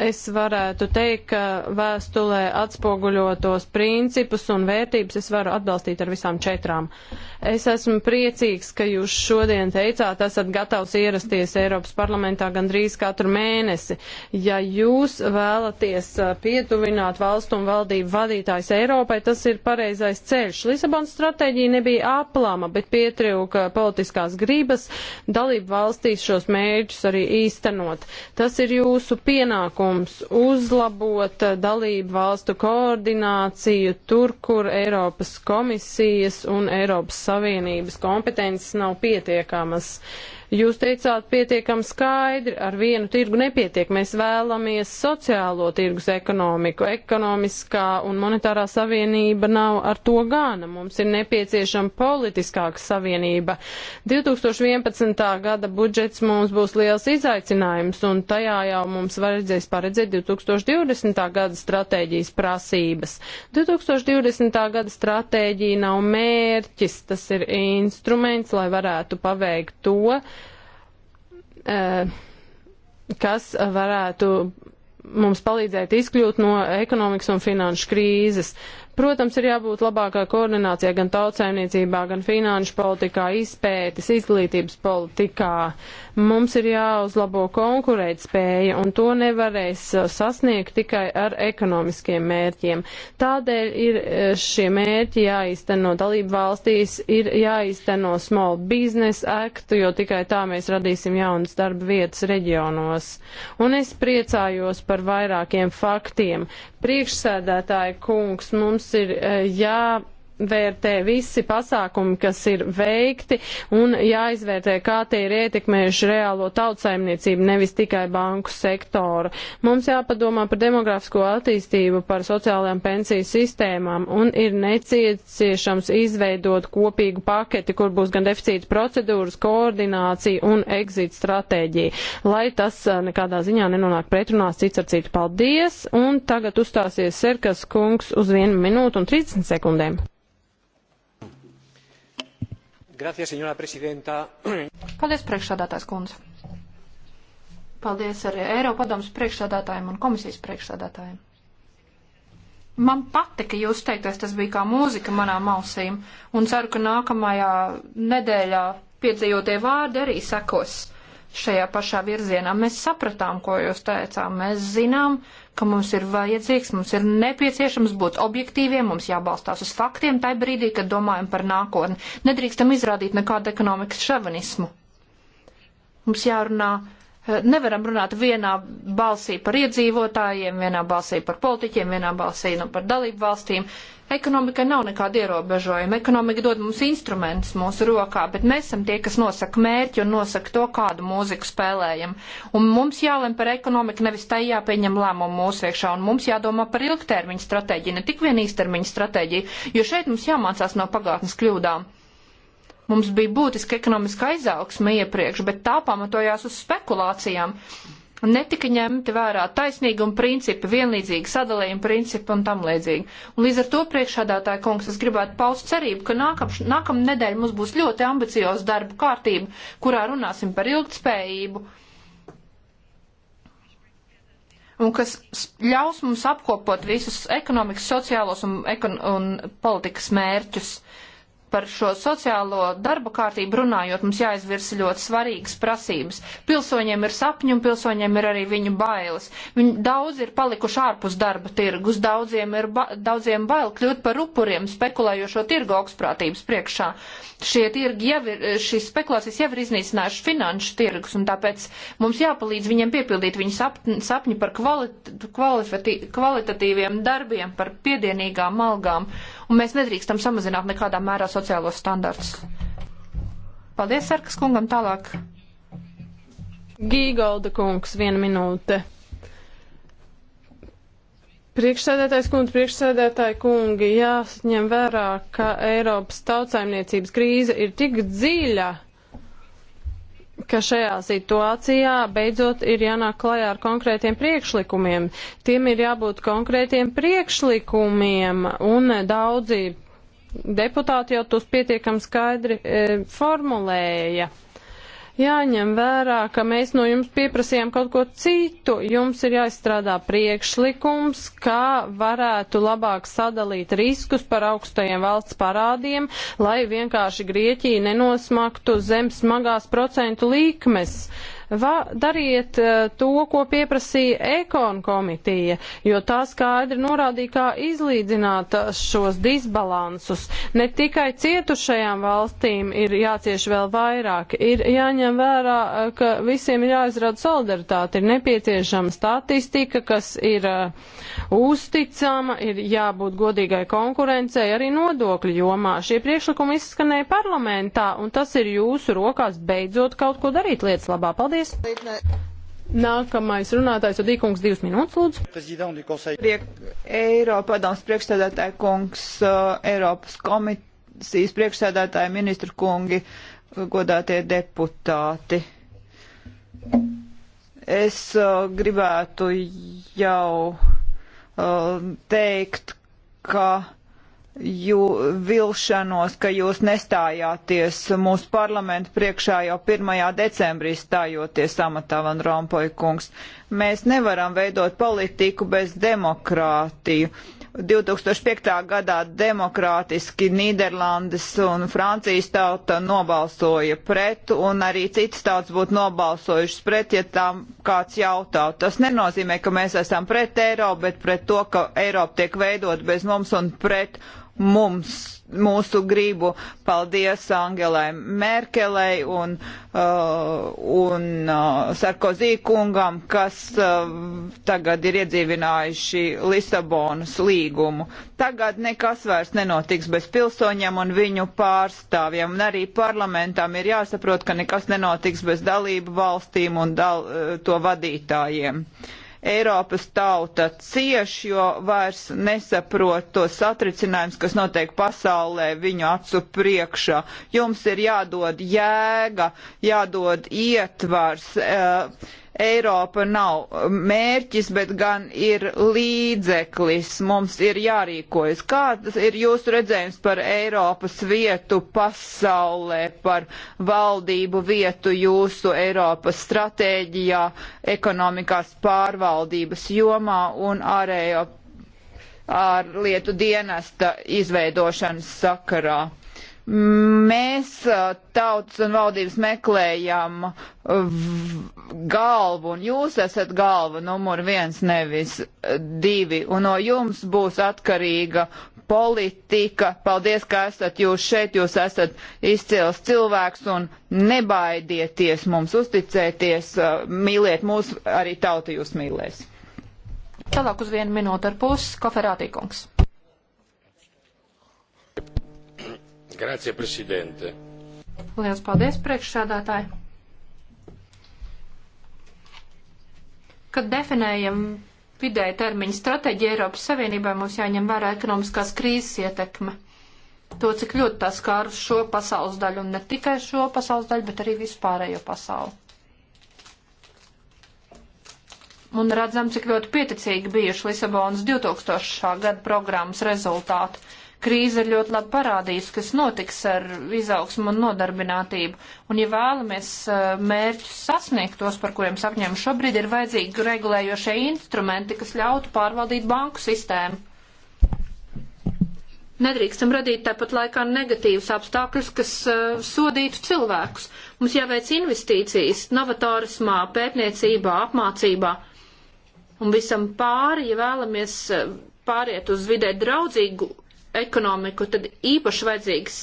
es varētu teikt, ka vēstulē atspoguļotos principus un vērtības es varu atbalstīt ar visām četrām. Uh, Es esmu priecīgs, ka jūs šodien teicāt, esat gatavs ierasties Eiropas parlamentā gandrīz katru mēnesi. Ja jūs vēlaties uh, pietuvināt valstu un valdību vadītājs Eiropai, tas ir pareizais ceļš. Lisabonas stratēģija nebija aplama, bet pietrūka politiskās gribas dalību valstīs šos mērķus arī īstenot. Tas ir jūsu pienākums uzlabot uh, dalību valstu koordināciju tur, kur Eiropas komisijas un Eiropas Savienības kompetences nav pietiekamas. Uh, Jūs teicāt pietiekam skaidri, ar vienu tirgu nepietiek. Mēs vēlamies sociālo tirgus ekonomiku. Ekonomiskā un monetārā savienība nav ar to gana. Mums ir nepieciešama politiskāka savienība. 2011. gada budžets mums būs liels izaicinājums, un tajā jau mums vajadzēs paredzēt 2020. gada stratēģijas prasības. 2020. gada stratēģija nav mērķis, tas ir instruments, lai varētu paveikt to, Eh, kas varētu mums palīdzēt izkļūt no ekonomikas un finanšu krīzes. Uh, Protams, ir jābūt labākā koordinācijā gan tautsēmniecībā, gan finanšu politikā, izpētes, izglītības politikā. Mums ir jāuzlabo konkurētspēja, un to nevarēs uh, sasniegt tikai ar ekonomiskiem mērķiem. Tādēļ ir uh, šie mērķi jāizteno dalību valstīs, ir jāizteno Small Business Act, jo tikai tā mēs radīsim jaunas darba vietas reģionos. Un es priecājos par vairākiem faktiem. Priekšsēdētāji kungs, mums ir eh, jā jāvērtē visi pasākumi, kas ir veikti, un jāizvērtē, kā tie ir ietekmējuši reālo tautsaimniecību, nevis tikai banku sektoru. Mums jāpadomā par demografisko attīstību, par sociālajām pensiju sistēmām, un ir neciešams izveidot kopīgu paketi, kur būs gan deficīta procedūras, koordinācija un exit stratēģija, lai tas eh, nekādā ziņā nenonāk pretrunās cits ar citu. Paldies! Un tagad uzstāsies Serkas kungs uz vienu minūtu un 30 sekundēm. Gracias, senjora prezidenta. Paldies, priekšsādātājs kundze. Paldies arī Eiropadomas priekšsādātājiem un komisijas priekšsādātājiem. Man patika jūs teiktais, tas bija kā mūzika manām ausīm, un ceru, ka nākamajā nedēļā piedzīvotie vārdi arī sekos šajā pašā virzienā. Mēs sapratām, ko jūs teicām, mēs zinām, uh, ka mums ir vajadzīgs, mums ir nepieciešams būt objektīviem, mums jābalstās uz faktiem tajā brīdī, kad domājam par nākotni. Nedrīkstam izrādīt nekādu ekonomikas šavanismu. Mums jārunā nevaram runāt vienā balsī par iedzīvotājiem, vienā balsī par politiķiem, vienā balsī nu, par dalību valstīm. Ekonomika nav nekāda ierobežojuma. Ekonomika dod mums instrumentus mūsu rokā, bet mēs esam tie, kas nosaka mērķi un nosaka to, kādu mūziku spēlējam. Un mums jālem par ekonomiku, nevis tai jāpieņem lēmumu mūsu iekšā, un mums jādomā par ilgtermiņa stratēģiju, ne tik vien īstermiņa stratēģiju, jo šeit mums jāmācās no pagātnes kļūdām. Mums bija būtiska ekonomiska aizaugsme iepriekš, bet tā pamatojās uz spekulācijām. Netika ņemti vērā taisnīguma principi, vienlīdzīgi sadalījuma principi un tam līdzīgi. Un līdz ar to priekšādātāja kungs, es gribētu paust cerību, ka nākam, nākam nedēļ mums būs ļoti ambiciozs darbu kārtība, kurā runāsim par ilgtspējību un kas ļaus mums apkopot visus ekonomikas, sociālos un, ekon un politikas mērķus par šo sociālo darba kārtību runājot, mums jāizvirsa ļoti svarīgas prasības. Pilsoņiem ir sapņi un pilsoņiem ir arī viņu bailes. Viņi daudz ir palikuši ārpus darba tirgus, daudziem ir ba daudziem bail kļūt par upuriem spekulējošo tirgu augstprātības priekšā. Šie tirgi jau ir, šīs spekulācijas jau ir iznīcinājuši finanšu tirgus un tāpēc mums jāpalīdz viņiem piepildīt viņu sapni, sapņi par kvalit kvalitatīviem darbiem, par piedienīgām algām un mēs nedrīkstam samazināt nekādā mērā sociālos standartus. Paldies, Sarkas kungam, tālāk. Gīgolda kungs, viena minūte. Priekšsēdētājs kundze, priekšsēdētāji kungi, jāsņem vērā, ka Eiropas tautsaimniecības krīze ir tik dziļa, ka šajā situācijā beidzot ir jānāk klajā ar konkrētiem priekšlikumiem. Tiem ir jābūt konkrētiem priekšlikumiem un daudzi deputāti jau tos pietiekam skaidri e, formulēja jāņem vērā, ka mēs no jums pieprasījām kaut ko citu. Jums ir jāizstrādā priekšlikums, kā varētu labāk sadalīt riskus par augstajiem valsts parādiem, lai vienkārši Grieķija nenosmaktu zem smagās procentu likmes. Uh, Va, dariet eh, to, ko pieprasīja ekon komitija, jo tā skaidri norādīja, kā izlīdzināt eh, šos disbalansus. Ne tikai cietušajām valstīm ir jācieš vēl vairāk, ir jāņem vērā, eh, ka visiem ir jāizrada solidaritāte, ir nepieciešama statistika, kas ir uh, uzticama, ir jābūt godīgai konkurencei arī nodokļu jomā. Šie priekšlikumi izskanēja parlamentā, un tas ir jūsu rokās beidzot kaut ko darīt lietas labā. Paldies! Paldies! Nākamais runātājs ir Dīkungs, divas minūtes, lūdzu. Priek Eiropadams priekšsēdētāja kungs, uh, Eiropas komisijas priekšsēdētāja ministru kungi, uh, godātie deputāti. Es uh, gribētu jau uh, teikt, ka jū, vilšanos, ka jūs nestājāties mūsu parlamentu priekšā jau 1. decembrī stājoties amatā, Van Rompuy kungs. Mēs nevaram veidot politiku bez demokrātiju. 2005. gadā demokrātiski Nīderlandes un Francijas tauta nobalsoja pret, un arī citas tautas būtu nobalsojušas pret, ja tām kāds jautā. Tas nenozīmē, ka mēs esam pret Eiropu, bet pret to, ka Eiropa tiek veidot bez mums un pret mums, mūsu gribu. Paldies Angelai Merkelei un, uh, un uh, Sarkozī kungam, kas uh, tagad ir iedzīvinājuši Lisabonas līgumu. Tagad nekas vairs nenotiks bez pilsoņiem un viņu pārstāvjiem. Un arī parlamentam ir jāsaprot, ka nekas nenotiks bez dalību valstīm un dal, uh, to vadītājiem. Uh, Eiropas tauta cieš, jo vairs nesaprot to satricinājums, kas notiek pasaulē viņu acu priekšā. Jums ir jādod jēga, jādod ietvars. Uh, Eiropa nav mērķis, bet gan ir līdzeklis. Mums ir jārīkojas. Kāds ir jūsu redzējums par Eiropas vietu pasaulē, par valdību vietu jūsu Eiropas stratēģijā, ekonomikās pārvaldības jomā un ārējo ārlietu dienesta izveidošanas sakarā? Mēs tautas un valdības meklējam galvu, un jūs esat galva numur viens, nevis divi, un no jums būs atkarīga politika. Paldies, ka esat jūs šeit, jūs esat izcils cilvēks un nebaidieties mums uzticēties, mīliet mūs, arī tauta jūs mīlēs. Tālāk uz vienu minūti ar pusi, koferātīkungs. Grācija, prezidente. Liels paldies, priekšsādātāji. Kad definējam vidēja termiņa stratēģija Eiropas Savienībā, mums jāņem vērā ekonomiskās krīzes ietekme. To, cik ļoti tas skārs šo pasaules daļu, un ne tikai šo pasaules daļu, bet arī vispārējo pasauli. Un redzam, cik ļoti pieticīgi bijuši Lisabonas 2000. gada programmas rezultāti Krīze ir ļoti labi parādījusi, kas notiks ar izaugsmu un nodarbinātību. Un, ja vēlamies uh, mērķus sasniegt tos, par kuriem sapņojam šobrīd, ir vajadzīgi regulējošie instrumenti, kas ļautu pārvaldīt banku sistēmu. Nedrīkstam radīt tāpat laikā negatīvus apstākļus, kas uh, sodītu cilvēkus. Mums jāveic investīcijas novatorismā, pētniecībā, apmācībā un visam pāri, ja vēlamies uh, pāriet uz vidē draudzīgu ekonomiku, tad īpaši vajadzīgs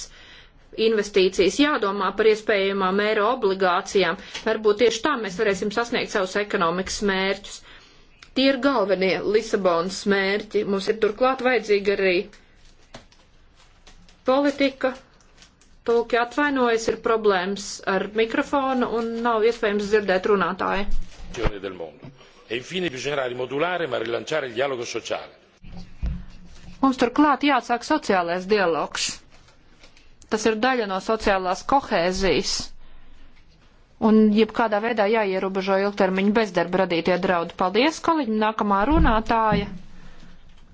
investīcijas, jādomā par iespējamām eiro obligācijām. Varbūt tieši tā mēs varēsim sasniegt savus ekonomikas mērķus. Tie ir galvenie Lisabonas mērķi. Mums ir turklāt vajadzīga arī politika. Tūki atvainojas, ir problēmas ar mikrofonu un nav iespējams dzirdēt runātāju. E infine bisognerà rimodulare ma rilanciare il dialogo sociale. Mums turklāt jāatsāk sociālais dialogs. Tas ir daļa no sociālās kohēzijas. Un jebkādā veidā jāierobežo ilgtermiņu bezdarba radītie draudi. Paldies, kolēģi, nākamā runātāja,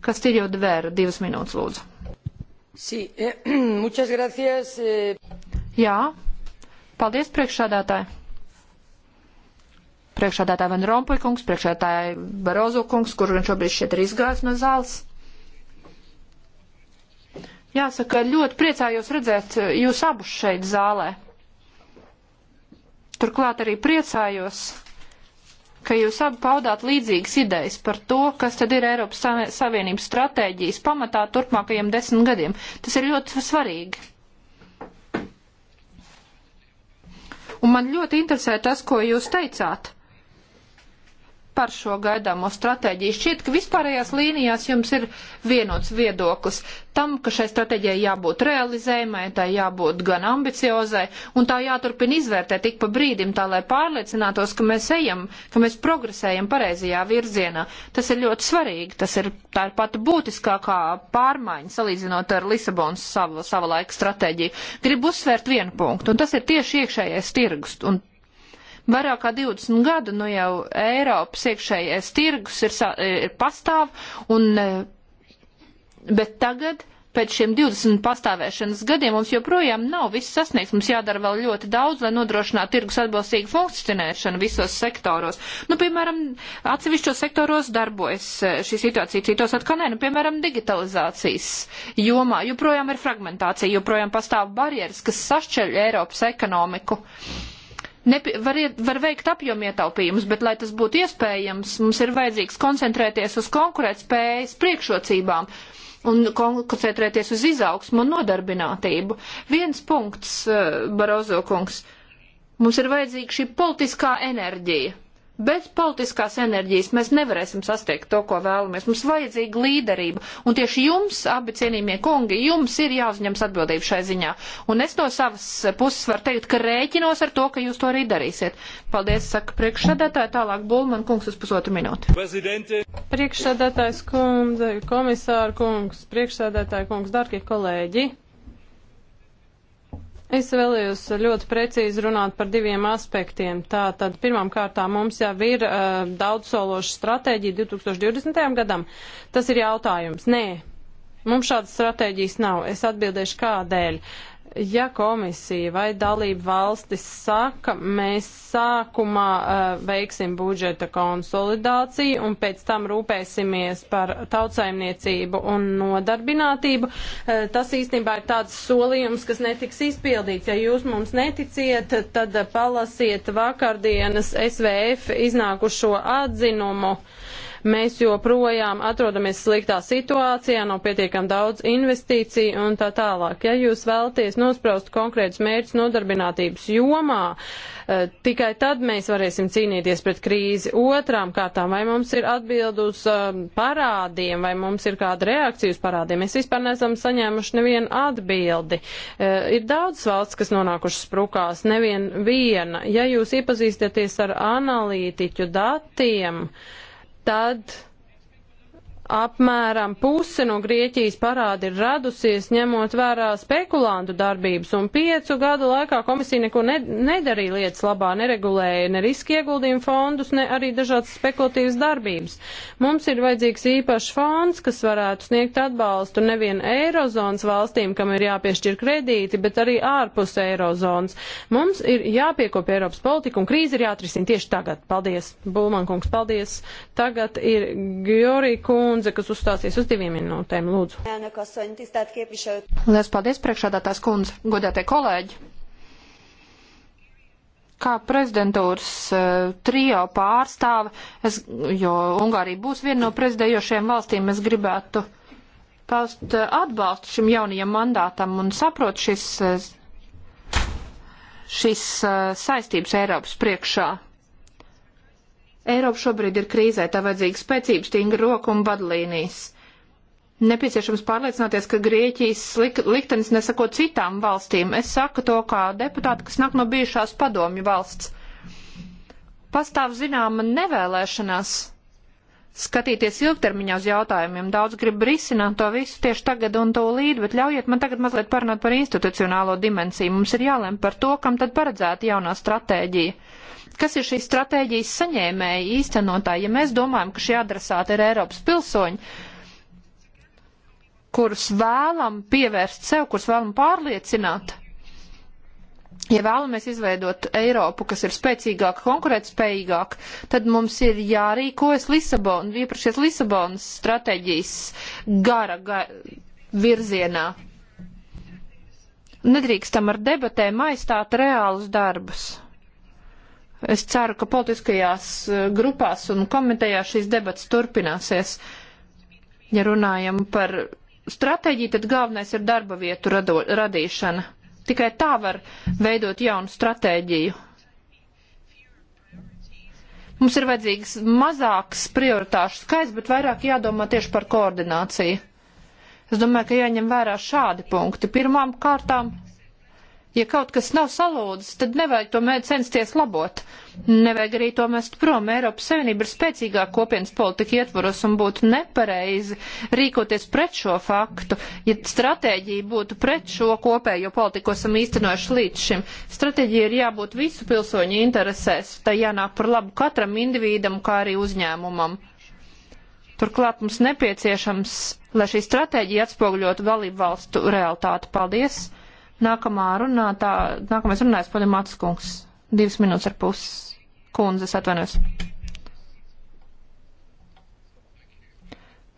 kas ir jau dvēra divas minūtes lūdzu. Sí, eh, (clears throat) muchas gracias. Eh. Jā, paldies priekšādātāji. Priekšādātāji Van Rompuy kungs, priekšādātāji Barozo kungs, kur viņš šobrīd šeit ir izgājis no zāles. Jāsaka, ļoti priecājos redzēt eh, jūs abus šeit zālē. Turklāt arī priecājos, ka jūs abi paudāt līdzīgas idejas par to, kas tad ir Eiropas Savienības stratēģijas pamatā turpmākajiem desmit gadiem. Tas ir ļoti svarīgi. Un man ļoti interesē tas, ko jūs teicāt par šo gaidāmo stratēģiju. Šķiet, ka vispārējās līnijās jums ir vienots viedoklis tam, ka šai stratēģijai jābūt realizējumai, tai jābūt gan ambiciozai, un tā jāturpina izvērtēt ik pa brīdim, tā lai pārliecinātos, ka mēs ejam, ka mēs progresējam pareizajā virzienā. Tas ir ļoti svarīgi, tas ir, tā ir pati būtiskākā pārmaiņa salīdzinot ar Lisabonas savu, savu laiku stratēģiju. Gribu uzsvērt vienu punktu, un tas ir tieši iekšējais tirgus un Vairāk kā 20 gadu nu jau Eiropas iekšējais tirgus ir, e, ir pastāv, un, e, bet tagad pēc šiem 20 pastāvēšanas gadiem mums joprojām nav viss sasniegts. Mums jādara vēl ļoti daudz, lai nodrošinātu tirgus atbilstīgu funkcionēšanu visos sektoros. Nu, piemēram, atsevišķos sektoros darbojas e, šī situācija, citos atkal nē, nu, piemēram, digitalizācijas jomā. Joprojām ir fragmentācija, joprojām pastāv barjeras, kas sašķeļ Eiropas ekonomiku. Uh, Nepi, var, var veikt apjomu ietaupījumus, bet, lai tas būtu iespējams, mums ir vajadzīgs koncentrēties uz konkurētspējas priekšrocībām un koncentrēties uz izaugsmu un nodarbinātību. Viens punkts, eh, Barozo kungs, mums ir vajadzīga šī politiskā enerģija. Bez politiskās enerģijas mēs nevarēsim sasniegt to, ko vēlamies. Mums vajadzīga līderība. Un tieši jums, abi cienījamie kungi, jums ir jāuzņems atbildība šai ziņā. Un es no savas puses varu teikt, ka rēķinos ar to, ka jūs to arī darīsiet. Paldies, saka priekšsēdētāja. Tālāk Bulman kungs uz pusotru minūti. Prezidente. Priekšsēdētājs kundze, komisāra kungs, priekšsēdētāja kungs, darbie kolēģi. Es vēlējos ļoti precīzi runāt par diviem aspektiem. Tātad, pirmām kārtām mums jau ir uh, daudzsološa stratēģija 2020. gadam. Tas ir jautājums. Nē, mums šādas stratēģijas nav. Es atbildēšu kādēļ. Uh, Ja komisija vai dalība valstis saka, mēs sākumā uh, veiksim budžeta konsolidāciju un pēc tam rūpēsimies par tautsaimniecību un nodarbinātību, uh, tas īstenībā ir tāds solījums, kas netiks izpildīts. Ja jūs mums neticiet, tad palasiet vakardienas SVF iznākušo atzinumu. Uh, Mēs joprojām atrodamies sliktā situācijā, nav pietiekam daudz investīciju un tā tālāk. Ja jūs vēlaties nospraust konkrētus mērķus nodarbinātības jomā, eh, tikai tad mēs varēsim cīnīties pret krīzi. Otrām kārtām, vai mums ir atbild uz ehm, parādiem, vai mums ir kāda reakcija uz parādiem? Mēs vispār neesam saņēmuši nevienu atbildi. Eh, ir daudz valsts, kas nonākušas sprukās, nevien viena. Ja jūs iepazīstaties ar analītiķu datiem, tad Apmēram puse no Grieķijas parāda ir radusies, ņemot vērā spekulantu darbības, un piecu gadu laikā komisija neko ne, nedarīja lietas labā, neregulēja ne riski ieguldījumu fondus, ne arī dažādas spekulatīvas darbības. Mums ir vajadzīgs īpašs fonds, kas varētu sniegt atbalstu nevien Eirozonas valstīm, kam ir jāpiešķir kredīti, bet arī ārpus Eirozonas. Mums ir jāpiekopja Eiropas politika, un krīze ir jāatrisina tieši tagad. Paldies, Bulmankungs, paldies. Tagad ir Gjorī kungs kundze, kas uzstāsies uz diviem minūtēm, lūdzu. Lielas paldies, priekšādātās kundze, godātie kolēģi. Kā prezidentūras uh, trio pārstāve, es, jo Ungārija būs viena no prezidējošajām valstīm, es gribētu paust eh, atbalstu šim jaunajam mandātam un saprotu šis, eh, šis uh, saistības Eiropas priekšā Eiropa šobrīd ir krīzē, tā vajadzīga spēcība, stingra roka un vadlīnijas. Nepieciešams pārliecināties, ka Grieķijas lik liktenis nesako citām valstīm. Es saku to kā deputāti, kas nāk no bijušās padomju valsts. Pastāv zināma nevēlēšanās skatīties ilgtermiņā uz jautājumiem. Daudz grib risināt to visu tieši tagad un to līdzi, bet ļaujiet man tagad mazliet parunāt par institucionālo dimensiju. Mums ir jālem par to, kam tad paredzēta jaunā stratēģija kas ir šīs stratēģijas saņēmēji, īstenotāji. Ja mēs domājam, ka šī adresāta ir Eiropas pilsoņi, kurus vēlam pievērst sev, kurus vēlam pārliecināt, ja vēlamies izveidot Eiropu, kas ir spēcīgāka, konkurētspējīgāka, tad mums ir jārīkojas Lisabon, iepriekšies Lisabonas stratēģijas gara, gara virzienā. Nedrīkstam ar debatēm aizstāt reālus darbus. Es ceru, ka politiskajās eh, grupās un komitejā šīs debats turpināsies. Ja runājam par stratēģiju, tad galvenais ir darba vietu rado, radīšana. Tikai tā var veidot jaunu stratēģiju. Mums ir vajadzīgs mazāks prioritāšu skaits, bet vairāk jādomā tieši par koordināciju. Es domāju, ka jāņem vērā šādi punkti. Pirmām kārtām Ja kaut kas nav salūdis, tad nevajag to censties labot. Nevajag arī to mest prom. Eiropas Savienība ir spēcīgāk kopienas politika ietvaros un būtu nepareizi rīkoties pret šo faktu, ja stratēģija būtu pret šo kopējo politiku, ko esam īstenojuši līdz šim. Stratēģija ir jābūt visu pilsoņu interesēs, tai jānāk par labu katram individam, kā arī uzņēmumam. Turklāt mums nepieciešams, lai šī stratēģija atspoguļotu valību valstu realitāti. Paldies! Nākamā runā tā, nākamais runājas Poļamāts kungs. Divas minūtes ar pus kundzes atvainojas.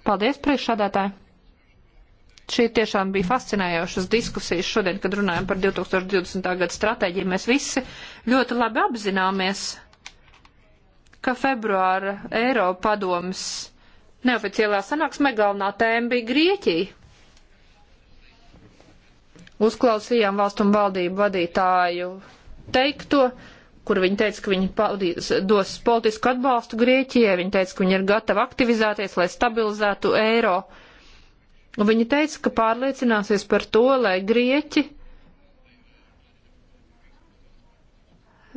Paldies, priekšsādātāji! Šī tiešām bija fascinējošas diskusijas šodien, kad runājam par 2020. gada stratēģiju. Mēs visi ļoti labi apzināmies, ka februāra Eiropa padomas neoficiālā sanāksmē galvenā tēma bija Grieķija. Uzklausījām valstu un valdību vadītāju teikto, kur viņi teica, ka viņi paldies, dos politisku atbalstu Grieķijai, viņi teica, ka viņi ir gatavi aktivizēties, lai stabilizētu eiro. Un viņi teica, ka pārliecināsies par to, lai Grieķi.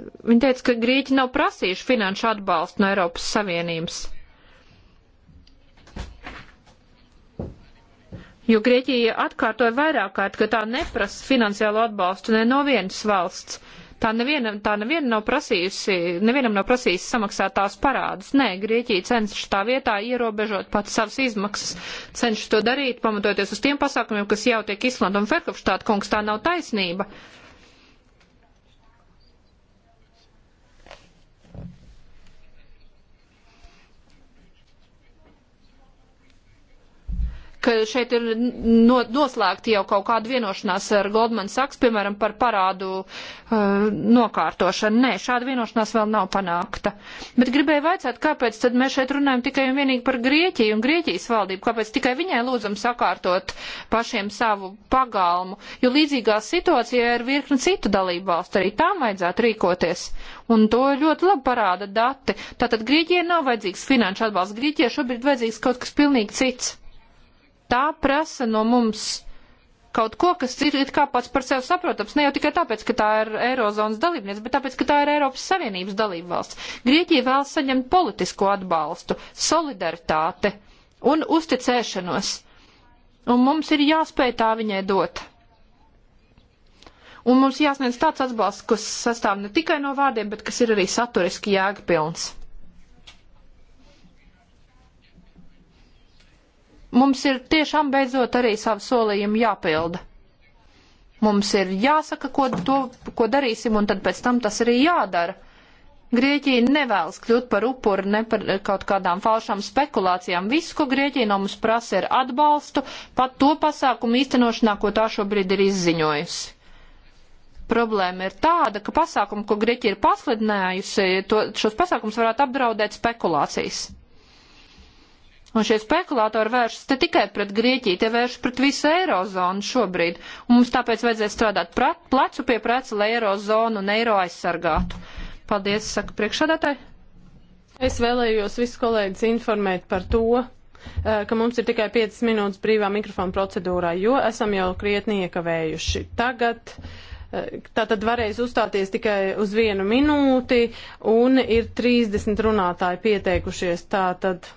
Viņi teica, ka Grieķi nav prasījuši finanšu atbalstu no Eiropas Savienības. jo Grieķija atkārtoja vairāk kārt, ka tā neprasa finansiālu atbalstu ne no vienas valsts. Tā nevienam, tā nevienam nav prasījusi, nevienam nav prasījusi samaksāt tās parādus. Nē, Grieķija cenšas tā vietā ierobežot pats savas izmaksas, cenšas to darīt, pamatojoties uz tiem pasākumiem, kas jau tiek izslēgti, un Ferhofštāt kungs tā nav taisnība. Uh, ka šeit ir no, noslēgta jau kaut kāda vienošanās ar Goldman Sachs, piemēram, par parādu uh, nokārtošanu. Nē, šāda vienošanās vēl nav panākta. Bet gribēju vaicāt, kāpēc tad mēs šeit runājam tikai un vienīgi par Grieķiju un Grieķijas valdību, kāpēc tikai viņai lūdzam sakārtot pašiem savu pagalmu, jo līdzīgā situācijā ir virkni citu dalību valstu, arī tām vajadzētu rīkoties. Un to ļoti labi parāda dati. Tātad Grieķijai nav vajadzīgs finanšu atbalsts, Grieķijai šobrīd vajadzīgs kaut kas pilnīgi cits tā prasa no mums kaut ko, kas ir it kā pats par sevi saprotams, ne jau tikai tāpēc, ka tā ir Eirozonas dalībniece, bet tāpēc, ka tā ir Eiropas Savienības dalībvalsts. Grieķija vēlas saņemt politisko atbalstu, solidaritāti un uzticēšanos, un mums ir jāspēj tā viņai dot. Un mums jāsniedz tāds atbalsts, kas sastāv ne tikai no vārdiem, bet kas ir arī saturiski jēgpilns. mums ir tiešām beidzot arī savu solījumu jāpilda. Mums ir jāsaka, ko, to, ko darīsim, un tad pēc tam tas arī jādara. Grieķija nevēlas kļūt par upuru ne par kaut kādām falšām spekulācijām. Visu, ko Grieķija no mums prasa, ir atbalstu pat to pasākumu īstenošanā, ko tā šobrīd ir izziņojusi. Problēma ir tāda, ka pasākumu, ko Grieķija ir pasludinājusi, šos pasākumus varētu apdraudēt spekulācijas. Un šie spekulātori vēršas te tikai pret Grieķiju, tie vēršas pret visu eirozonu šobrīd. Un mums tāpēc vajadzēs strādāt prat, plecu pie pleca, lai eirozonu un eiro aizsargātu. Paldies, saka priekšādātāji. Es vēlējos visus kolēģis informēt par to, eh, ka mums ir tikai 5 minūtes brīvā mikrofona procedūrā, jo esam jau krietni iekavējuši. Tagad eh, tā tad varēs uzstāties tikai uz vienu minūti un ir 30 runātāji pieteikušies. Tā tad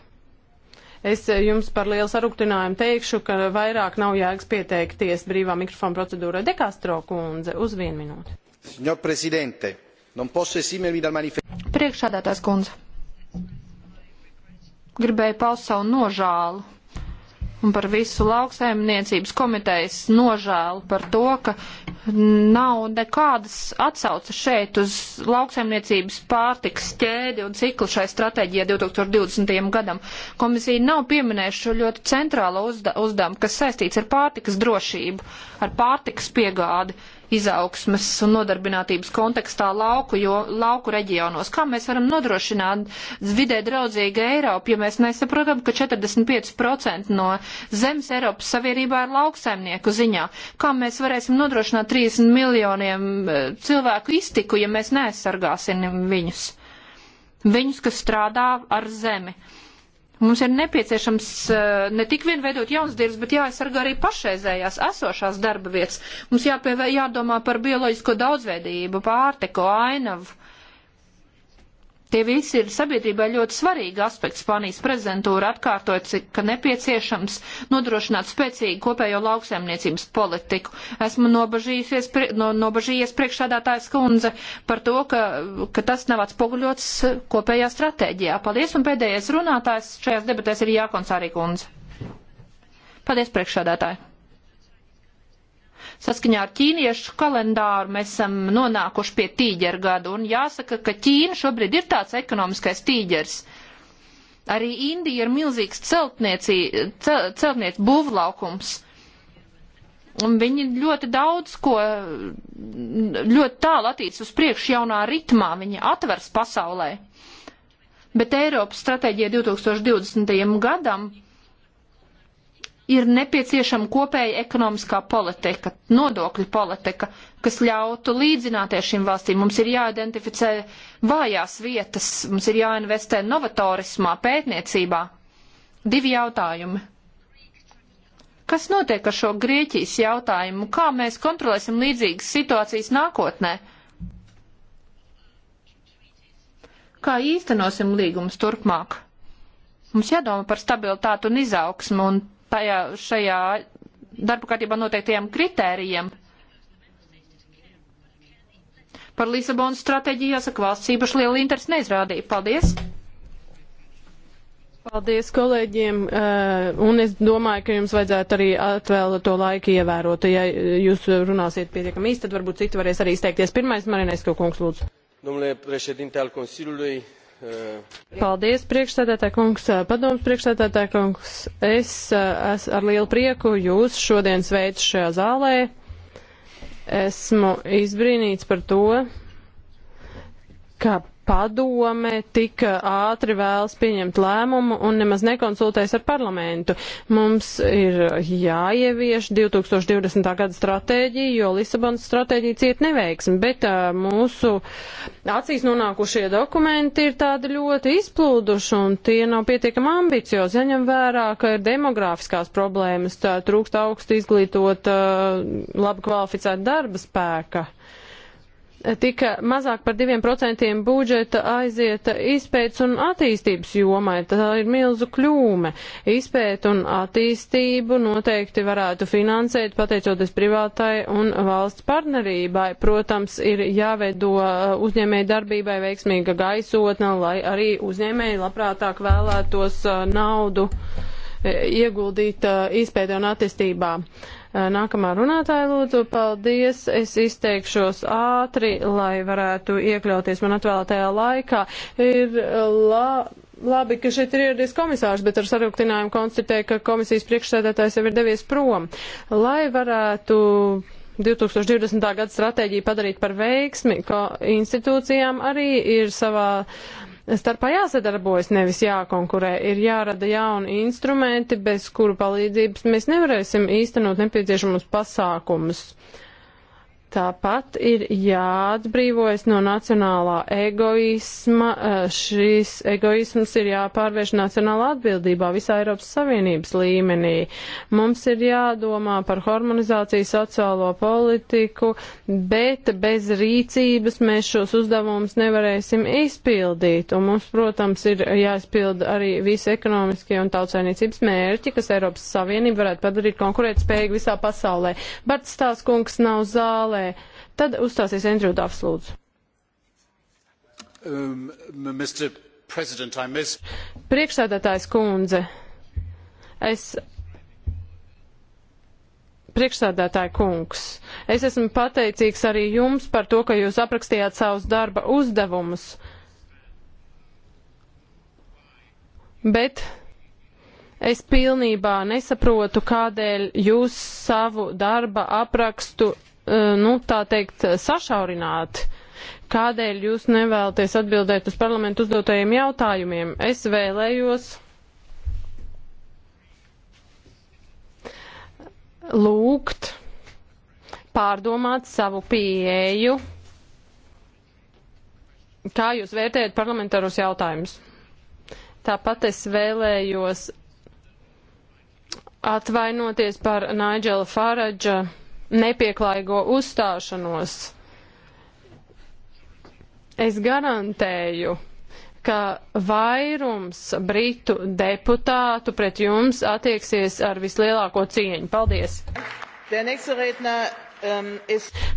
Es jums par lielu sarūktinājumu teikšu, ka vairāk nav jēgas pieteikties brīvā mikrofona procedūrai. Dekastro kundze, uz vienu minūti. Signor Presidente, non posso esimermi dal manifesto. Priekšādātās kundze. Gribēju paust savu nožālu un par visu lauksaimniecības komitejas nožēlu par to, ka nav nekādas atsauces šeit uz lauksaimniecības pārtiks ķēdi un ciklu šai stratēģijai 2020. gadam. Komisija nav pieminējuši šo ļoti centrālo uzdevumu, kas saistīts ar pārtikas drošību, ar pārtikas piegādi izaugsmas un nodarbinātības kontekstā lauku, jo, lauku reģionos. Kā mēs varam nodrošināt vidē draudzīgu Eiropu, ja mēs nesaprotam, ka 45% no zemes Eiropas Savienībā ir lauksaimnieku ziņā? Kā mēs varēsim nodrošināt 30 miljoniem eh, cilvēku iztiku, ja mēs neaizsargāsim viņus? Viņus, kas strādā ar zemi. Mums ir nepieciešams eh, ne tik vien veidot jauns darbs, bet jāaizsargā arī pašreizējās esošās darba vietas. Mums jāpievē, jādomā par bioloģisko daudzveidību, pārteko, ainavu Tie visi ir sabiedrībai ļoti svarīgi aspekti. Spānijas prezidentūra atkārtoja, ka nepieciešams nodrošināt spēcīgu kopējo lauksaimniecības politiku. Esmu nobažījies, no, nobažījies priekšsādātājs kundze par to, ka, ka tas nav atspoguļots kopējā stratēģijā. Paldies, un pēdējais runātājs šajās debatēs ir Jākons Arī kundze. Paldies, priekšsādātāji! Saskaņā ar ķīniešu kalendāru mēs esam nonākuši pie tīģeru gadu, un jāsaka, ka Ķīna šobrīd ir tāds ekonomiskais tīģers. Arī Indija ir milzīgs celtnieci, cel, celtniec būvlaukums. Un viņi ļoti daudz ko, ļoti tālu attīst uz priekšu jaunā ritmā, viņi atvers pasaulē. Bet Eiropas stratēģija 2020. gadam ir nepieciešama kopēja ekonomiskā politika, nodokļu politika, kas ļautu līdzināties šīm valstīm. Mums ir jāidentificē vājās vietas, mums ir jāinvestē novatorismā, pētniecībā. Divi jautājumi. Kas notiek ar šo Grieķijas jautājumu? Kā mēs kontrolēsim līdzīgas situācijas nākotnē? Kā īstenosim līgumus turpmāk? Mums jādomā par stabilitātu un izaugsmu un tajā, šajā darba kārtībā noteiktajiem kritērijiem. Par Lisabonas stratēģiju jāsaka valsts īpaši liela interesi neizrādīja. Paldies! Paldies kolēģiem, eh, un es domāju, ka jums vajadzētu arī atvēlēt to laiku ievērot. Ja jūs runāsiet pietiekami īsti, tad varbūt citi varēs arī izteikties. Pirmais, Marinesko kungs, lūdzu. Domnule președinte al Consiliului, Uh, Paldies, priekšstādātāja kungs, padoms priekšstādātāja kungs. Es, es ar lielu prieku jūs šodien sveicu šajā zālē. Esmu izbrīnīts par to, ka padome tik ātri vēlas pieņemt lēmumu un nemaz nekonsultējas ar parlamentu. Mums ir jāievieš 2020. gada stratēģija, jo Lisabonas stratēģija ciet neveiksmi, bet uh, mūsu acīs nonākušie dokumenti ir tādi ļoti izplūduši un tie nav pietiekami ambiciozi. Jaņem vērā, ka ir demografiskās problēmas, trūkst augstu izglītot, uh, labi kvalificētu darba spēka. Uh, tika mazāk par 2% budžeta aizieta izpētes un attīstības jomai. Tā ir milzu kļūme. Izpēt un attīstību noteikti varētu finansēt pateicoties privātai un valsts partnerībai. Protams, ir jāveido uh, uzņēmēji darbībai veiksmīga gaisotne, lai arī uzņēmēji labprātāk vēlētos uh, naudu uh, ieguldīt izpētē un attīstībā. Uh, Eh, nākamā runātāja lūdzu, paldies. Es izteikšos ātri, lai varētu iekļauties man atvēlētajā laikā. Ir eh, la... Labi, ka šeit ir ieradies komisārs, bet ar sarūktinājumu konstatēja, ka komisijas priekšsēdētājs jau ir devies prom. Lai varētu 2020. gada stratēģiju padarīt par veiksmi, ko institūcijām arī ir savā uh, starpā jāsadarbojas, nevis jākonkurē. Ir jārada jauni instrumenti, bez kuru palīdzības mēs nevarēsim īstenot nepieciešamos pasākumus. Uh, Tāpat ir jāatbrīvojas no nacionālā egoisma. Eh, šis egoisms ir jāpārvērš nacionālā atbildībā visā Eiropas Savienības līmenī. Mums ir jādomā par harmonizāciju sociālo politiku, bet bez rīcības mēs šos uzdevumus nevarēsim izpildīt. Un mums, protams, ir jāizpilda arī visi ekonomiskie un tautsainīcības mērķi, kas Eiropas Savienību varētu padarīt konkurētspējīgu visā pasaulē. Bart Stāskungs nav zālē debatē. Tad uzstāsies Andrew Dafs lūdzu. Um, miss... Priekšsēdētājs kundze, es priekšsādātāja kungs, es esmu pateicīgs arī jums par to, ka jūs aprakstījāt savus darba uzdevumus. Bet es pilnībā nesaprotu, kādēļ jūs savu darba aprakstu Eh, nu, tā teikt, sašaurināti. Kādēļ jūs nevēlaties atbildēt uz parlamentu uzdotajiem jautājumiem? Es vēlējos lūgt pārdomāt savu pieeju. Kā jūs vērtējat parlamentāros jautājumus? Tāpat es vēlējos atvainoties par Nigela Faradža nepieklājīgo uzstāšanos. Es garantēju, ka vairums britu deputātu pret jums attieksies ar vislielāko cieņu. Paldies! Ähm,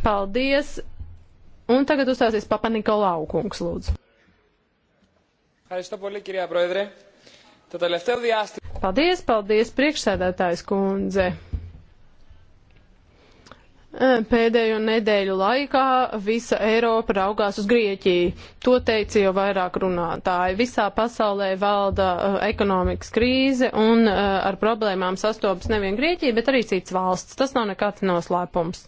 paldies! Un tagad uzstāsies Papa Nikolau kungs, lūdzu. Paldies, paldies, priekšsēdētājs kundze. Eh, pēdējo nedēļu laikā visa Eiropa raugās uz Grieķiju. To teica jau vairāk runātāji. Visā pasaulē valda uh, ekonomikas krīze un uh, ar problēmām sastopas nevien Grieķija, bet arī cits valsts. Tas nav nekāds noslēpums.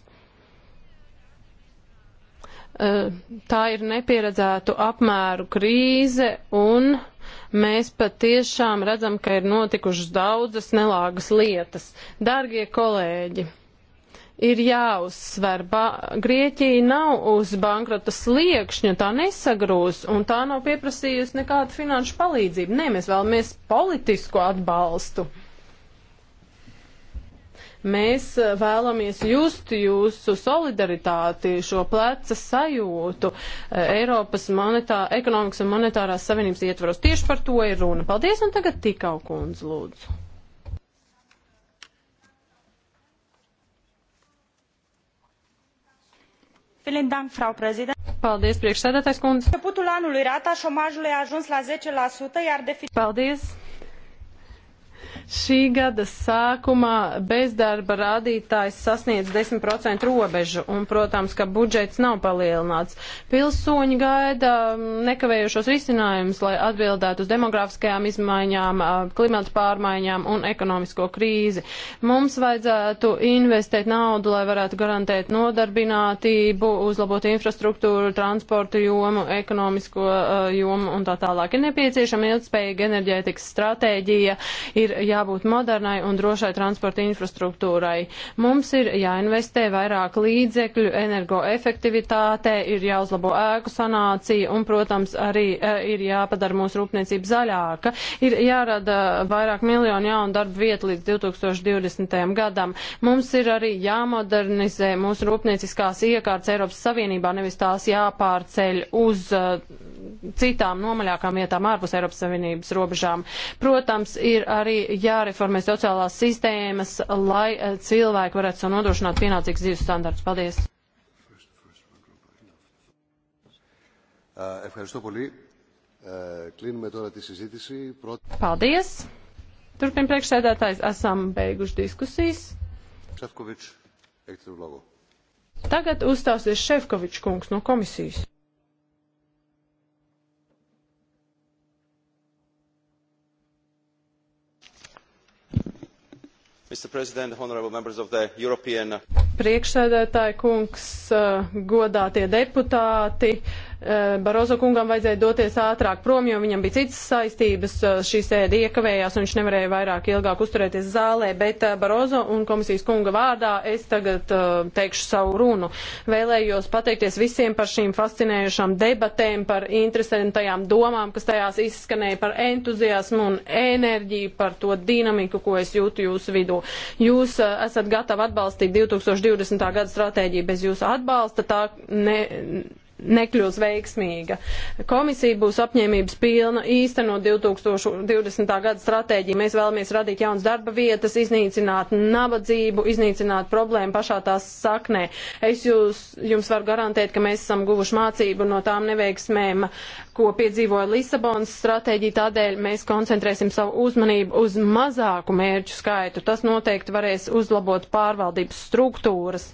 Uh, tā ir nepieredzētu apmēru krīze un mēs patiešām redzam, ka ir notikušas daudzas nelāgas lietas. Dargie kolēģi! ir jāuzsver, ba Grieķija nav uz bankrota sliekšņa, tā nesagrūs un tā nav pieprasījusi nekādu finanšu palīdzību. Nē, mēs vēlamies politisku atbalstu. Mēs eh, vēlamies just jūsu solidaritāti, šo pleca sajūtu eh, Eiropas monetā, ekonomikas un monetārās savienības ietvaros. Tieši par to ir runa. Paldies, un tagad tikau kundz lūdzu. Paldies, priekšsēdētājs kundze. Paldies. Šī gada sākumā bezdarba rādītājs sasniedz 10% robežu, un, protams, ka budžets nav palielināts. Pilsoņi gaida mm, nekavējušos risinājumus, lai atbildētu uz demografiskajām izmaiņām, klimata pārmaiņām un ekonomisko krīzi. Mums vajadzētu investēt naudu, lai varētu garantēt nodarbinātību, uzlabot infrastruktūru, transportu jomu, ekonomisko uh, jomu un tā tālāk. Ir nepieciešama ilgspējīga enerģētikas stratēģija, ir jābūt modernai un drošai transporta infrastruktūrai. Mums ir jāinvestē vairāk līdzekļu energoefektivitātē, ir jāuzlabo ēku sanācija un, protams, arī e, ir jāpadara mūsu rūpniecība zaļāka. Ir jārada vairāk miljonu jaunu darbu vietu līdz 2020. gadam. Mums ir arī jāmodernizē mūsu rūpnieciskās iekārtas Eiropas Savienībā, nevis tās jāpārceļ uz e, citām nomaļākām vietām ārpus Eiropas Savienības robežām. Protams, ir arī jāreformē sociālās sistēmas, lai eh, cilvēki varētu sev nodrošināt pienācīgs dzīves standarts. Paldies! Uh, Paldies! Turpin priekšsēdētājs, esam beiguši diskusijas. Tagad uzstāsies Šefkovičs kungs no komisijas. European... Priekšsēdētāji kungs, uh, godātie deputāti, Eh, Barozo kungam vajadzēja doties ātrāk prom, jo viņam bija citas saistības, eh, šī sēde iekavējās un viņš nevarēja vairāk ilgāk uzturēties zālē, bet eh, Barozo un komisijas kunga vārdā es tagad teikšu savu runu. Vēlējos pateikties visiem par šīm fascinējušām debatēm, par interesantajām domām, kas tajās izskanēja, par entuziasmu un enerģiju, par to dinamiku, ko es jūtu jūsu vidū. Jūs esat gatavi atbalstīt 2020. gada stratēģiju bez jūsu atbalsta, tā ne, nekļūs veiksmīga. Komisija būs apņēmības pilna īstenot 2020. gada stratēģiju. Mēs vēlamies radīt jaunas darba vietas, iznīcināt nabadzību, iznīcināt problēmu pašā tās saknē. Es jūs, jums varu garantēt, ka mēs esam guvuši mācību no tām neveiksmēm, ko piedzīvoja Lisabonas stratēģija. Tādēļ mēs koncentrēsim savu uzmanību uz mazāku mērķu skaitu. Tas noteikti varēs uzlabot pārvaldības struktūras.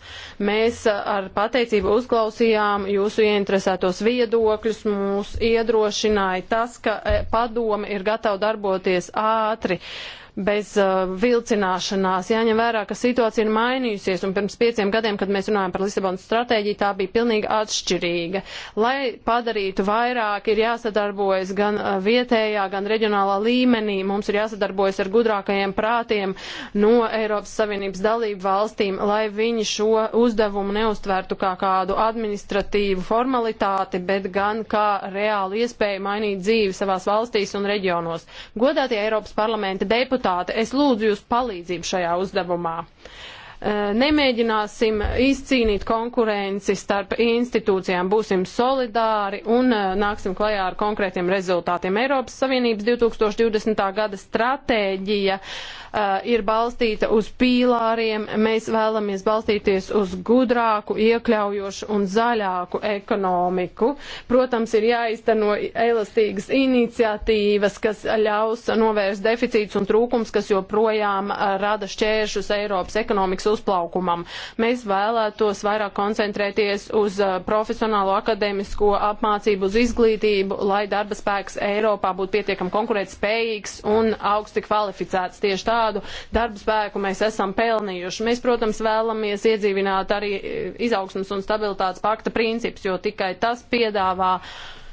Mēs ar pateicību uzklausījām jūsu ienākumu ieinteresētos viedokļus, mūs iedrošināja tas, ka eh, padome ir gatava darboties ātri. Uh, bez uh, vilcināšanās. Jāņem vērā, ka situācija ir mainījusies, un pirms pieciem gadiem, kad mēs runājam par Lisabonas stratēģiju, tā bija pilnīgi atšķirīga. Lai padarītu vairāk, ir jāsadarbojas gan uh, vietējā, gan reģionālā līmenī. Mums ir jāsadarbojas ar gudrākajiem prātiem no Eiropas Savienības dalību valstīm, lai viņi šo uzdevumu neuztvērtu kā kādu administratīvu formalitāti, bet gan kā reālu iespēju mainīt dzīvi savās valstīs un reģionos. Godātie Eiropas parlamenta deputāti! deputāti, es lūdzu jūs palīdzību šajā uzdevumā. Uh, Eh, nemēģināsim izcīnīt konkurenci starp institūcijām, būsim solidāri un eh, nāksim klajā ar konkrētiem rezultātiem. Eiropas Savienības 2020. gada stratēģija uh, ir balstīta uz pīlāriem. Mēs vēlamies balstīties uz gudrāku, iekļaujošu un zaļāku ekonomiku. Protams, ir jāizteno elastīgas iniciatīvas, kas ļaus novērst deficīts un trūkums, kas joprojām uh, rada šķēršus Eiropas ekonomikas līdzīgs uzplaukumam. Mēs vēlētos vairāk koncentrēties uz uh, profesionālo akadēmisko apmācību, uz izglītību, lai darba spēks Eiropā būtu pietiekam konkurēt spējīgs un augsti kvalificēts. Tieši tādu darba spēku mēs esam pelnījuši. Mēs, protams, vēlamies iedzīvināt arī uh, izaugsmas un stabilitātes pakta principus, jo tikai tas piedāvā uh,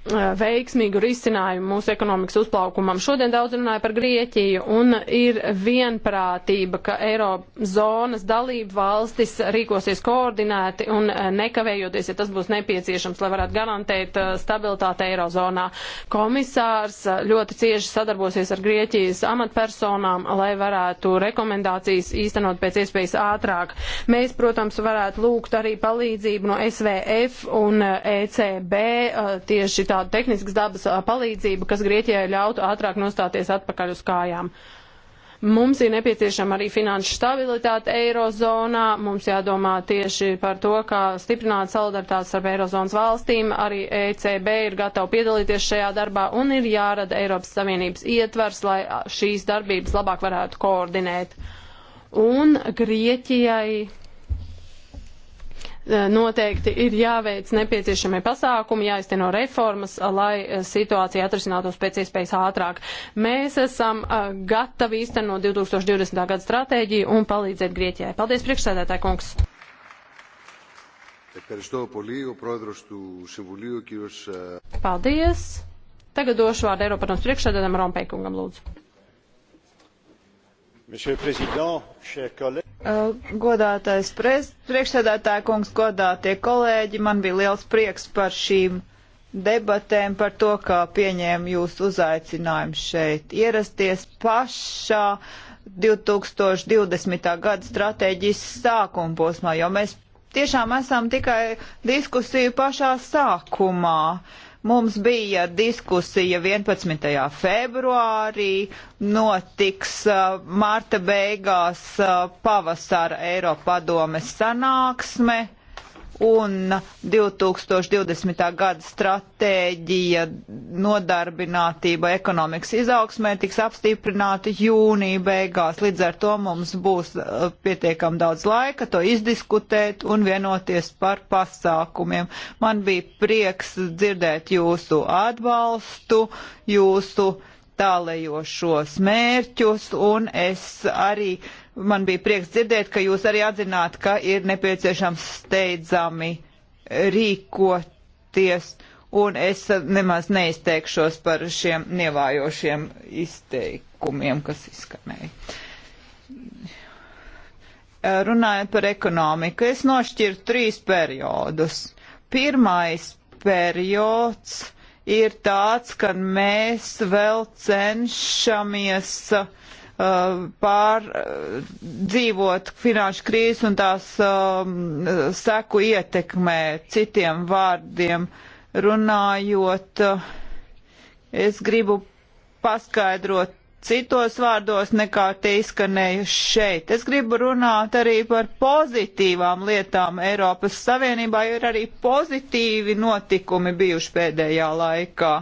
Uh, veiksmīgu risinājumu mūsu ekonomikas uzplaukumam. Šodien daudz runāja par Grieķiju un ir vienprātība, ka Eirozonas dalību valstis rīkosies koordinēti un uh, nekavējoties, ja tas būs nepieciešams, lai varētu garantēt uh, stabilitāti Eirozonā. Komisārs ļoti cieši sadarbosies ar Grieķijas amatpersonām, lai varētu rekomendācijas īstenot pēc iespējas ātrāk. Mēs, protams, varētu lūgt arī palīdzību no SVF un ECB tieši tāda tehniskas dabas palīdzība, kas Grieķijai ļautu ātrāk nostāties atpakaļ uz kājām. Mums ir nepieciešama arī finanšu stabilitāte Eirozonā, mums jādomā tieši par to, kā stiprināt solidaritātes ar Eirozonas valstīm, arī ECB ir gatava piedalīties šajā darbā un ir jārada Eiropas Savienības ietvers, lai šīs darbības labāk varētu koordinēt. Un Grieķijai Eh, noteikti ir jāveic nepieciešamie pasākumi, jāizteno reformas, lai eh, situācija atrisinātos pēc iespējas ātrāk. Mēs esam eh, gatavi īstenot 2020. gada stratēģiju un palīdzēt Grieķijai. Paldies, priekšsēdētāji kungs! Paldies! Tagad došu vārdu Eiropadoms priekšsēdētājam Rompēkungam, lūdzu. Godātais priekšsēdētāja kungs, godātie kolēģi, man bija liels prieks par šīm debatēm, par to, kā pieņēmu jūsu uzaicinājumu šeit ierasties pašā 2020. gada stratēģijas sākuma posmā, jo mēs tiešām esam tikai diskusiju pašā sākumā. Uh, Mums bija diskusija 11. februārī, notiks uh, mārta beigās uh, pavasara Eiropadomes sanāksme un 2020. gada stratēģija nodarbinātība ekonomikas izaugsmē tiks apstiprināta jūnija beigās. Līdz ar to mums būs uh, pietiekam daudz laika to izdiskutēt un vienoties par pasākumiem. Man bija prieks dzirdēt jūsu atbalstu, jūsu tālējošos mērķus un es arī man bija prieks dzirdēt, ka jūs arī atzināt, ka ir nepieciešams steidzami rīkoties, un es nemaz neizteikšos par šiem nevājošiem izteikumiem, kas izskanēja. Runājot par ekonomiku, es nošķiru trīs periodus. Pirmais periods ir tāds, kad mēs vēl cenšamies uh, Uh, pārdzīvot uh, finanšu krīzes un tās um, seku ietekmē citiem vārdiem runājot. Uh, es gribu paskaidrot citos vārdos nekā te izskanēja šeit. Es gribu runāt arī par pozitīvām lietām Eiropas Savienībā, jo ir arī pozitīvi notikumi bijuši pēdējā laikā.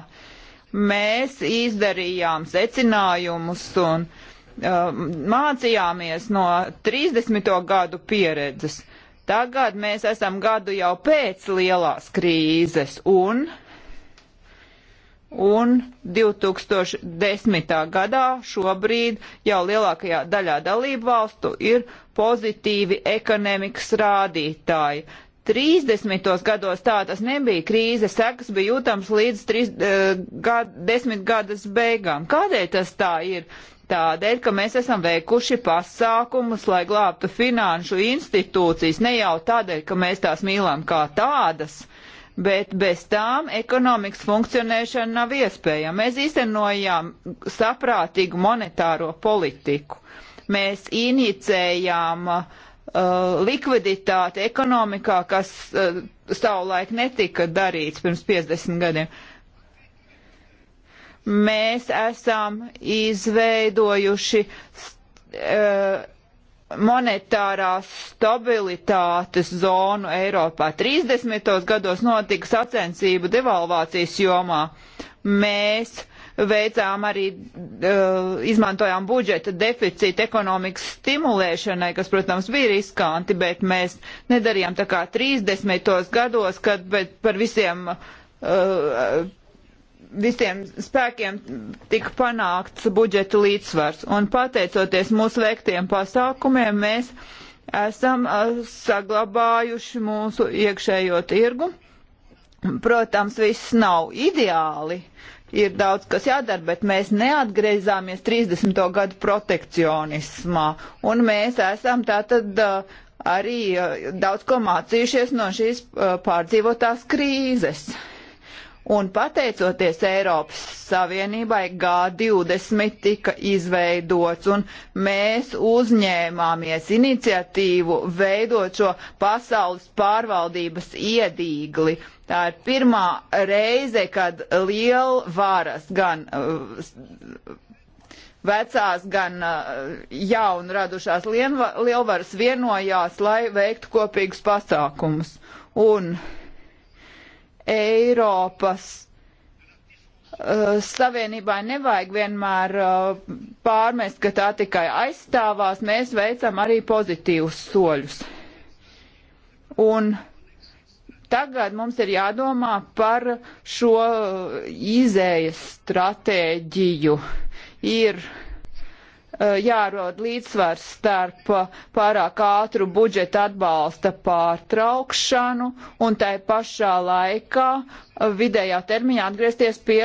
Mēs izdarījām secinājumus un uh, Um, mācījāmies no 30. gadu pieredzes. Tagad mēs esam gadu jau pēc lielās krīzes un, un 2010. gadā šobrīd jau lielākajā daļā dalību valstu ir pozitīvi ekonomikas rādītāji. 30. gados tā tas nebija. Krīze sekas bija jūtams līdz 3, uh, eh, gad, desmit gadas beigām. Kādēļ tas tā ir? tādēļ, ka mēs esam veikuši pasākumus, lai glābtu finanšu institūcijas, ne jau tādēļ, ka mēs tās mīlam kā tādas, bet bez tām ekonomikas funkcionēšana nav iespējama. Mēs īstenojām saprātīgu monetāro politiku. Mēs inicējām uh, likviditāti ekonomikā, kas uh, savulaik netika darīts pirms 50 gadiem. Uh, mēs esam izveidojuši uh, eh, monetārās stabilitātes zonu Eiropā. 30. gados notika sacensību devalvācijas jomā. Mēs veicām arī, uh, izmantojām budžeta deficīta ekonomikas stimulēšanai, kas, protams, bija riskanti, bet mēs nedarījām tā kā 30. gados, kad par visiem uh, visiem spēkiem tika panākts budžeta līdzsvars. Un pateicoties mūsu veiktiem pasākumiem, mēs esam saglabājuši mūsu iekšējo tirgu. Protams, viss nav ideāli, ir daudz kas jādara, bet mēs neatgriezāmies 30. gadu protekcionismā. Un mēs esam tātad arī daudz ko mācījušies no šīs pārdzīvotās krīzes. Un pateicoties Eiropas Savienībai, G20 tika izveidots, un mēs uzņēmāmies iniciatīvu veidot šo pasaules pārvaldības iedīgli. Tā ir pirmā reize, kad lielvaras gan uh, vecās, gan uh, jaunu radušās lielvaras vienojās, lai veiktu kopīgus pasākumus. Un Eiropas eh, Savienībai nevajag vienmēr eh, pārmest, ka tā tikai aizstāvās, mēs veicam arī pozitīvus soļus. Un tagad mums ir jādomā par šo eh, izējas stratēģiju. Ir uh, Uh, jārod līdzsvars starp uh, pārāk ātru budžeta atbalsta pārtraukšanu un tai pašā laikā uh, vidējā termiņā atgriezties pie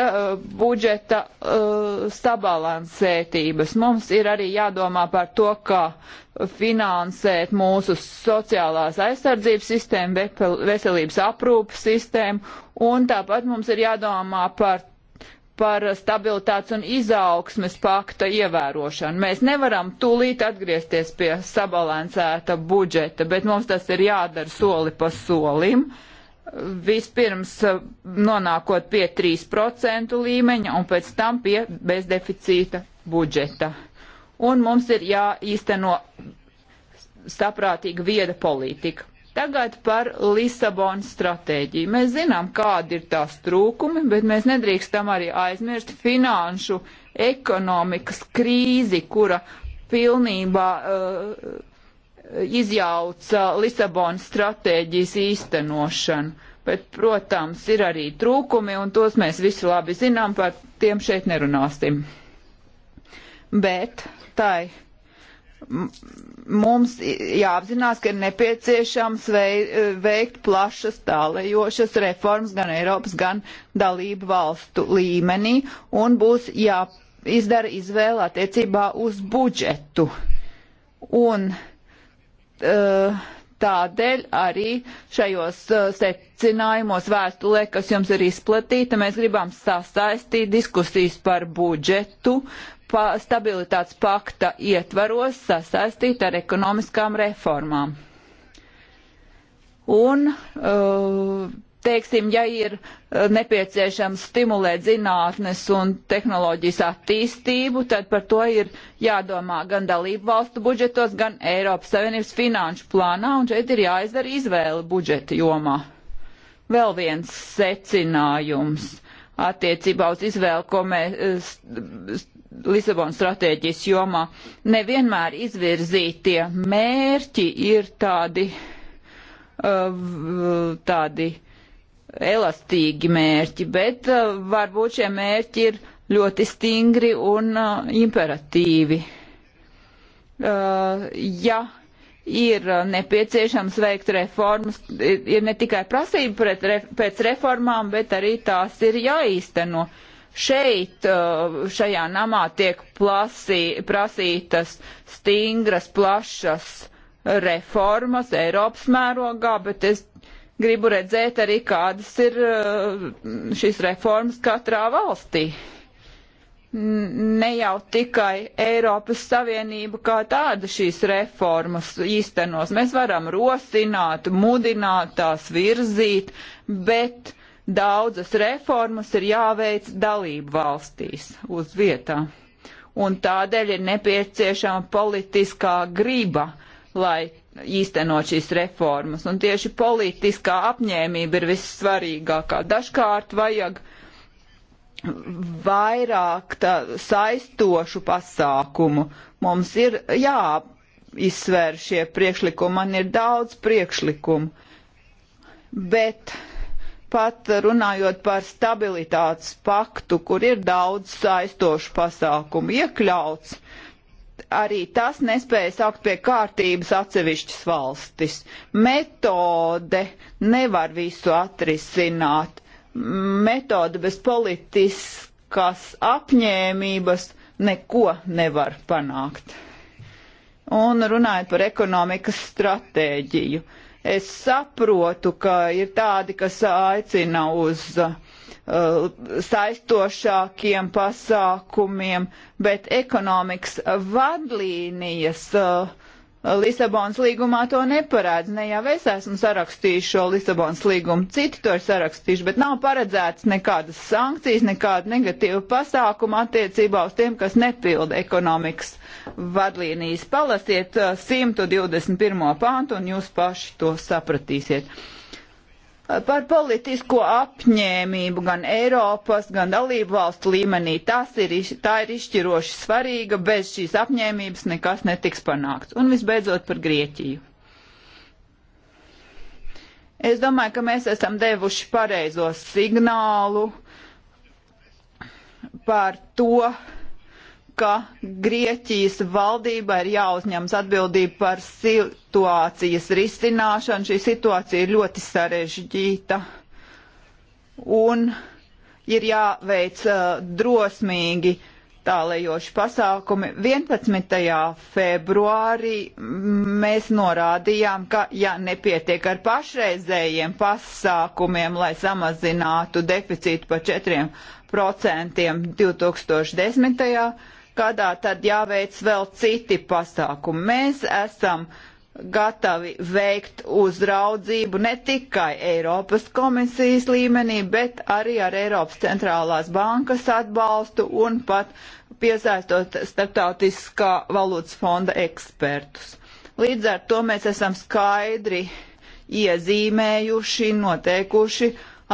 budžeta sabalansētības. Mums ir arī jādomā par to, kā finansēt mūsu sociālās aizsardzības sistēmu, veselības aprūpas sistēmu, un tāpat mums ir jādomā par par stabilitātes un izaugsmes pakta ievērošanu. Mēs nevaram tūlīt atgriezties pie sabalansēta budžeta, bet mums tas ir jādara soli pa solim. Vispirms eh, nonākot pie 3% līmeņa un pēc tam pie bezdeficīta budžeta. Un mums ir jāīsteno saprātīga vieda politika. Tagad par Lisabonas stratēģiju. Mēs zinām, kādi ir tās trūkumi, bet mēs nedrīkstam arī aizmirst finanšu ekonomikas krīzi, kura pilnībā uh, izjauca Lisabonas stratēģijas īstenošanu. Bet, protams, ir arī trūkumi, un tos mēs visi labi zinām, par tiem šeit nerunāsim. Bet tai mums jāapzinās, ka ir nepieciešams veikt plašas tālējošas reformas gan Eiropas, gan dalību valstu līmenī un būs jāizdara izvēle attiecībā uz budžetu. Un eh, tādēļ arī šajos eh, secinājumos vēstulē, kas jums ir izplatīta, mēs gribam sasaistīt diskusijas par budžetu, uh, pa stabilitātes pakta ietvaros sasaistīt ar ekonomiskām reformām. Un, uh, teiksim, ja ir uh, nepieciešams stimulēt zinātnes un tehnoloģijas attīstību, tad par to ir jādomā gan dalību valstu budžetos, gan Eiropas Savienības finanšu plānā, un šeit ir jāizdara izvēle budžeta jomā. Vēl viens secinājums attiecībā uz izvēli, ko mēs Lisabonas stratēģijas jomā, nevienmēr izvirzītie mērķi ir tādi, uh, tādi elastīgi mērķi, bet uh, varbūt šie mērķi ir ļoti stingri un uh, imperatīvi. Ja ir nepieciešams veikt reformas, ir ne tikai prasība pret, pēc reformām, bet arī tās ir jāīsteno. No šeit, uh, šajā namā, tiek plasī, prasītas stingras, plašas reformas Eiropas mērogā, bet es gribu redzēt arī, kādas ir uh, šīs reformas katrā valstī. Ne jau tikai Eiropas Savienība kā tāda šīs reformas īstenos. Mēs varam rosināt, mudināt tās virzīt, bet uh, daudzas reformas ir jāveic dalību valstīs uz vietām. Un tādēļ ir nepieciešama politiskā griba, lai īstenot šīs reformas. Un tieši politiskā apņēmība ir vissvarīgākā. Dažkārt vajag vairāk tā, saistošu pasākumu. Mums ir jāizsver šie priekšlikumi, man ir daudz priekšlikumu, bet pat runājot par stabilitātes paktu, kur ir daudz saistošu pasākumu iekļauts, arī tas nespēja sākt pie kārtības atsevišķas valstis. Metode nevar visu atrisināt. Metode bez politiskas apņēmības neko nevar panākt. Un runājot par ekonomikas stratēģiju. Uh, Es saprotu, ka ir tādi, kas aicina uz uh, saistošākiem pasākumiem, bet ekonomikas vadlīnijas uh, Lisabonas līgumā to neparādz. Ne jau es esmu sarakstījis šo Lisabonas līgumu, citi to ir sarakstījuši, bet nav paredzēts nekādas sankcijas, nekāda negatīva pasākuma attiecībā uz tiem, kas nepilda ekonomikas vadlīnijas. Palasiet 121. Eh, pāntu un jūs paši to sapratīsiet par politisko apņēmību gan Eiropas, gan dalību valstu līmenī. Tas ir, tā ir izšķiroši svarīga, bez šīs apņēmības nekas netiks panākts. Un visbeidzot par Grieķiju. Es domāju, ka mēs esam devuši pareizo signālu par to, uh, ka Grieķijas valdība ir jāuzņems atbildība par situācijas risināšanu. Šī situācija ir ļoti sarežģīta un ir jāveic uh, drosmīgi tālējoši pasākumi. 11. februārī mēs norādījām, ka ja nepietiek ar pašreizējiem pasākumiem, lai samazinātu deficītu pa 4%, 2010 gadā tad jāveic vēl citi pasākumi. Mēs esam gatavi veikt uzraudzību ne tikai Eiropas komisijas līmenī, bet arī ar Eiropas centrālās bankas atbalstu un pat piesaistot starptautiskā valūtas fonda ekspertus. Līdz ar to mēs esam skaidri iezīmējuši, noteikuši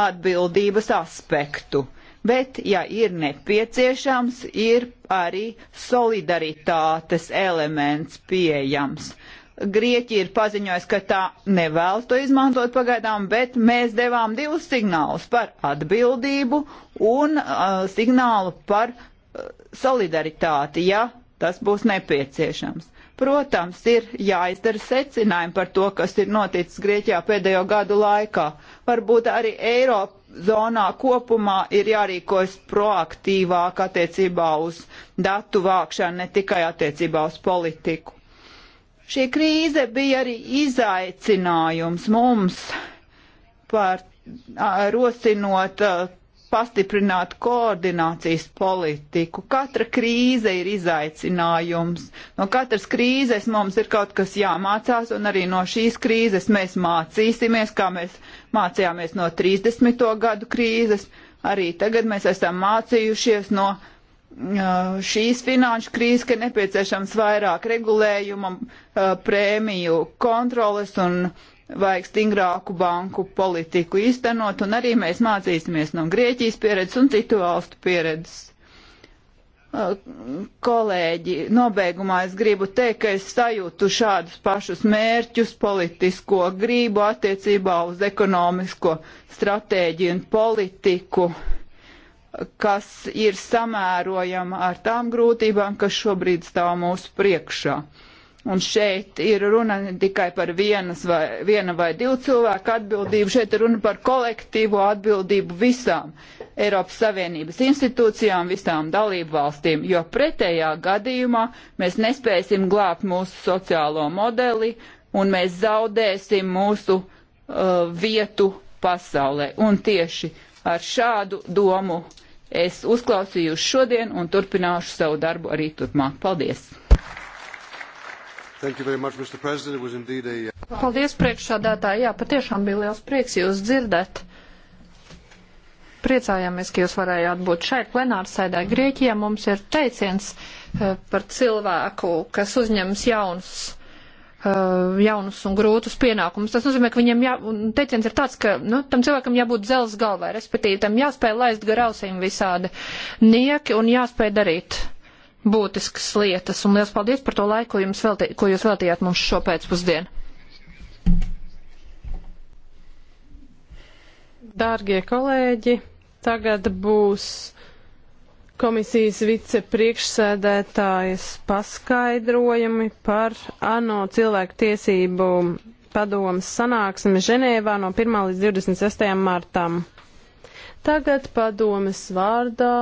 atbildības aspektu bet, ja ir nepieciešams, ir arī solidaritātes elements pieejams. Grieķija ir paziņojusi, ka tā nevēlas to izmantot pagaidām, bet mēs devām divus signālus par atbildību un uh, signālu par uh, solidaritāti, ja tas būs nepieciešams. Protams, ir jāizdara secinājumi par to, kas ir noticis Grieķijā pēdējo gadu laikā. Varbūt arī Eiropa zonā kopumā ir jārīkojas proaktīvāk attiecībā uz datu vākšanu, ne tikai attiecībā uz politiku. Šī krīze bija arī izaicinājums mums par a, rosinot pastiprināt koordinācijas politiku. Katra krīze ir izaicinājums. No katras krīzes mums ir kaut kas jāmācās, un arī no šīs krīzes mēs mācīsimies, kā mēs mācījāmies no 30. gadu krīzes. Arī tagad mēs esam mācījušies no uh, šīs finanšu krīzes, ka nepieciešams vairāk regulējuma, uh, prēmiju kontroles un vajag stingrāku banku politiku īstenot, un arī mēs mācīsimies no Grieķijas pieredzes un citu valstu pieredzes. Kolēģi, nobeigumā es gribu teikt, ka es sajūtu šādus pašus mērķus, politisko grību attiecībā uz ekonomisko stratēģiju un politiku, kas ir samērojama ar tām grūtībām, kas šobrīd stāv mūsu priekšā. Un šeit ir runa ne tikai par vienas vai, viena vai divu cilvēku atbildību, šeit ir runa par kolektīvo atbildību visām Eiropas Savienības institūcijām, visām dalību valstīm, jo pretējā gadījumā mēs nespēsim glābt mūsu sociālo modeli un mēs zaudēsim mūsu uh, vietu pasaulē. Un tieši ar šādu domu es uzklausīju šodien un turpināšu savu darbu arī turpmāk. Paldies! Much, a... Uh, Paldies, priekšsādātāji. Jā, patiešām bija liels prieks jūs dzirdēt. Priecājāmies, ka jūs varējāt būt šeit plenārsēdē. Grieķijā mums ir teiciens uh, par cilvēku, kas uzņems jaunus uh, jaunus un grūtus pienākumus. Tas nozīmē, ka viņam jā, teiciens ir tāds, ka nu, tam cilvēkam jābūt zels galvā, respektīvi tam jāspēj laist gar ausīm visādi nieki un jāspēj darīt būtiskas lietas. Un liels paldies par to laiku, ko, jums velti, ko jūs veltījāt mums šo pēcpusdienu. Dārgie kolēģi, tagad būs komisijas vicepriekšsēdētājas paskaidrojumi par ANO cilvēku tiesību padomas sanāksmi Ženēvā no 1. līdz 26. martam. Tagad padomas vārdā